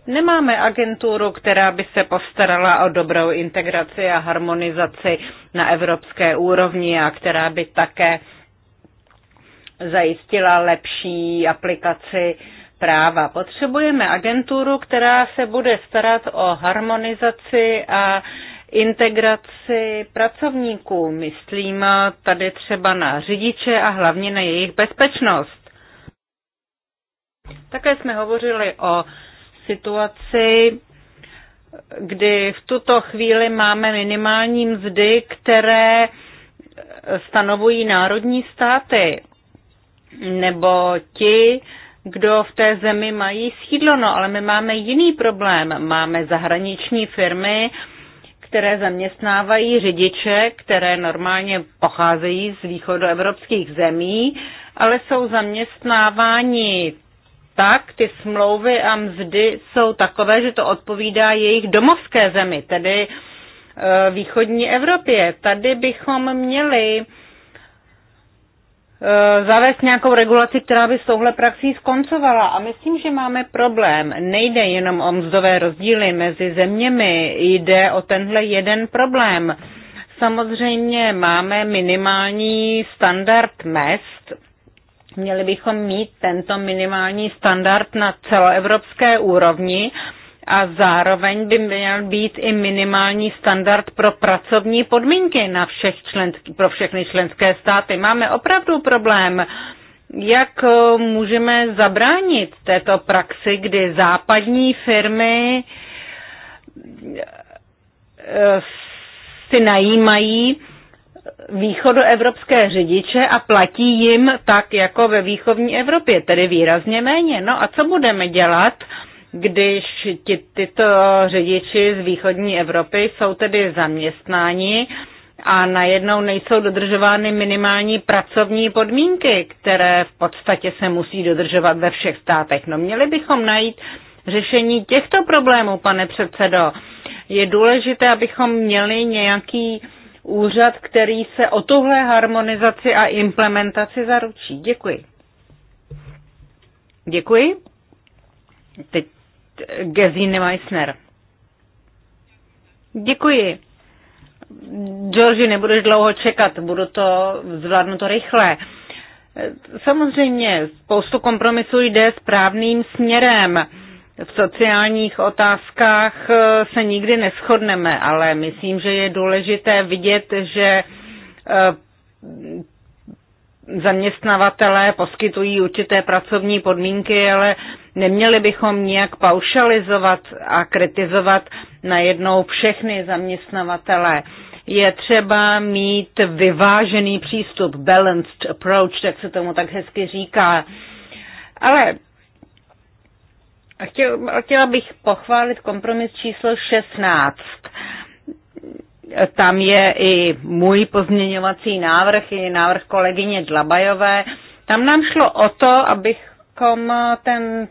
Nemáme agenturu, která by se postarala o dobrou integraci a harmonizaci na evropské úrovni a která by také zajistila lepší aplikaci práva. Potřebujeme agenturu, která se bude starat o harmonizaci a integraci pracovníků. Myslím tady třeba na řidiče a hlavně na jejich bezpečnost. Také jsme hovořili o situaci, kdy v tuto chvíli máme minimální mzdy, které stanovují národní státy nebo ti, kdo v té zemi mají sídlo. No, ale my máme jiný problém. Máme zahraniční firmy, které zaměstnávají řidiče, které normálně pocházejí z východoevropských zemí, ale jsou zaměstnáváni tak, ty smlouvy a mzdy jsou takové, že to odpovídá jejich domovské zemi, tedy e, východní Evropě. Tady bychom měli e, zavést nějakou regulaci, která by s touhle praxí skoncovala. A myslím, že máme problém. Nejde jenom o mzdové rozdíly mezi zeměmi, jde o tenhle jeden problém. Samozřejmě máme minimální standard mest, Měli bychom mít tento minimální standard na celoevropské úrovni a zároveň by měl být i minimální standard pro pracovní podmínky na všech členský, pro všechny členské státy. Máme opravdu problém, jak eh, můžeme zabránit této praxi, kdy západní firmy eh, si najímají východoevropské řidiče a platí jim tak jako ve východní Evropě, tedy výrazně méně. No a co budeme dělat, když ti, tyto řidiči z východní Evropy jsou tedy zaměstnáni a najednou nejsou dodržovány minimální pracovní podmínky, které v podstatě se musí dodržovat ve všech státech. No měli bychom najít řešení těchto problémů, pane předsedo. Je důležité, abychom měli nějaký uh, úřad, který se o tohle harmonizaci a implementaci zaručí. Děkuji. Děkuji. Teď eh, Gesine Meissner. Děkuji. Georgi, nebudeš dlouho čekat, budu to, zvládnu to rychle. Eh, samozřejmě, spoustu kompromisů jde správným směrem v sociálních otázkách eh, se nikdy neschodneme, ale myslím, že je důležité vidět, že eh, zaměstnavatelé poskytují určité pracovní podmínky, ale neměli bychom nijak paušalizovat a kritizovat najednou všechny zaměstnavatele. Je třeba mít vyvážený přístup, balanced approach, jak se tomu tak hezky říká. Ale a chtěla bych pochválit kompromis číslo 16. Tam je i můj pozměňovací návrh, i návrh kolegyně Dlabajové. Tam nám šlo o to, abychom ten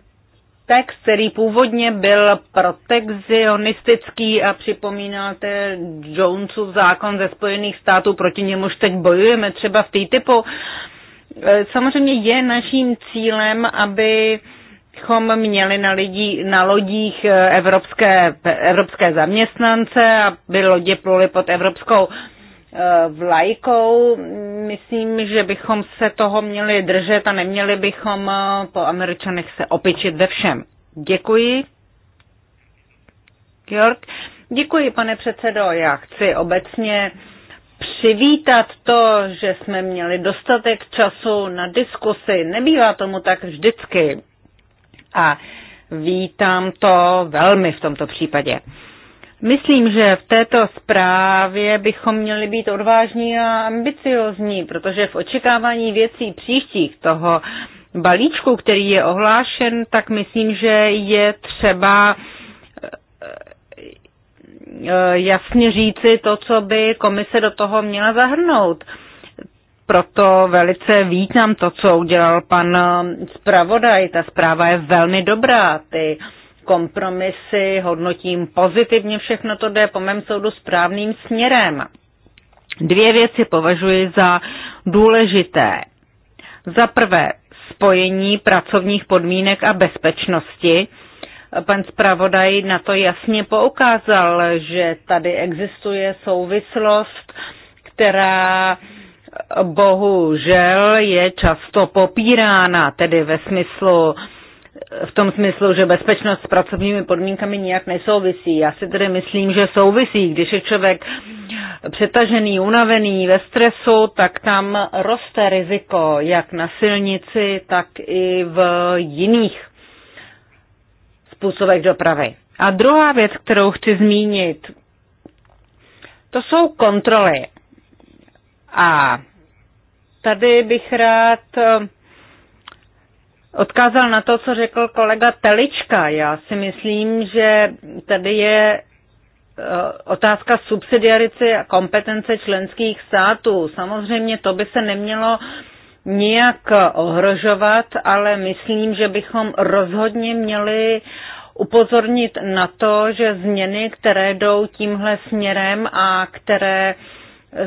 text, který původně byl protekzionistický a připomínáte Jonesův zákon ze Spojených států, proti němuž teď bojujeme třeba v té typu. Samozřejmě je naším cílem, aby bychom měli na, lidí, na lodích eh, evropské, evropské zaměstnance, aby lodě pluly pod evropskou eh, vlajkou. Myslím, že bychom se toho měli držet a neměli bychom eh, po Američanech se opičit ve všem. Děkuji. Georg. Děkuji, pane předsedo. Já chci obecně přivítat to, že jsme měli dostatek času na diskusy. Nebývá tomu tak vždycky a vítám to velmi v tomto případě. Myslím, že v této zprávě bychom měli být odvážní a ambiciozní, protože v očekávání věcí příštích toho balíčku, který je ohlášen, tak myslím, že je třeba eh, eh, jasně říci to, co by komise do toho měla zahrnout proto velice vítám to, co udělal pan zpravodaj. Ta zpráva je velmi dobrá. Ty kompromisy hodnotím pozitivně, všechno to jde po mém soudu správným směrem. Dvě věci považuji za důležité. Za prvé, spojení pracovních podmínek a bezpečnosti. Pan zpravodaj na to jasně poukázal, že tady existuje souvislost, která uh, bohužel je často popírána, tedy ve smyslu, v tom smyslu, že bezpečnost s pracovními podmínkami nijak nesouvisí. Já si tedy myslím, že souvisí. Když je člověk přetažený, unavený, ve stresu, tak tam roste riziko, jak na silnici, tak i v jiných způsobech dopravy. A druhá věc, kterou chci zmínit, to jsou kontroly. A Tady bych rád eh, odkázal na to, co řekl kolega Telička. Já si myslím, že tady je eh, otázka subsidiarity a kompetence členských států. Samozřejmě to by se nemělo nijak ohrožovat, ale myslím, že bychom rozhodně měli upozornit na to, že změny, které jdou tímhle směrem a které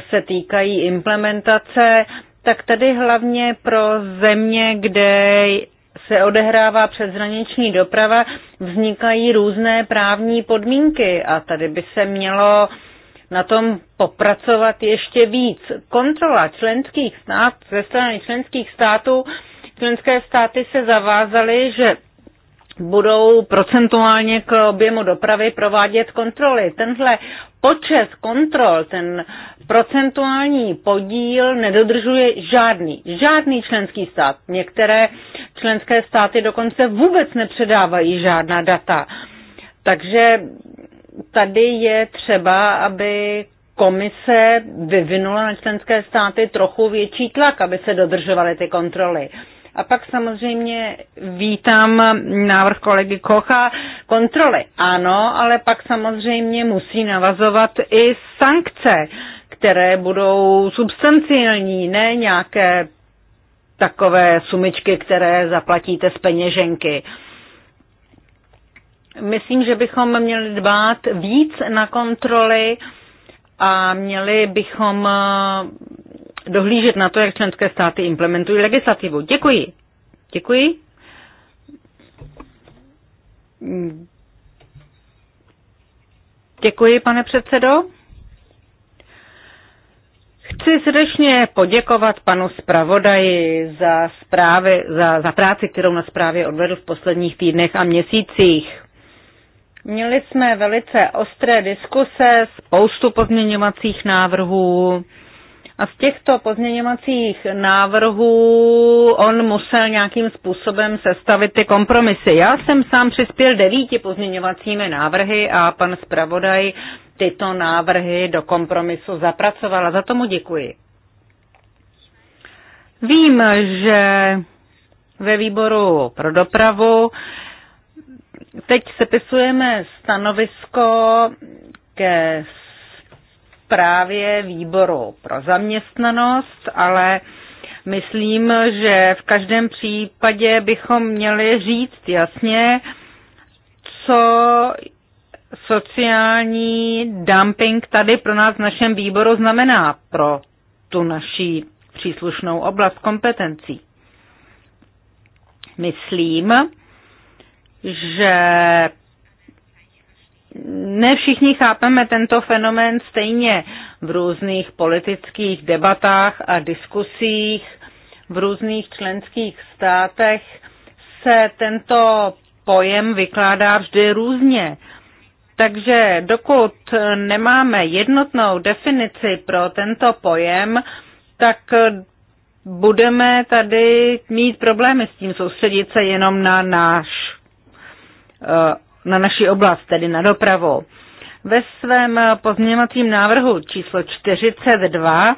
se týkají implementace, tak tady hlavně pro země, kde se odehrává přeshraniční doprava, vznikají různé právní podmínky a tady by se mělo na tom popracovat ještě víc. Kontrola členských států, ze strany členských států, členské státy se zavázaly, že budou procentuálně k objemu dopravy provádět kontroly. Tenhle počet kontrol, ten procentuální podíl nedodržuje žádný, žádný členský stát. Některé členské státy dokonce vůbec nepředávají žádná data. Takže tady je třeba, aby komise vyvinula na členské státy trochu větší tlak, aby se dodržovaly ty kontroly. A pak samozřejmě vítám návrh kolegy Kocha kontroly. Ano, ale pak samozřejmě musí navazovat i sankce, které budou substanciální, ne nějaké takové sumičky, které zaplatíte z peněženky. Myslím, že bychom měli dbát víc na kontroly a měli bychom dohlížet na to, jak členské státy implementují legislativu. Děkuji. Děkuji. Děkuji, pane předsedo. Chci srdečně poděkovat panu zpravodaji za, zprávy, za, za práci, kterou na zprávě odvedl v posledních týdnech a měsících. Měli jsme velice ostré diskuse, spoustu pozměňovacích návrhů. A z těchto pozměňovacích návrhů on musel nějakým způsobem sestavit ty kompromisy. Já jsem sám přispěl devíti pozměňovacími návrhy a pan zpravodaj tyto návrhy do kompromisu zapracovala. Za tomu děkuji. Vím, že ve výboru pro dopravu teď sepisujeme stanovisko ke právě výboru pro zaměstnanost, ale myslím, že v každém případě bychom měli říct jasně, co sociální dumping tady pro nás v našem výboru znamená pro tu naší příslušnou oblast kompetencí. Myslím, že ne všichni chápeme tento fenomén stejně v různých politických debatách a diskusích v různých členských státech se tento pojem vykládá vždy různě. Takže dokud nemáme jednotnou definici pro tento pojem, tak budeme tady mít problémy s tím soustředit se jenom na náš eh, na naši oblast, tedy na dopravu. Ve svém pozměňovacím návrhu číslo 42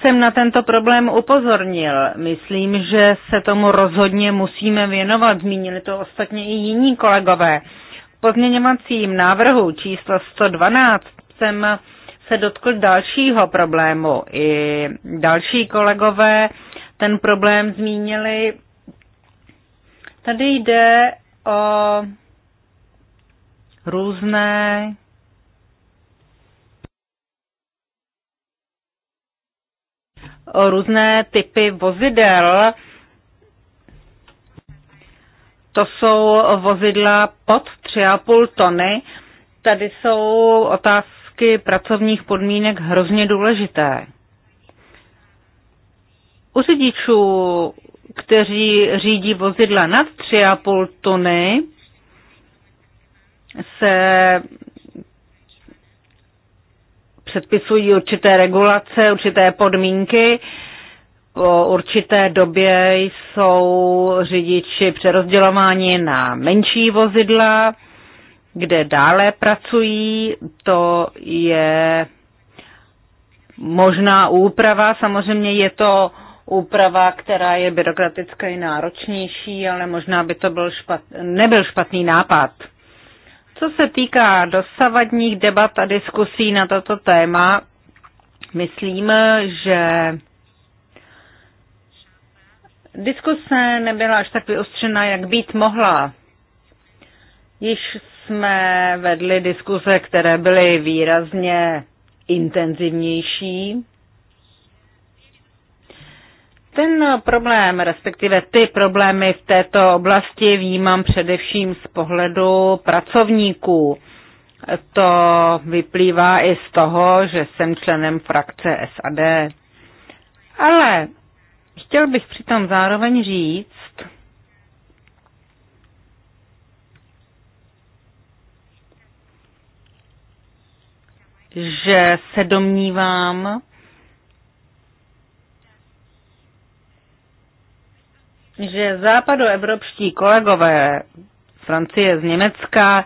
jsem na tento problém upozornil. Myslím, že se tomu rozhodně musíme věnovat. Zmínili to ostatně i jiní kolegové. V pozměňovacím návrhu číslo 112 jsem se dotkl dalšího problému. I další kolegové ten problém zmínili. Tady jde o různé. různé typy vozidel. To jsou vozidla pod 3,5 tony. Tady jsou otázky pracovních podmínek hrozně důležité. U řidičů, kteří řídí vozidla nad 3,5 tony se předpisují určité regulace, určité podmínky. Po určité době jsou řidiči přerozdělováni na menší vozidla, kde dále pracují. To je možná úprava. Samozřejmě je to úprava, která je byrokratická i náročnější, ale možná by to byl špat, nebyl špatný nápad. Co se týká dosavadních debat a diskusí na toto téma, myslím, že diskuse nebyla až tak vyostřena, jak být mohla. Již jsme vedli diskuse, které byly výrazně intenzivnější. Ten problém, respektive ty problémy v této oblasti vnímám především z pohledu pracovníků. To vyplývá i z toho, že jsem členem frakce SAD. Ale chtěl bych přitom zároveň říct, že se domnívám, že západoevropští kolegové z Francie, z Německa,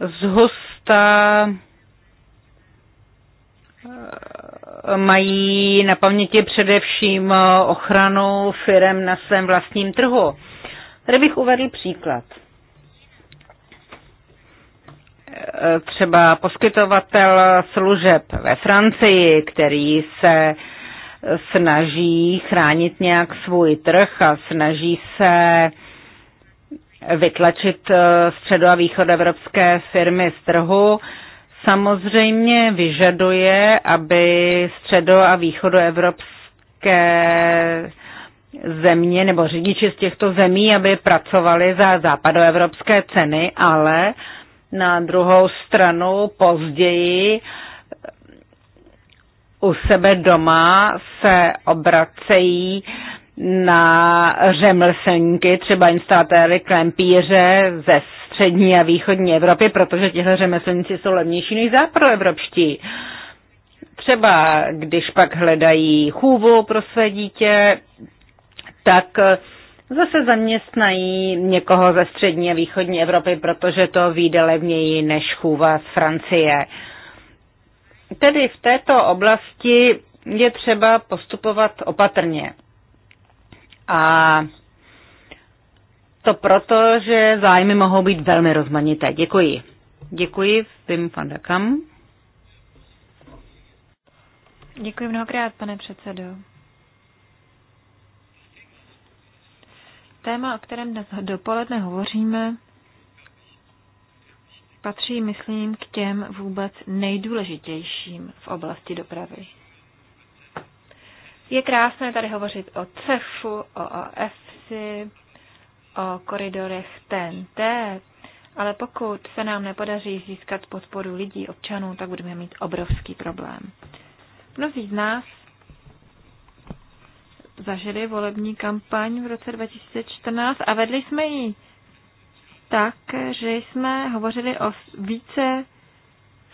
z hosta eh, mají na paměti především eh, ochranu firem na svém vlastním trhu. Tady bych uvedl příklad třeba poskytovatel služeb ve Francii, který se snaží chránit nějak svůj trh a snaží se vytlačit eh, středo- a východevropské firmy z trhu, samozřejmě vyžaduje, aby středo- a východoevropské země nebo řidiči z těchto zemí, aby pracovali za západoevropské ceny, ale uh, na druhou stranu později u sebe doma se obracejí na řemeslníky, třeba instalatéry, klempíře ze střední a východní Evropy, protože tihle řemeslníci jsou levnější než západoevropští. Třeba když pak hledají chůvu pro své dítě, tak zase zaměstnají někoho ze střední a východní Evropy, protože to výjde levněji než chůva z Francie. Tedy v této oblasti je třeba postupovat opatrně. A to proto, že zájmy mohou být velmi rozmanité. Děkuji. Děkuji, Vim van der Kam. Děkuji mnohokrát, pane předsedo. Téma, o kterém dnes dopoledne hovoříme, patří, myslím, k těm vůbec nejdůležitějším v oblasti dopravy. Je krásné tady hovořit o CEFu, o EFSI, o koridorech TNT, ale pokud se nám nepodaří získat podporu lidí, občanů, tak budeme mít obrovský problém. Mnozí z nás zažili volební kampaň v roce 2014 a vedli jsme ji tak, že jsme hovořili o více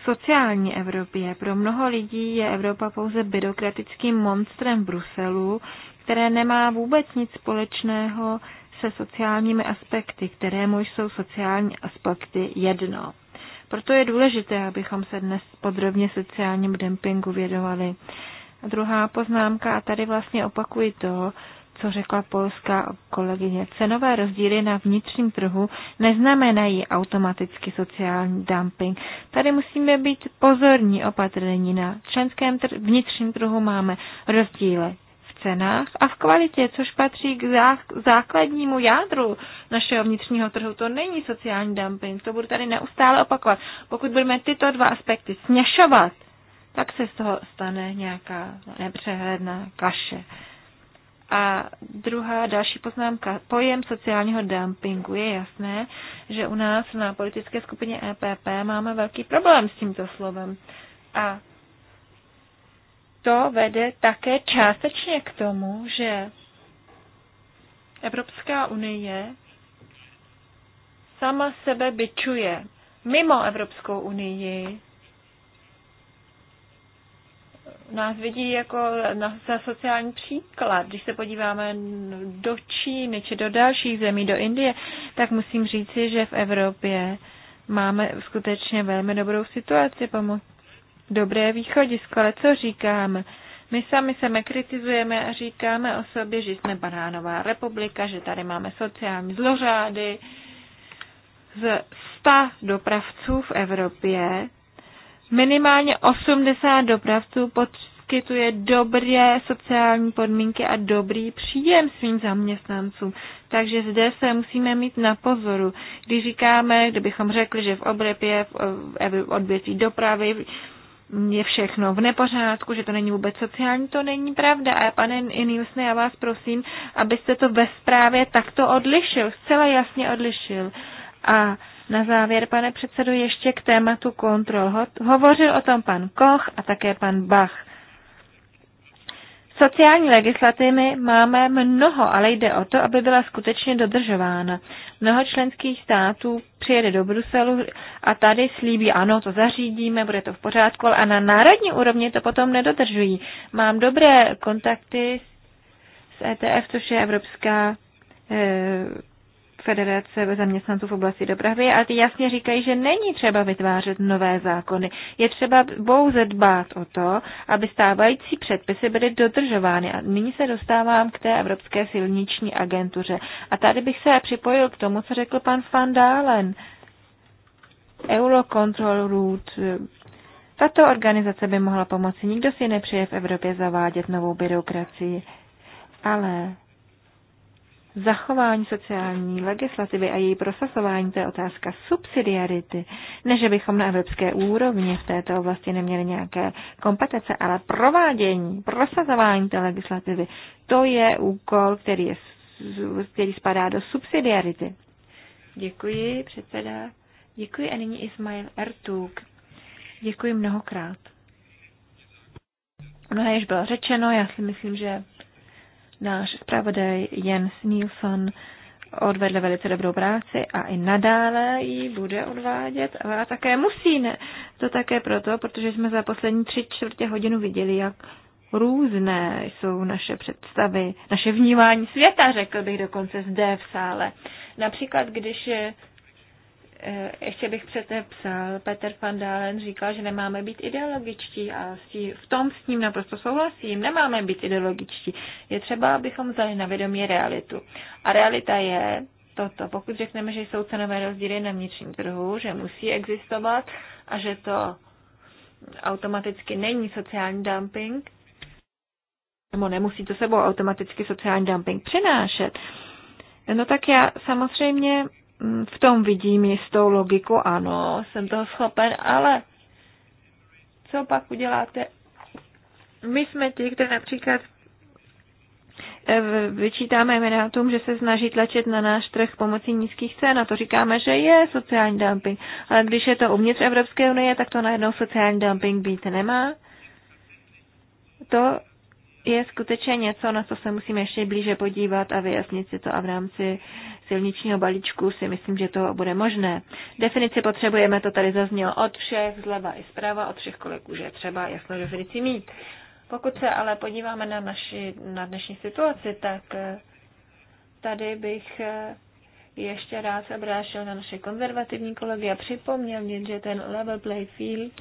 sociální Evropě. Pro mnoho lidí je Evropa pouze byrokratickým monstrem Bruselu, které nemá vůbec nic společného se sociálními aspekty, kterému jsou sociální aspekty jedno. Proto je důležité, abychom se dnes podrobně sociálním dempingu věnovali. Druhá poznámka, a tady vlastně opakuji to, co řekla polská kolegyně. Cenové rozdíly na vnitřním trhu neznamenají automaticky sociální dumping. Tady musíme být pozorní opatrní. Na členském tr- vnitřním trhu máme rozdíly v cenách a v kvalitě, což patří k zá- základnímu jádru našeho vnitřního trhu. To není sociální dumping, to budu tady neustále opakovat. Pokud budeme tyto dva aspekty směšovat, tak se z toho stane nějaká nepřehledná kaše. A druhá další poznámka. Pojem sociálního dumpingu. Je jasné, že u nás na politické skupině EPP máme velký problém s tímto slovem. A to vede také částečně k tomu, že Evropská unie sama sebe byčuje mimo Evropskou unii nás vidí jako na, za sociální příklad. Když se podíváme do Číny či do dalších zemí, do Indie, tak musím říci, že v Evropě máme skutečně velmi dobrou situaci, pomoc dobré východisko. Ale co říkáme? My sami sebe kritizujeme a říkáme o sobě, že jsme banánová republika, že tady máme sociální zlořády. Z 100 dopravců v Evropě Minimálně 80 dopravců poskytuje dobré sociální podmínky a dobrý příjem svým zaměstnancům. Takže zde se musíme mít na pozoru. Když říkáme, kdybychom řekli, že v obrepě, v odvětví dopravy, je všechno v nepořádku, že to není vůbec sociální, to není pravda. A pane Inilsne, já vás prosím, abyste to ve zprávě takto odlišil, zcela jasně odlišil. A na závěr, pane předsedu, ještě k tématu kontrol. Hovořil o tom pan Koch a také pan Bach. Sociální legislativy máme mnoho, ale jde o to, aby byla skutečně dodržována. Mnoho členských států přijede do Bruselu a tady slíbí, ano, to zařídíme, bude to v pořádku, ale a na národní úrovni to potom nedodržují. Mám dobré kontakty s ETF, což je Evropská eh, Federace zaměstnanců v oblasti dopravy, a ty jasně říkají, že není třeba vytvářet nové zákony. Je třeba pouze dbát o to, aby stávající předpisy byly dodržovány. A nyní se dostávám k té Evropské silniční agentuře. A tady bych se připojil k tomu, co řekl pan Van Dalen. Eurocontrol Route, tato organizace by mohla pomoci. Nikdo si nepřeje v Evropě zavádět novou byrokracii. Ale zachování sociální legislativy a její prosazování, to je otázka subsidiarity. Ne, že bychom na evropské úrovni v této oblasti neměli nějaké kompetence, ale provádění, prosazování té legislativy, to je úkol, který, je, který spadá do subsidiarity. Děkuji, předseda. Děkuji a nyní Ismail Ertug. Děkuji mnohokrát. Mnohé již bylo řečeno, já si myslím, že Náš zpravodaj Jens Nilsson odvedl velice dobrou práci a i nadále ji bude odvádět, ale a také musí. Ne. To také proto, protože jsme za poslední tři čtvrtě hodinu viděli, jak různé jsou naše představy, naše vnímání světa, řekl bych dokonce zde v sále. Například, když Eh, ještě bych předepsal, Peter van Dalen říkal, že nemáme být ideologičtí a v tom s ním naprosto souhlasím, nemáme být ideologičtí. Je třeba, abychom vzali na vědomí realitu. A realita je toto, pokud řekneme, že jsou cenové rozdíly na vnitřním trhu, že musí existovat a že to automaticky není sociální dumping, nebo nemusí to sebou automaticky sociální dumping přinášet, no tak já samozřejmě Mm, v tom vidím jistou logiku, ano, jsem toho schopen, ale co pak uděláte? My jsme ti, kdo například eh, vyčítáme Emirátům, že se snaží tlačit na náš trh pomocí nízkých cen a to říkáme, že je sociální dumping. Ale když je to uvnitř Evropské unie, tak to najednou sociální dumping být nemá. To je skutečně něco, na co se musíme ještě blíže podívat a vyjasnit si to a v rámci uh, silničního balíčku si myslím, že to bude možné. Definici potřebujeme, to tady zaznělo od všech, zleva i zprava, od všech kolegů, že je třeba jasnou definici mít. Pokud se ale podíváme na, naši, na dnešní situaci, tak eh, tady bych eh, ještě rád se obrášil na naše konzervativní kolegy a připomněl mě, že ten level play field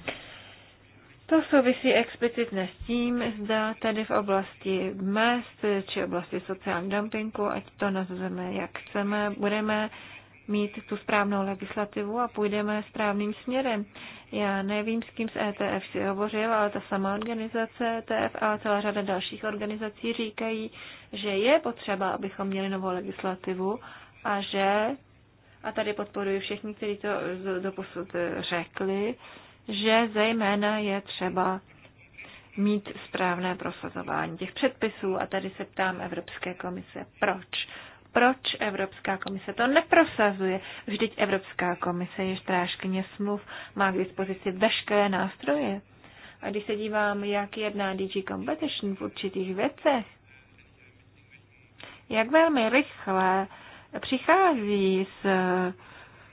to souvisí explicitně s tím, zda tady v oblasti mest či oblasti sociální dumpingu, ať to nazveme jak chceme, budeme mít tu správnou legislativu a půjdeme správným směrem. Já nevím, s kým z ETF si hovořil, ale ta sama organizace ETF a celá řada dalších organizací říkají, že je potřeba, abychom měli novou legislativu a že, a tady podporuji všechny, kteří to doposud řekli, že zejména je třeba mít správné prosazování těch předpisů. A tady se ptám Evropské komise, proč? Proč Evropská komise to neprosazuje? Vždyť Evropská komise je strážkyně smluv, má k dispozici veškeré nástroje. A když se dívám, jak jedná DG Competition v určitých věcech, jak velmi rychle přichází s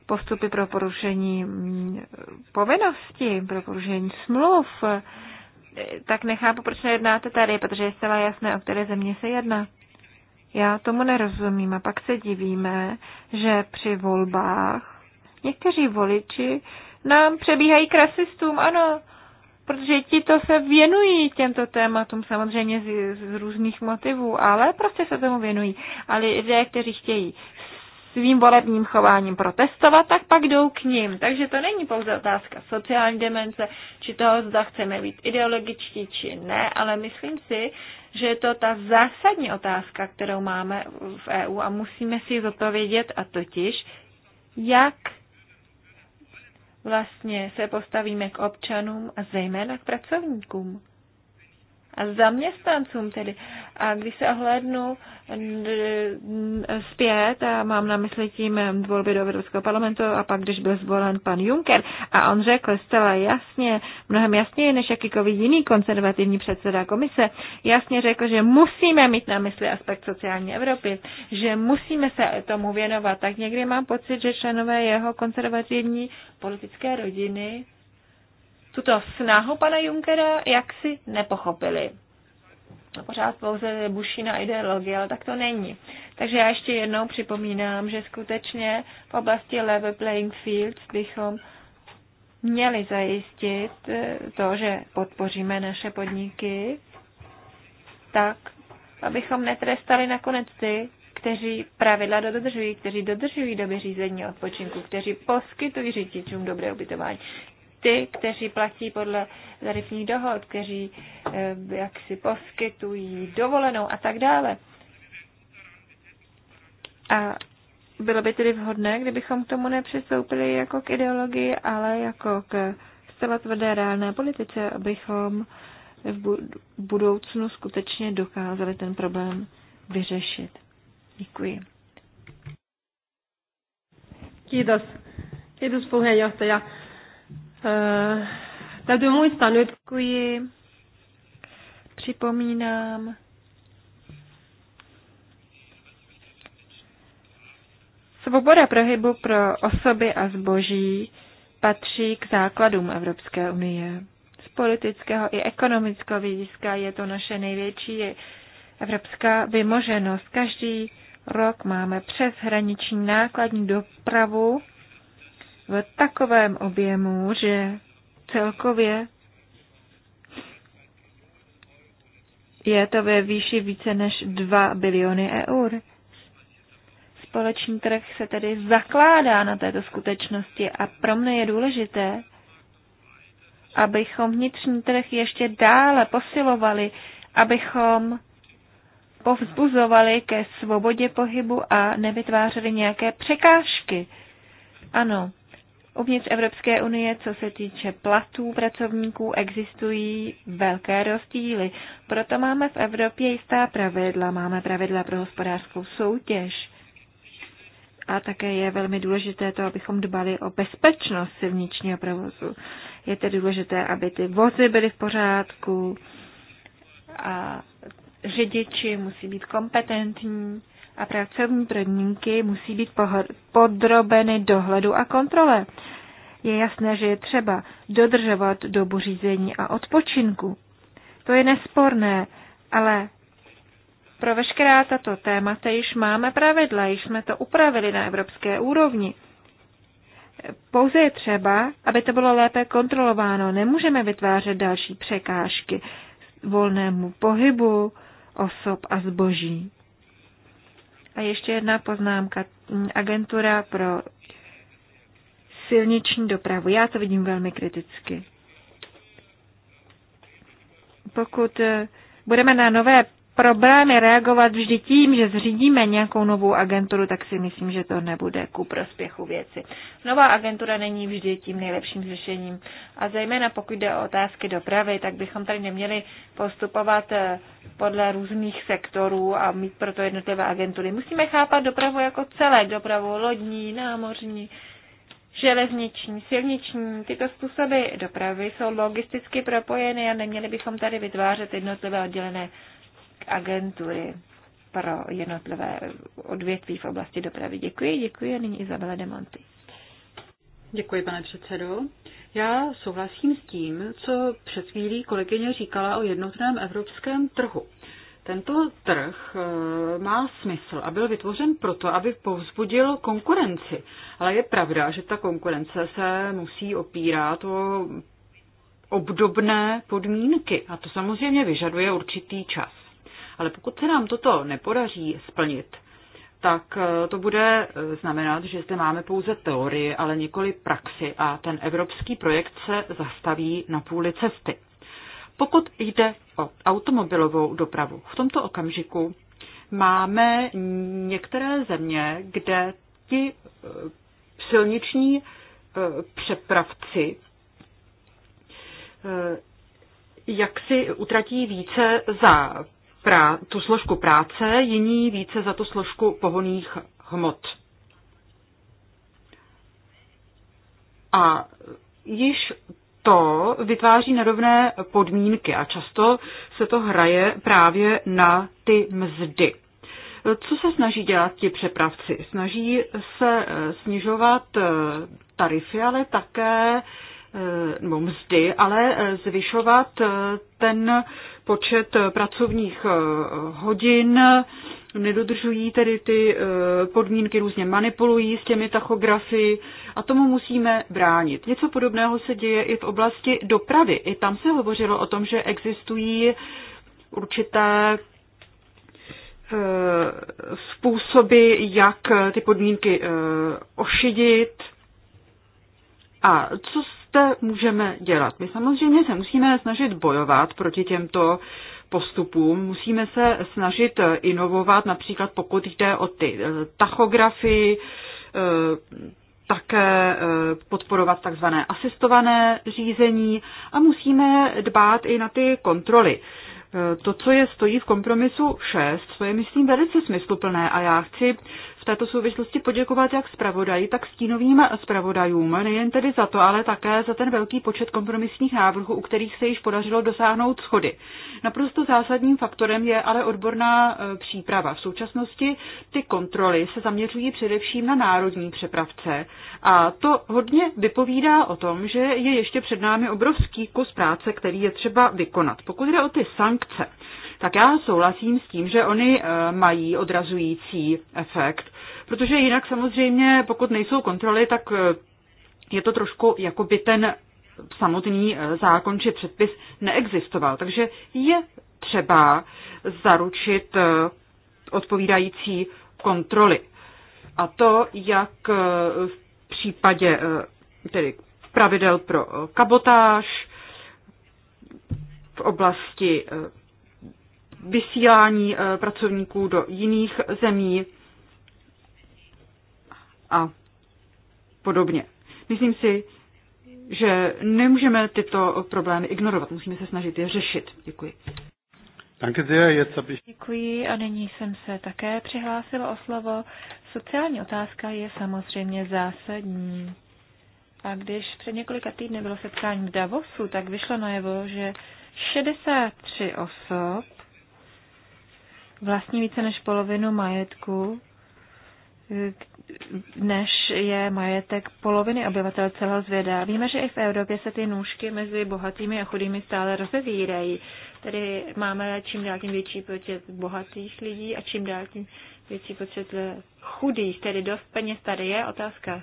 postupy pro porušení povinnosti, pro porušení smluv, tak nechápu, proč nejednáte tady, protože je zcela jasné, o které země se jedná. Já tomu nerozumím a pak se divíme, že při volbách někteří voliči nám přebíhají k rasistům, ano, protože ti to se věnují těmto tématům samozřejmě z, z různých motivů, ale prostě se tomu věnují. Ale lidé, kteří chtějí svým volebním chováním protestovat, tak pak jdou k ním. Takže to není pouze otázka sociální demence, či toho, zda chceme být ideologičtí, či ne, ale myslím si, že je to ta zásadní otázka, kterou máme v EU a musíme si ji zodpovědět, a totiž, jak vlastně se postavíme k občanům a zejména k pracovníkům a zaměstnancům tedy. A když se ohlédnu zpět, a mám na mysli tím volby do Evropského parlamentu, a pak když byl zvolen pan Juncker, a on řekl zcela jasně, mnohem jasněji než jakýkoliv jiný konzervativní předseda komise, jasně řekl, že musíme mít na mysli aspekt sociální Evropy, že musíme se tomu věnovat. Tak někdy mám pocit, že členové jeho konzervativní politické rodiny tuto snahu pana Junkera jaksi nepochopili. A pořád pouze buší na ideologii, ale tak to není. Takže já ještě jednou připomínám, že skutečně v oblasti level playing fields bychom měli zajistit eh, to, že podpoříme naše podniky tak, abychom netrestali nakonec ty, kteří pravidla dodržují, kteří dodržují doby řízení odpočinku, kteří poskytují řidičům dobré ubytování, ty, kteří platí podle tarifních dohod, kteří eh, jak si poskytují dovolenou a tak dále. A bylo by tedy vhodné, kdybychom k tomu nepřistoupili jako k ideologii, ale jako k zcela tvrdé reálné politice, abychom v budoucnu skutečně dokázali ten problém vyřešit. Děkuji. Kiitos. Kiitos puheenjohtaja. Eh, Tady můj stanutkuji. Připomínám, Svoboda prohybu pro osoby a zboží patří k základům Evropské unie. Z politického i ekonomického hlediska je to naše největší evropská vymoženost. Každý rok máme přeshraniční nákladní dopravu v takovém objemu, že celkově je to ve výši více než 2 biliony eur. Společný trh se tedy zakládá na této skutečnosti a pro mne je důležité, abychom vnitřní trh ještě dále posilovali, abychom povzbuzovali ke svobodě pohybu a nevytvářeli nějaké překážky. Ano, Uvnitř Evropské unie, co se týče platů pracovníků, existují velké rozdíly. Proto máme v Evropě jistá pravidla. Máme pravidla pro hospodářskou soutěž. A také je velmi důležité to, abychom dbali o bezpečnost silničního provozu. Je tedy důležité, aby ty vozy byly v pořádku a řidiči musí být kompetentní a pracovní podmínky musí být podrobeny dohledu a kontrole. Je jasné, že je třeba dodržovat dobu řízení a odpočinku. To je nesporné, ale pro veškerá tato témata již máme pravidla, již jsme to upravili na evropské úrovni. Pouze je třeba, aby to bylo lépe kontrolováno. Nemůžeme vytvářet další překážky volnému pohybu osob a zboží. A ještě jedna poznámka. Agentura pro silniční dopravu. Já to vidím velmi kriticky. Pokud eh, budeme na nové problém je reagovat vždy tím, že zřídíme nějakou novou agenturu, tak si myslím, že to nebude ku prospěchu věci. Nová agentura není vždy tím nejlepším řešením. A zejména pokud jde o otázky dopravy, tak bychom tady neměli postupovat eh, podle různých sektorů a mít proto jednotlivé agentury. Musíme chápat dopravu jako celé, dopravu lodní, námořní, železniční, silniční, tyto způsoby dopravy jsou logisticky propojeny a neměli bychom tady vytvářet jednotlivé oddělené agentury pro jednotlivé odvětví v oblasti dopravy. Děkuji, děkuji a nyní Izabela Demonty. Děkuji, pane předsedo. Já souhlasím s tím, co před chvílí kolegyně říkala o jednotném evropském trhu. Tento trh eh, má smysl a byl vytvořen proto, aby povzbudil konkurenci. Ale je pravda, že ta konkurence se musí opírat o obdobné podmínky a to samozřejmě vyžaduje určitý čas. Ale pokud se nám toto nepodaří splnit, tak eh, to bude eh, znamenat, že zde máme pouze teorii, ale nikoli praxi a ten evropský projekt se zastaví na půli cesty. Pokud jde o automobilovou dopravu, v tomto okamžiku máme některé země, kde ti eh, silniční přepravci jak si utratí více za prá- tu složku práce, jiní více za tu složku pohoných hmot. A již to vytváří nerovné podmínky a často se to hraje právě na ty mzdy. Co se snaží dělat ti přepravci? Snaží se eh, snižovat eh, tarify, ale také Eh, nebo mzdy, ale eh, zvyšovat eh, ten počet pracovních hodin, nedodržují tedy ty podmínky, různě manipulují s těmi tachografy a tomu musíme bránit. Něco podobného se děje i v oblasti dopravy. I tam se hovořilo o tom, že existují určité způsoby, jak ty podmínky ošidit. A co to můžeme dělat? My samozřejmě se musíme snažit bojovat proti těmto postupům. Musíme se snažit inovovat, například pokud jde o ty eh, tachografy, eh, také eh, podporovat takzvané asistované řízení a musíme dbát i na ty kontroly. To, co je stojí v kompromisu 6, to je, myslím, velice smysluplné a já chci v této souvislosti poděkovat jak zpravodaji, tak stínovým zpravodajům, nejen tedy za to, ale také za ten velký počet kompromisních návrhů, u kterých se již podařilo dosáhnout schody. Naprosto zásadním faktorem je ale odborná e, příprava. V současnosti ty kontroly se zaměřují především na národní přepravce a to hodně vypovídá o tom, že je ještě před námi obrovský kus práce, který je třeba vykonat. Pokud jde o ty sankce, tak já souhlasím s tím, že oni eh, mají odrazující efekt, protože jinak samozřejmě, pokud nejsou kontroly, tak eh, je to trošku jako by ten samotný eh, zákon či předpis neexistoval. Takže je třeba zaručit odpovídající kontroly. A to jak v případě tedy pravidel pro kabotáž, v oblasti vysílání eh, pracovníků do jiných zemí a podobně. Myslím si, že nemůžeme tyto problémy ignorovat, musíme se snažit je řešit. Děkuji. Děkuji a nyní jsem se také přihlásila o slovo. Sociální otázka je samozřejmě zásadní. A když před několika týdny bylo setkání v Davosu, tak vyšlo najevo, že 63 osob vlastní více než polovinu majetku, než je majetek poloviny obyvatel celého zvěda. Víme, že i v Evropě se ty nůžky mezi bohatými a chudými stále rozevírají. Tedy máme čím dál tím větší počet bohatých lidí a čím dál tím větší počet chudých. Tedy dost peněz tady je. Otázka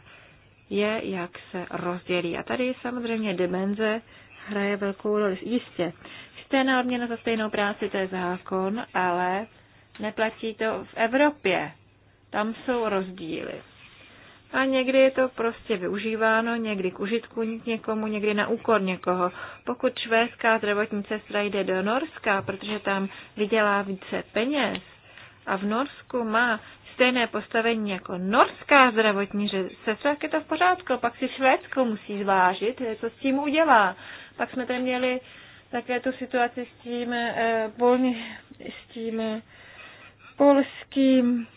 je, jak se rozdělí. A tady samozřejmě dimenze hraje velkou roli. Jistě, stejná odměna za stejnou práci, to je zákon, ale Neplatí to v Evropě. Tam jsou rozdíly. A někdy je to prostě využíváno, někdy k užitku někomu, někdy na úkor někoho. Pokud švédská zdravotní sestra jde do Norska, protože tam vydělá více peněz a v Norsku má stejné postavení jako norská zdravotní sestra, tak je to v pořádku. Pak si Švédsko musí zvážit, co s tím udělá. Pak jsme tady měli také tu situaci s tím, eh, volně, s tím eh, polským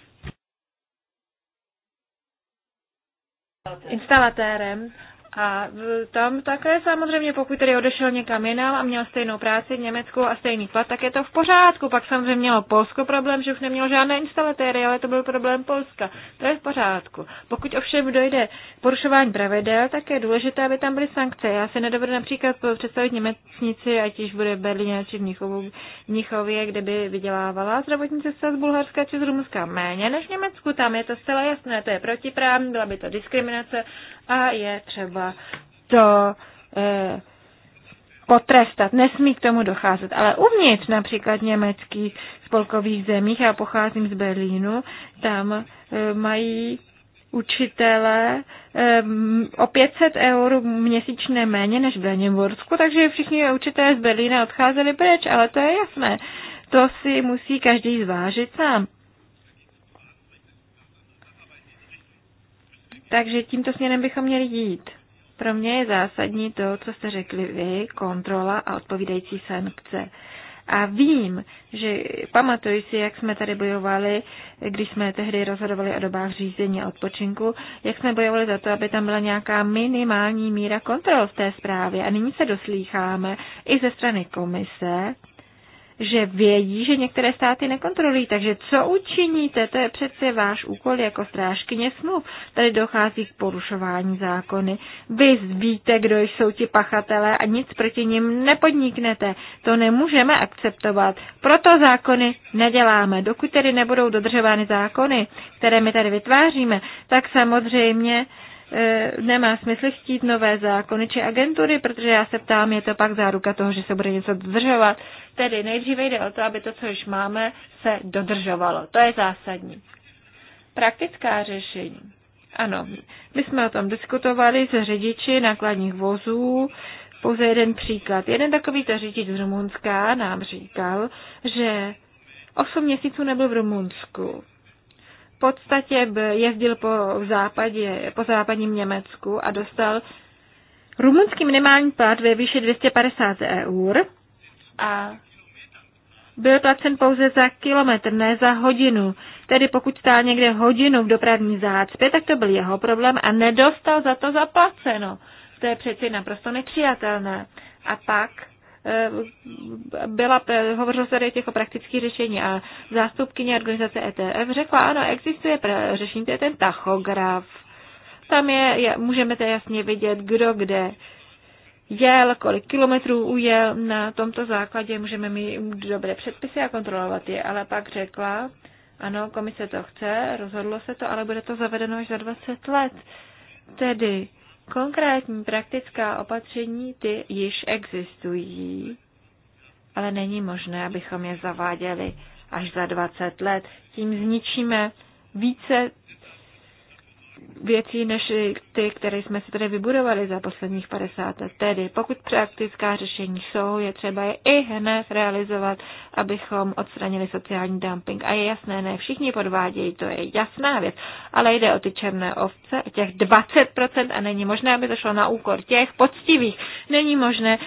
instalatérem a tam také samozřejmě, pokud tedy odešel někam jinam a měl stejnou práci v Německu a stejný plat, tak je to v pořádku. Pak samozřejmě mělo Polsko problém, že už nemělo žádné instalatéry, ale to byl problém Polska. To je v pořádku. Pokud ovšem dojde porušování pravidel, tak je důležité, aby tam byly sankce. Já si nedovedu například představit Němecnici, ať již bude v Berlíně či v Mnichově, kde by vydělávala zdravotní cesta z Bulharska či z Rumunska méně než v Německu. Tam je to zcela jasné, to je protiprávní, byla by to diskriminace a je třeba třeba to e, potrestat. Nesmí k tomu docházet. Ale uvnitř například německých spolkových zemích, já pocházím z Berlínu, tam e, mají učitele eh, o 500 eur měsíčně méně než v Braniborsku, takže všichni učitelé z Berlína odcházeli pryč, ale to je jasné. To si musí každý zvážit sám. Takže tímto směrem bychom měli jít. Pro mě je zásadní to, co jste řekli vy, kontrola a odpovídající sankce. A vím, že pamatuju si, jak jsme tady bojovali, když jsme tehdy rozhodovali o dobách řízení a odpočinku, jak jsme bojovali za to, aby tam byla nějaká minimální míra kontrol v té zprávě. A nyní se doslýcháme i ze strany komise, že vědí, že některé státy nekontrolují. Takže co učiníte, to je přece váš úkol jako strážkyně smluv. Tady dochází k porušování zákony. Vy víte, kdo jsou ti pachatelé a nic proti nim nepodniknete. To nemůžeme akceptovat. Proto zákony neděláme. Dokud tedy nebudou dodržovány zákony, které my tady vytváříme, tak samozřejmě E, nemá smysl chtít nové zákony či agentury, protože já se ptám, je to pak záruka toho, že se bude něco dodržovat. Tedy nejdříve jde o to, aby to, co už máme, se dodržovalo. To je zásadní. Praktická řešení. Ano, my jsme o tom diskutovali se řidiči nákladních vozů. Pouze jeden příklad. Jeden takovýto řidič z Rumunska nám říkal, že 8 měsíců nebyl v Rumunsku podstatě jezdil po, v západě, po západním Německu a dostal rumunský minimální plat ve výši 250 eur a byl placen pouze za kilometr, ne za hodinu. Tedy pokud stál někde hodinu v dopravní zácpě, tak to byl jeho problém a nedostal za to zaplaceno. To je přeci naprosto nepřijatelné. A pak Eh, byla, eh, hovořil se tady o těch o praktických řešení a zástupkyně organizace ETF řekla, ano, existuje řešení, to je ten tachograf. Tam je, je můžeme to jasně vidět, kdo kde jel, kolik kilometrů ujel. Na tomto základě můžeme mít dobré předpisy a kontrolovat je. Ale pak řekla, ano, komise to chce, rozhodlo se to, ale bude to zavedeno až za 20 let. Tedy Konkrétní praktická opatření ty již existují, ale není možné, abychom je zaváděli až za 20 let. Tím zničíme více věcí než ty, které jsme si tady vybudovali za posledních 50 let. Tedy pokud praktická řešení jsou, je třeba je i hned realizovat, abychom odstranili sociální dumping. A je jasné, ne všichni podvádějí, to je jasná věc, ale jde o ty černé ovce, těch 20% a není možné, aby to šlo na úkor těch poctivých. Není možné,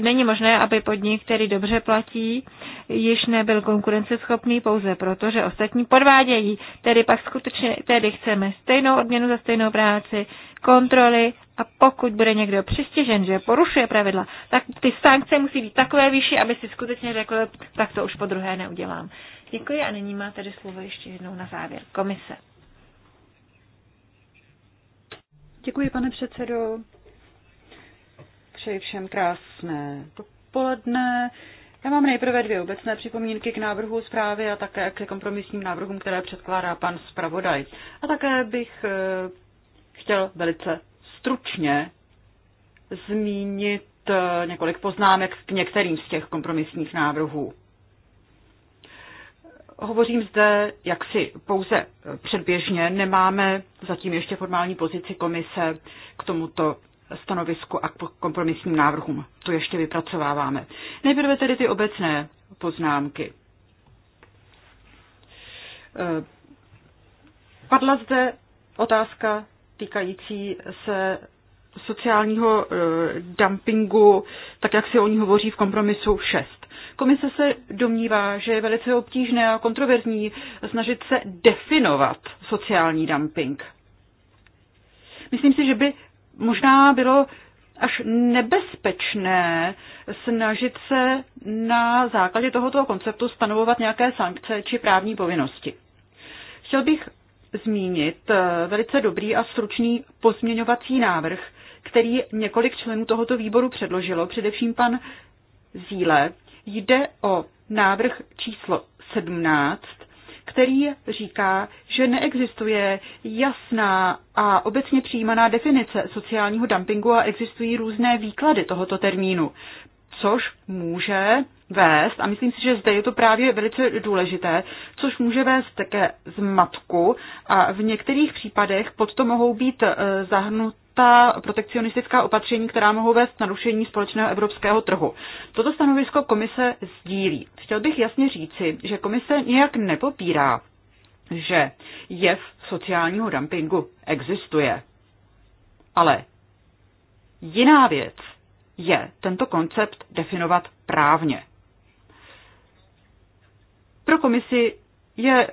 není možné aby podnik, který dobře platí, již nebyl konkurenceschopný pouze proto, že ostatní podvádějí. Tedy pak skutečně, tedy chceme stejnou odměnu za za stejnou práci, kontroly a pokud bude někdo přistěžen, že porušuje pravidla, tak ty sankce musí být takové vyšší, aby si skutečně řekl, tak to už po druhé neudělám. Děkuji a nyní má tedy slovo ještě jednou na závěr. Komise. Děkuji, pane předsedo. Přeji všem krásné dopoledne. Já mám nejprve dvě obecné připomínky k návrhu zprávy a také k kompromisním návrhům, které předkládá pan zpravodaj. A také bych eh, chtěl velice stručně zmínit eh, několik poznámek k některým z těch kompromisních návrhů. Hovořím zde jaksi pouze předběžně, nemáme zatím ještě formální pozici komise k tomuto stanovisku a k kompromisním návrhům. To ještě vypracováváme. Nejprve tedy ty obecné poznámky. Eh, padla zde otázka týkající se sociálního eh, dumpingu, tak jak se o ní hovoří v kompromisu 6. Komise se domnívá, že je velice obtížné a kontroverzní snažit se definovat sociální dumping. Myslím si, že by možná bylo až nebezpečné snažit se na základě tohoto konceptu stanovovat nějaké sankce či právní povinnosti. Chtěl bych zmínit eh, velice dobrý a stručný pozměňovací návrh, který několik členů tohoto výboru předložilo, především pan Zíle. Jde o návrh číslo 17, který říká, že neexistuje jasná a obecně přijímaná definice sociálního dumpingu a existují různé výklady tohoto termínu, což může vést, a myslím si, že zde je to právě velice důležité, což může vést také zmatku a v některých případech pod to mohou být e, zahrnuta protekcionistická opatření, která mohou vést narušení společného evropského trhu. Toto stanovisko komise sdílí. Chtěl bych jasně říci, že komise nějak nepopírá že jev sociálního dumpingu existuje. Ale jiná věc je tento koncept definovat právně. Pro komisi je,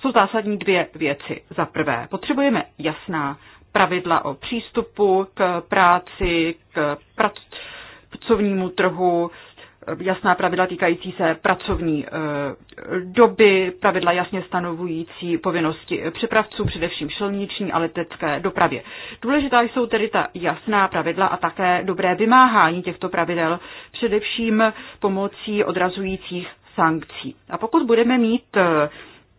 jsou zásadní dvě věci. Za prvé, potřebujeme jasná pravidla o přístupu k práci, k pracovnímu trhu, jasná pravidla týkající se pracovní eh, doby, pravidla jasně stanovující povinnosti eh, přepravců, především šelniční a letecké dopravě. Důležitá jsou tedy ta jasná pravidla a také dobré vymáhání těchto pravidel, především pomocí odrazujících sankcí. A pokud budeme mít eh,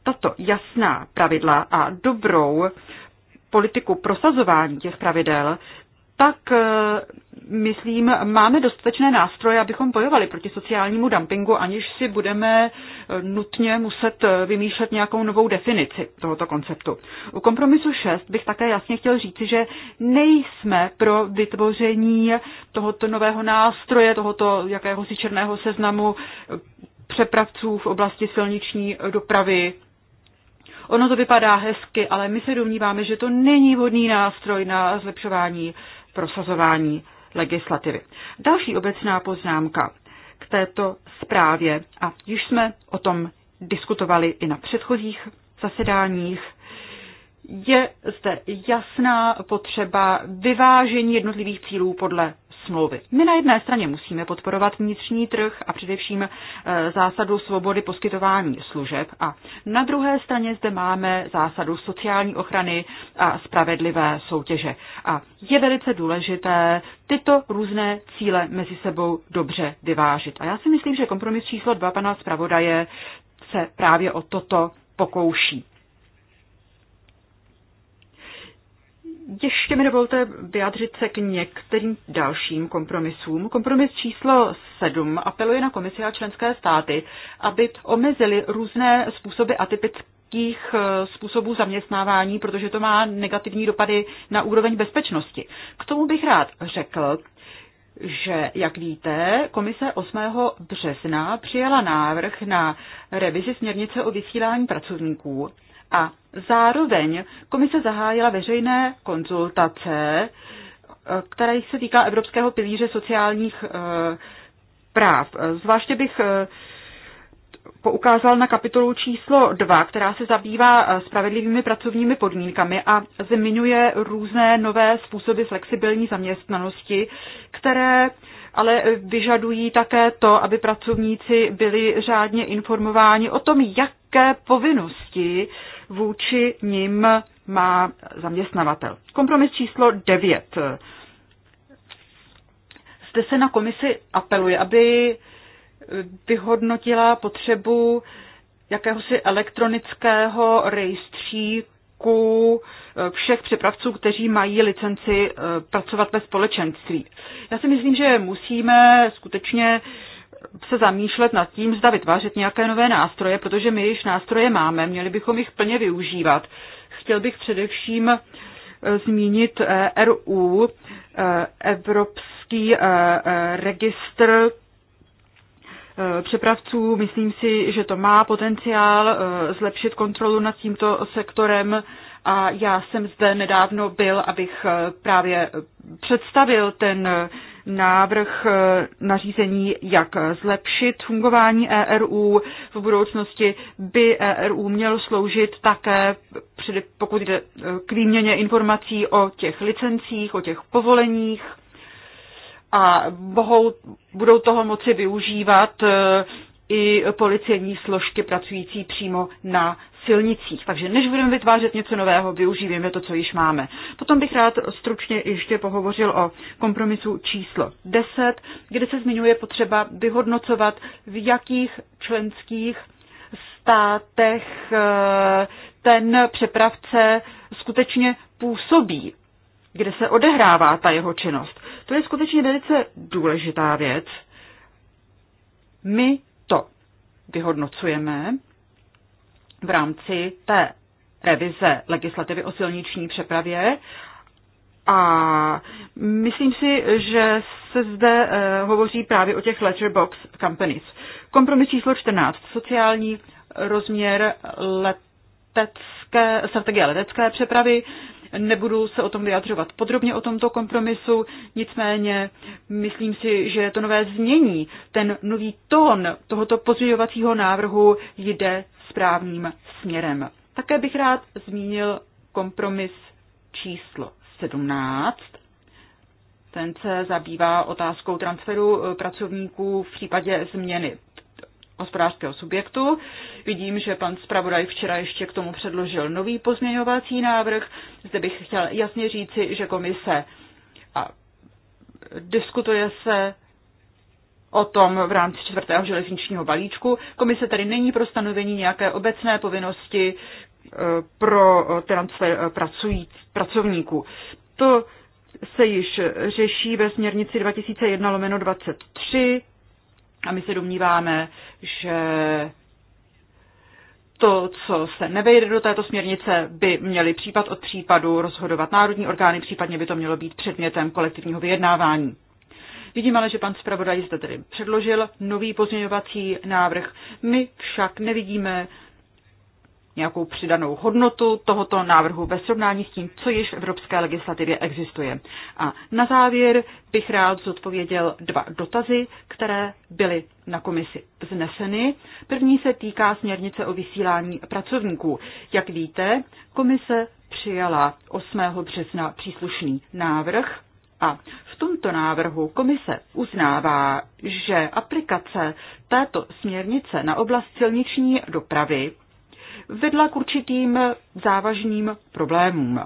tato jasná pravidla a dobrou politiku prosazování těch pravidel, tak eh, myslím, máme dostatečné nástroje, abychom bojovali proti sociálnímu dumpingu, aniž si budeme eh, nutně muset eh, vymýšlet nějakou novou definici tohoto konceptu. U kompromisu 6 bych také jasně chtěl říci, že nejsme pro vytvoření tohoto nového nástroje, tohoto jakéhosi černého seznamu přepravců v oblasti silniční dopravy, Ono to vypadá hezky, ale my se domníváme, že to není vhodný nástroj na zlepšování prosazování legislativy. Další obecná poznámka k této zprávě, a již jsme o tom diskutovali i na předchozích zasedáních, je zde jasná potřeba vyvážení jednotlivých cílů podle smlouvy. My na jedné straně musíme podporovat vnitřní trh a především e, zásadu svobody poskytování služeb a na druhé straně zde máme zásadu sociální ochrany a spravedlivé soutěže. A je velice důležité tyto různé cíle mezi sebou dobře vyvážit. A já si myslím, že kompromis číslo dva pana zpravodaje se právě o toto pokouší. Ještě mi dovolte vyjádřit se k některým dalším kompromisům. Kompromis číslo 7 apeluje na komisi a členské státy, aby omezili různé způsoby atypické eh, způsobů zaměstnávání, protože to má negativní dopady na úroveň bezpečnosti. K tomu bych rád řekl, že, jak víte, komise 8. března přijala návrh na revizi směrnice o vysílání pracovníků a Zároveň komise zahájila veřejné konzultace, eh, které se týká Evropského pilíře sociálních eh, práv. Zvláště bych eh, poukázal na kapitolu číslo 2, která se zabývá spravedlivými pracovními podmínkami a zmiňuje různé nové způsoby flexibilní zaměstnanosti, které ale vyžadují také to, aby pracovníci byli řádně informováni o tom, jaké povinnosti vůči nim má zaměstnavatel. Kompromis číslo 9. Zde se na komisi apeluje, aby vyhodnotila potřebu jakéhosi elektronického rejstříku roku eh, všech přepravců, kteří mají licenci eh, pracovat ve společenství. Já si myslím, že musíme skutečně se zamýšlet nad tím, zda vytvářet nějaké nové nástroje, protože my již nástroje máme, měli bychom jich plně využívat. Chtěl bych především eh, zmínit RU, Evropský registr Eh, přepravců. Myslím si, že to má potenciál eh, zlepšit kontrolu nad tímto sektorem a já jsem zde nedávno byl, abych eh, právě představil ten návrh nařízení, jak zlepšit fungování ERU. V budoucnosti by ERU měl sloužit také, pokud jde k výměně informací o těch licencích, o těch povoleních a bohou, budou toho moci využívat e, i policejní složky pracující přímo na silnicích. Takže než budeme vytvářet něco nového, využijeme to, co již máme. Potom bych rád stručně ještě pohovořil o kompromisu číslo 10, kde se zmiňuje potřeba vyhodnocovat, v jakých členských státech e, ten přepravce skutečně působí, kde se odehrává ta jeho činnost. To je skutečně velice důležitá věc. My to vyhodnocujeme v rámci té revize legislativy o silniční přepravě a myslím si, že se zde uh, hovoří právě o těch letterbox companies. Kompromis číslo 14. Sociální rozměr letecké, strategie letecké přepravy. Uh, Nebudu se o tom vyjadřovat podrobně o tomto kompromisu, nicméně myslím si, že to nové znění, ten nový tón tohoto pozměňovacího návrhu jde správným směrem. Také bych rád zmínil kompromis číslo 17. Ten se zabývá otázkou transferu eh, pracovníků v případě změny hospodářského subjektu. Vidím, že pan zpravodaj včera ještě k tomu předložil nový pozměňovací návrh. Zde bych chtěl jasně říci, že komise a diskutuje se o tom v rámci čtvrtého železničního balíčku. Komise tady není pro stanovení nějaké obecné povinnosti e, pro e, transfer e, pracují, pracovníků. To se již řeší ve směrnici 2001 lomeno 23 a my se domníváme, že to, co se nevejde do této směrnice, by měly případ od případu rozhodovat národní orgány, případně by to mělo být předmětem kolektivního vyjednávání. Vidím ale, že pan zpravodaj zde tedy předložil nový pozměňovací návrh. My však nevidíme nějakou přidanou hodnotu tohoto návrhu ve srovnání s tím, co již v evropské legislativě existuje. A na závěr bych rád zodpověděl dva dotazy, které byly na komisi vzneseny. První se týká směrnice o vysílání pracovníků. Jak víte, komise přijala 8. března příslušný návrh a v tomto návrhu komise uznává, že aplikace této směrnice na oblast silniční dopravy vedla k určitým závažným problémům.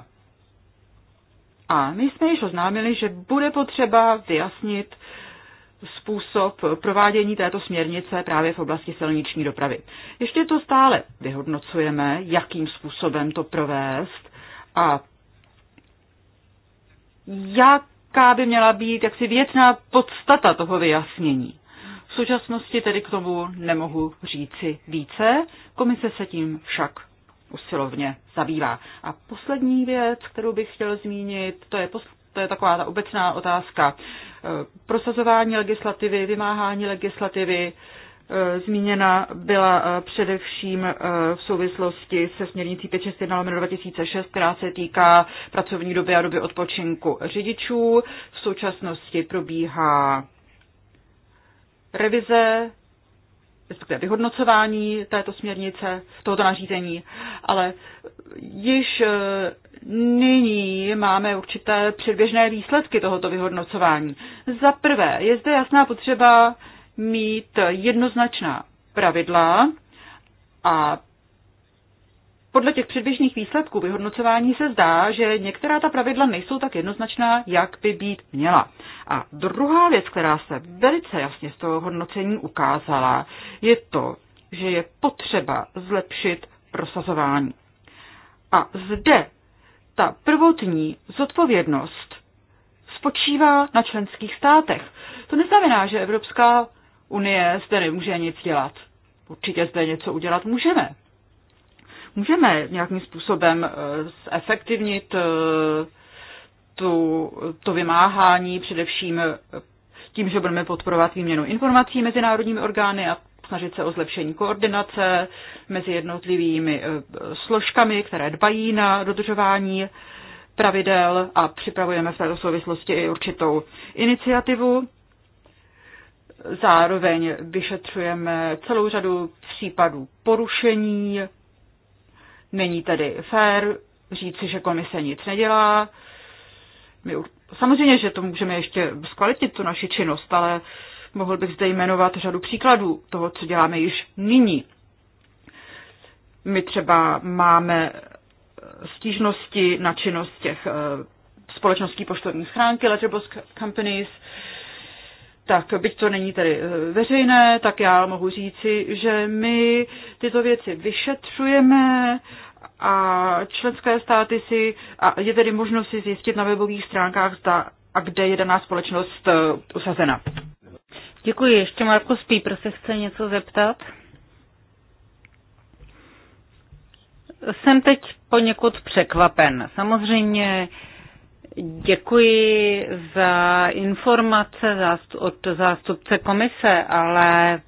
A my jsme již oznámili, že bude potřeba vyjasnit způsob provádění této směrnice právě v oblasti silniční dopravy. Ještě to stále vyhodnocujeme, jakým způsobem to provést a jaká by měla být jaksi věcná podstata toho vyjasnění současnosti tedy k tomu nemohu říci více, komise se tím však usilovně zabývá. A poslední věc, kterou bych chtěl zmínit, to je, to je taková ta obecná otázka. E, prosazování legislativy, vymáhání legislativy, e, zmíněna byla e, především v souvislosti se směrnicí 561 2006, která se týká pracovní doby a doby odpočinku řidičů. V současnosti probíhá revize, respektive vyhodnocování této směrnice, tohoto nařízení, ale již eh, nyní máme určité předběžné výsledky tohoto vyhodnocování. Za prvé, je zde jasná potřeba mít jednoznačná pravidla a podle těch předběžných výsledků vyhodnocování se zdá, že některá ta pravidla nejsou tak jednoznačná, jak by být měla. A druhá věc, která se velice jasně z toho hodnocení ukázala, je to, že je potřeba zlepšit prosazování. A zde ta prvotní zodpovědnost spočívá na členských státech. To neznamená, že Evropská unie zde nemůže nic dělat. Určitě zde něco udělat můžeme. Můžeme nějakým způsobem eh, zefektivnit eh, tu, to vymáhání především eh, tím, že budeme podporovat výměnu informací mezi národními orgány a snažit se o zlepšení koordinace mezi jednotlivými složkami, které dbají na dodržování pravidel a připravujeme v této souvislosti i určitou iniciativu. Zároveň vyšetřujeme celou řadu případů porušení Není tedy fér říci, že komise nic nedělá. My, samozřejmě, že to můžeme ještě zkvalitit, tu naši činnost, ale mohl bych zde jmenovat řadu příkladů toho, co děláme již nyní. My třeba máme stížnosti na činnost těch eh, společností poštovní schránky, letterbox companies, tak byť to není tedy eh, veřejné, tak já mohu říci, že my tyto věci vyšetřujeme a členské státy si, a je tedy možno si zjistit na webových stránkách, zda a kde je daná společnost eh, usazena. Děkuji. Ještě Marko Spípr prostě se chce něco zeptat. Jsem teď poněkud překvapen. Samozřejmě Děkuji za informace od zástupce komise, ale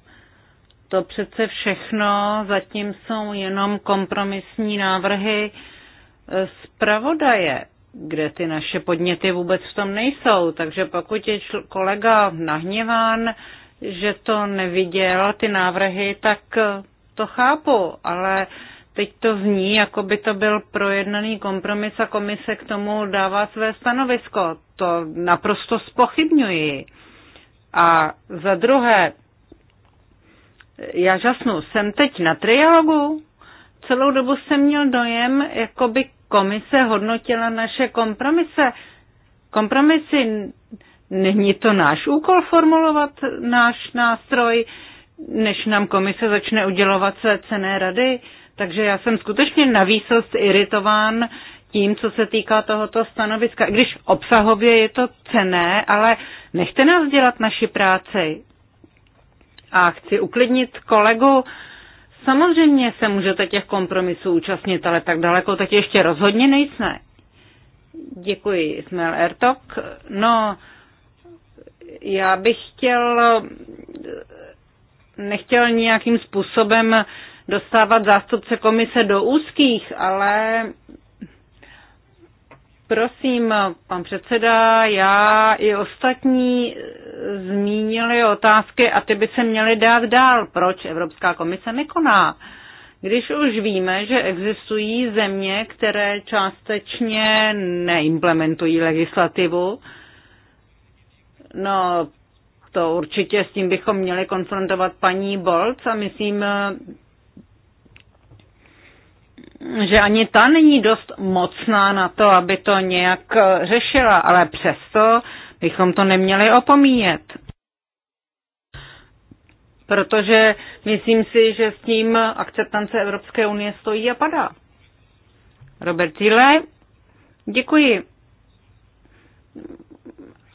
to přece všechno zatím jsou jenom kompromisní návrhy eh, zpravodaje, kde ty naše podněty vůbec v tom nejsou. Takže pokud je kolega nahněván, že to neviděl, ty návrhy, tak eh, to chápu, ale uh, Teď to zní, jako by to byl projednaný kompromis a komise k tomu dává své stanovisko. To naprosto spochybňuji. A za druhé, já žasnu, jsem teď na trialogu? Celou dobu jsem měl dojem, jako by komise hodnotila naše kompromise. Kompromisy, není to náš úkol formulovat náš nástroj, než nám komise začne udělovat své cené rady? Takže já jsem skutečně na výsost iritován tím, co se týká tohoto stanoviska. když obsahově je to cené, ale nechte nás dělat naši práci. A chci uklidnit kolegu, samozřejmě se můžete těch kompromisů účastnit, ale tak daleko teď ještě rozhodně nejsme. Děkuji, Smel Ertok. No, já bych chtěl, nechtěl nějakým způsobem dostávat zástupce komise do úzkých, ale prosím, pan předseda, já i ostatní zmínili otázky a ty by se měly dát dál. Proč Evropská komise nekoná? Když už víme, že existují země, které částečně neimplementují legislativu, no to určitě s tím bychom měli konfrontovat paní Bolc a myslím, že ani ta není dost mocná na to, aby to nějak eh, řešila, ale přesto bychom to neměli opomíjet. Protože myslím si, že s tím akceptance Evropské unie stojí a padá. Robert Zile, děkuji.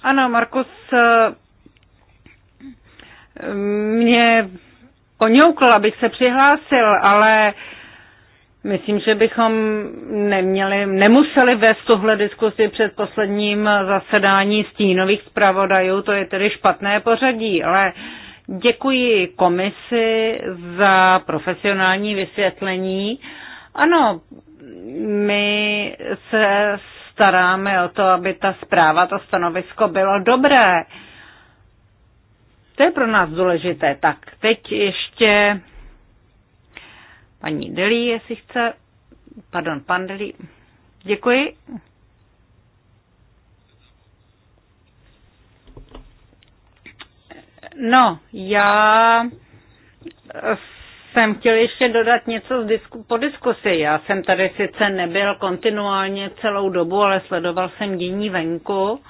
Ano, Markus eh, mě poňoukl, abych se přihlásil, ale uh, Myslím, že bychom neměli, nemuseli vést tuhle diskusi před posledním zasedání stínových zpravodajů, to je tedy špatné pořadí, ale děkuji komisi za profesionální vysvětlení. Ano, my se staráme o to, aby ta zpráva, to stanovisko bylo dobré. To je pro nás důležité. Tak teď ještě Paní Delí, jestli chce. Pardon, pan Delí. Děkuji. No, já jsem chtěl ještě dodat něco z disku, po diskusi. Já jsem tady sice nebyl kontinuálně celou dobu, ale sledoval jsem dění venku.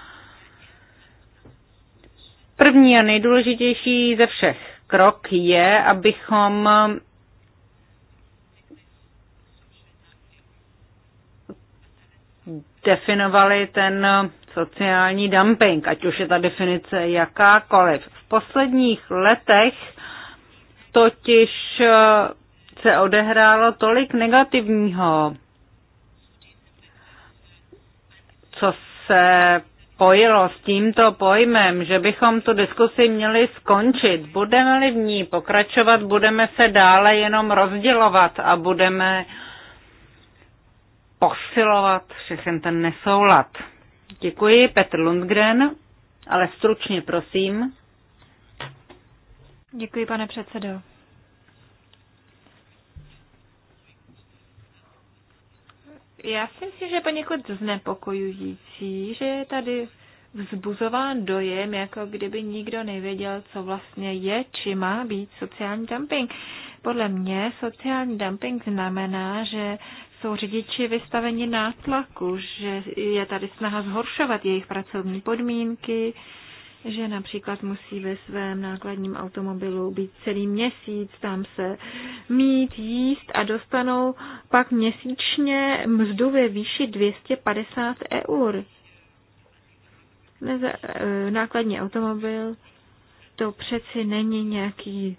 První a nejdůležitější ze všech krok je, abychom definovali ten eh, sociální dumping, ať už je ta definice jakákoliv. V posledních letech totiž eh, se odehrálo tolik negativního, co se pojilo s tímto pojmem, že bychom tu diskusi měli skončit. Budeme-li v ní pokračovat, budeme se dále jenom rozdělovat a budeme uh, posilovat všechen ten nesoulad. Děkuji, Petr Lundgren, ale stručně prosím. Děkuji, pane předsedo. Já si myslím, že je poněkud znepokojující, že je tady vzbuzován dojem, jako kdyby nikdo nevěděl, co vlastně je, či má být sociální dumping. Podle mě sociální dumping znamená, že jsou řidiči vystaveni nátlaku, že je tady snaha zhoršovat jejich pracovní podmínky, že například musí ve svém nákladním automobilu být celý měsíc, tam se mít, jíst a dostanou pak měsíčně mzdu ve výši 250 eur. E, nákladní automobil to přeci není nějaký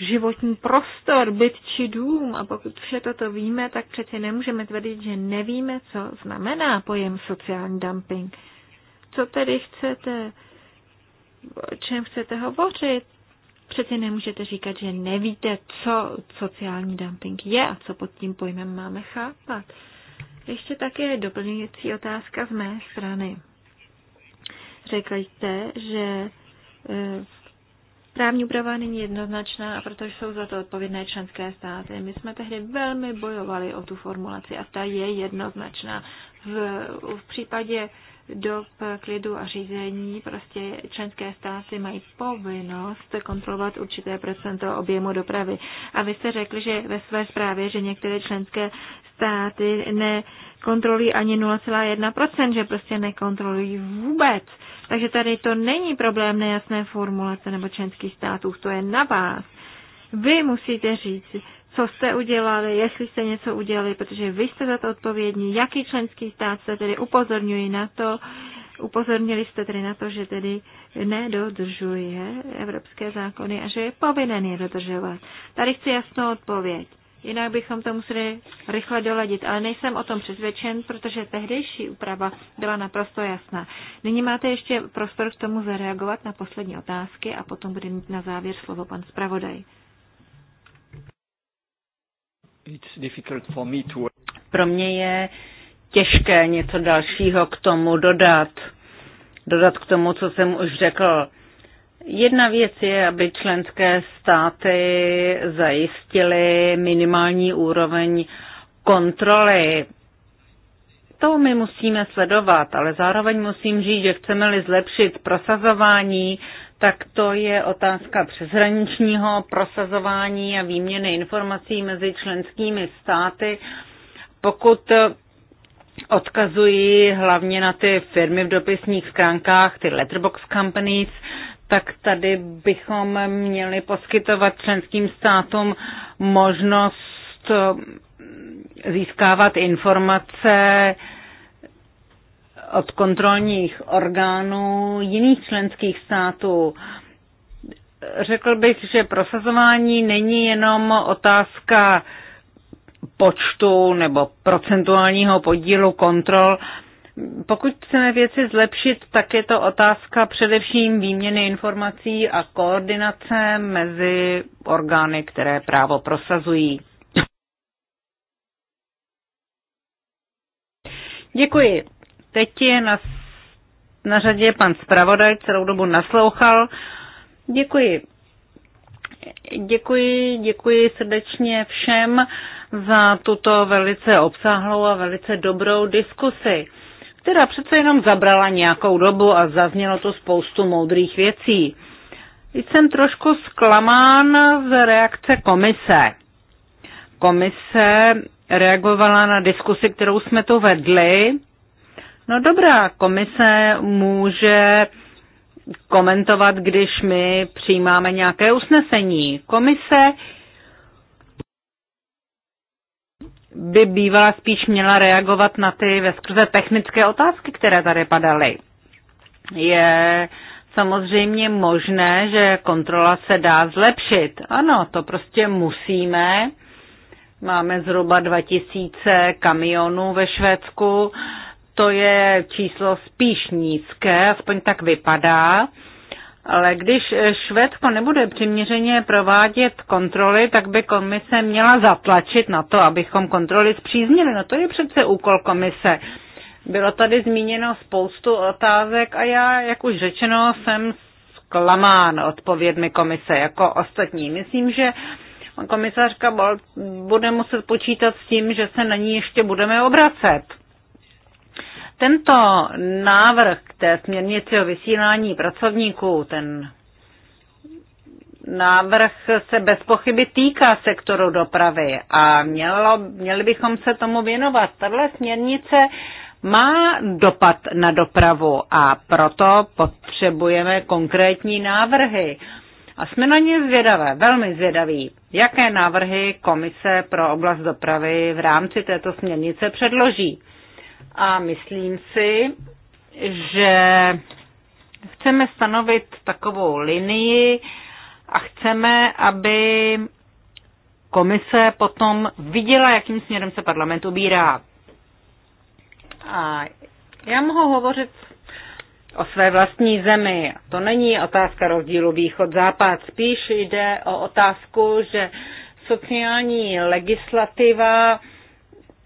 životní prostor, byt či dům. A pokud vše toto víme, tak přece nemůžeme tvrdit, že nevíme, co znamená pojem sociální dumping. Co tedy chcete, o čem chcete hovořit? Přece nemůžete říkat, že nevíte, co sociální dumping je a co pod tím pojmem máme chápat. Ještě také doplňující otázka z mé strany. Řekli jste, že eh, Právní úprava není jednoznačná a proto jsou za to odpovědné členské státy. My jsme tehdy velmi bojovali o tu formulaci a ta je jednoznačná. V, v případě dob klidu a řízení prostě členské státy mají povinnost kontrolovat určité procento objemu dopravy. A vy jste řekli, že ve své zprávě, že některé členské státy nekontrolují ani 0,1%, že prostě nekontrolují vůbec. Takže tady to není problém nejasné formulace nebo členských států, to je na vás. Vy musíte říct, co jste udělali, jestli jste něco udělali, protože vy jste za to odpovědní, jaký členský stát se tedy upozorňují na to, upozornili jste tedy na to, že tedy nedodržuje evropské zákony a že je povinen je dodržovat. Tady chci jasnou odpověď jinak bychom to museli rychle doladit. Ale nejsem o tom přesvědčen, protože tehdejší úprava byla naprosto jasná. Nyní máte ještě prostor k tomu zareagovat na poslední otázky a potom bude mít na závěr slovo pan zpravodaj. To... Pro mě je těžké něco dalšího k tomu dodat. Dodat k tomu, co jsem už řekl Jedna věc je, aby členské státy zajistily minimální úroveň kontroly. To my musíme sledovat, ale zároveň musím říct, že chceme-li zlepšit prosazování, tak to je otázka přeshraničního prosazování a výměny informací mezi členskými státy. Pokud odkazují hlavně na ty firmy v dopisních skránkách, ty letterbox companies, tak tady bychom měli poskytovat členským státům možnost eh, získávat informace od kontrolních orgánů jiných členských států. Řekl bych, že prosazování není jenom otázka počtu nebo procentuálního podílu kontrol, pokud chceme věci zlepšit, tak je to otázka především výměny informací a koordinace mezi orgány, které právo prosazují. Děkuji. Teď je na, na řadě pan zpravodaj, celou dobu naslouchal. Děkuji. Děkuji, děkuji srdečně všem za tuto velice obsáhlou a velice dobrou diskusi která přece jenom zabrala nějakou dobu a zaznělo to spoustu moudrých věcí. Jsem trošku zklamán z reakce komise. Komise reagovala na diskusi, kterou jsme tu vedli. No dobrá, komise může komentovat, když my přijímáme nějaké usnesení. Komise by bývala spíš měla reagovat na ty veskrze technické otázky, které tady padaly. Je samozřejmě možné, že kontrola se dá zlepšit. Ano, to prostě musíme. Máme zhruba 2000 kamionů ve Švédsku. To je číslo spíš nízké, aspoň tak vypadá. Ale když eh, Švédsko nebude přiměřeně provádět kontroly, tak by komise měla zatlačit na to, abychom kontroly zpříznili. No to je přece úkol komise. Bylo tady zmíněno spoustu otázek a já, jak už řečeno, jsem zklamán odpovědmi komise jako ostatní. Myslím, že komisařka bude muset počítat s tím, že se na ní ještě budeme obracet. Tento návrh k té směrnici o vysílání pracovníků, ten návrh se bez pochyby týká sektoru dopravy a mělo, měli bychom se tomu věnovat. Tahle směrnice má dopad na dopravu a proto potřebujeme konkrétní návrhy. A jsme na ně zvědavé, velmi zvědaví, jaké návrhy komise pro oblast dopravy v rámci této směrnice předloží a myslím si, že chceme stanovit takovou linii a chceme, aby komise potom viděla, jakým směrem se parlament ubírá. A já mohu hovořit o své vlastní zemi. To není otázka rozdílu východ-západ, spíš jde o otázku, že sociální legislativa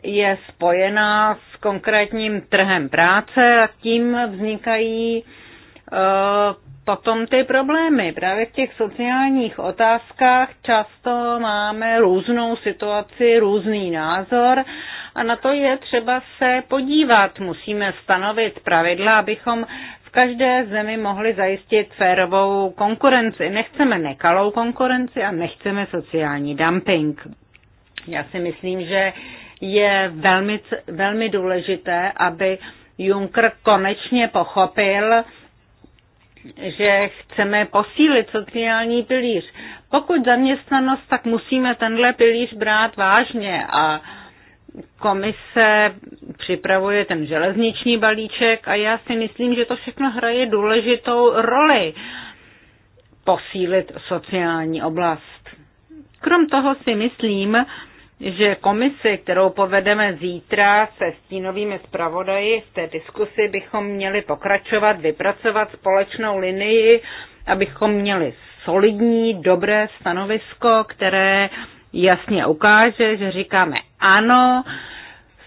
je spojená s konkrétním trhem práce a tím vznikají eh, potom ty problémy. Právě v těch sociálních otázkách často máme různou situaci, různý názor a na to je třeba se podívat. Musíme stanovit pravidla, abychom v každé zemi mohli zajistit férovou konkurenci. Nechceme nekalou konkurenci a nechceme sociální dumping. Já si myslím, že je velmi, velmi důležité, aby Juncker konečně pochopil, že chceme posílit sociální pilíř. Pokud zaměstnanost, tak musíme tenhle pilíř brát vážně a komise připravuje ten železniční balíček a já si myslím, že to všechno hraje důležitou roli posílit sociální oblast. Krom toho si myslím, že komisi, kterou povedeme zítra se stínovými zpravodaji, v té diskusi bychom měli pokračovat, vypracovat společnou linii, abychom měli solidní, dobré stanovisko, které jasně ukáže, že říkáme ano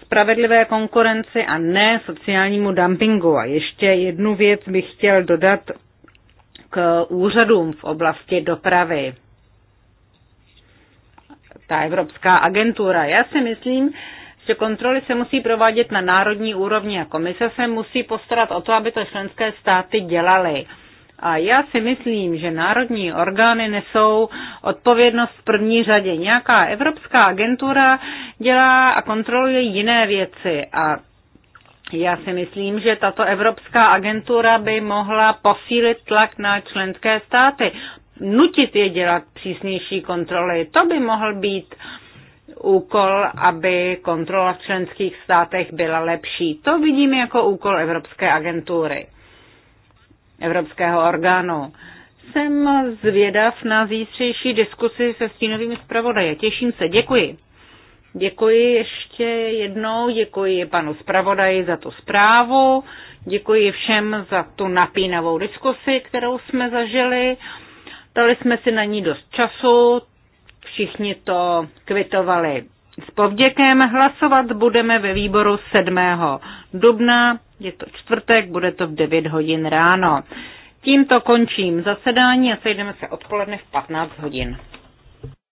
spravedlivé konkurenci a ne sociálnímu dumpingu. A ještě jednu věc bych chtěl dodat k úřadům v oblasti dopravy ta Evropská agentura. Já si myslím, že kontroly se musí provádět na národní úrovni a komise se musí postarat o to, aby to členské státy dělaly. A já si myslím, že národní orgány nesou odpovědnost v první řadě. Nějaká evropská agentura dělá a kontroluje jiné věci. A já si myslím, že tato evropská agentura by mohla posílit tlak na členské státy nutit je dělat přísnější kontroly. To by mohl být úkol, aby kontrola v členských státech byla lepší. To vidím jako úkol Evropské agentury, Evropského orgánu. Jsem zvědav na zítřejší diskusi se stínovým zpravodaje. Těším se, děkuji. Děkuji ještě jednou, děkuji panu zpravodaji za tu zprávu, děkuji všem za tu napínavou diskusi, kterou jsme zažili. Dali jsme si na ní dost času, všichni to kvitovali s povděkem. Hlasovat budeme ve výboru 7. dubna, je to čtvrtek, bude to v 9 hodin ráno. Tímto končím zasedání a sejdeme se odpoledne v 15 hodin.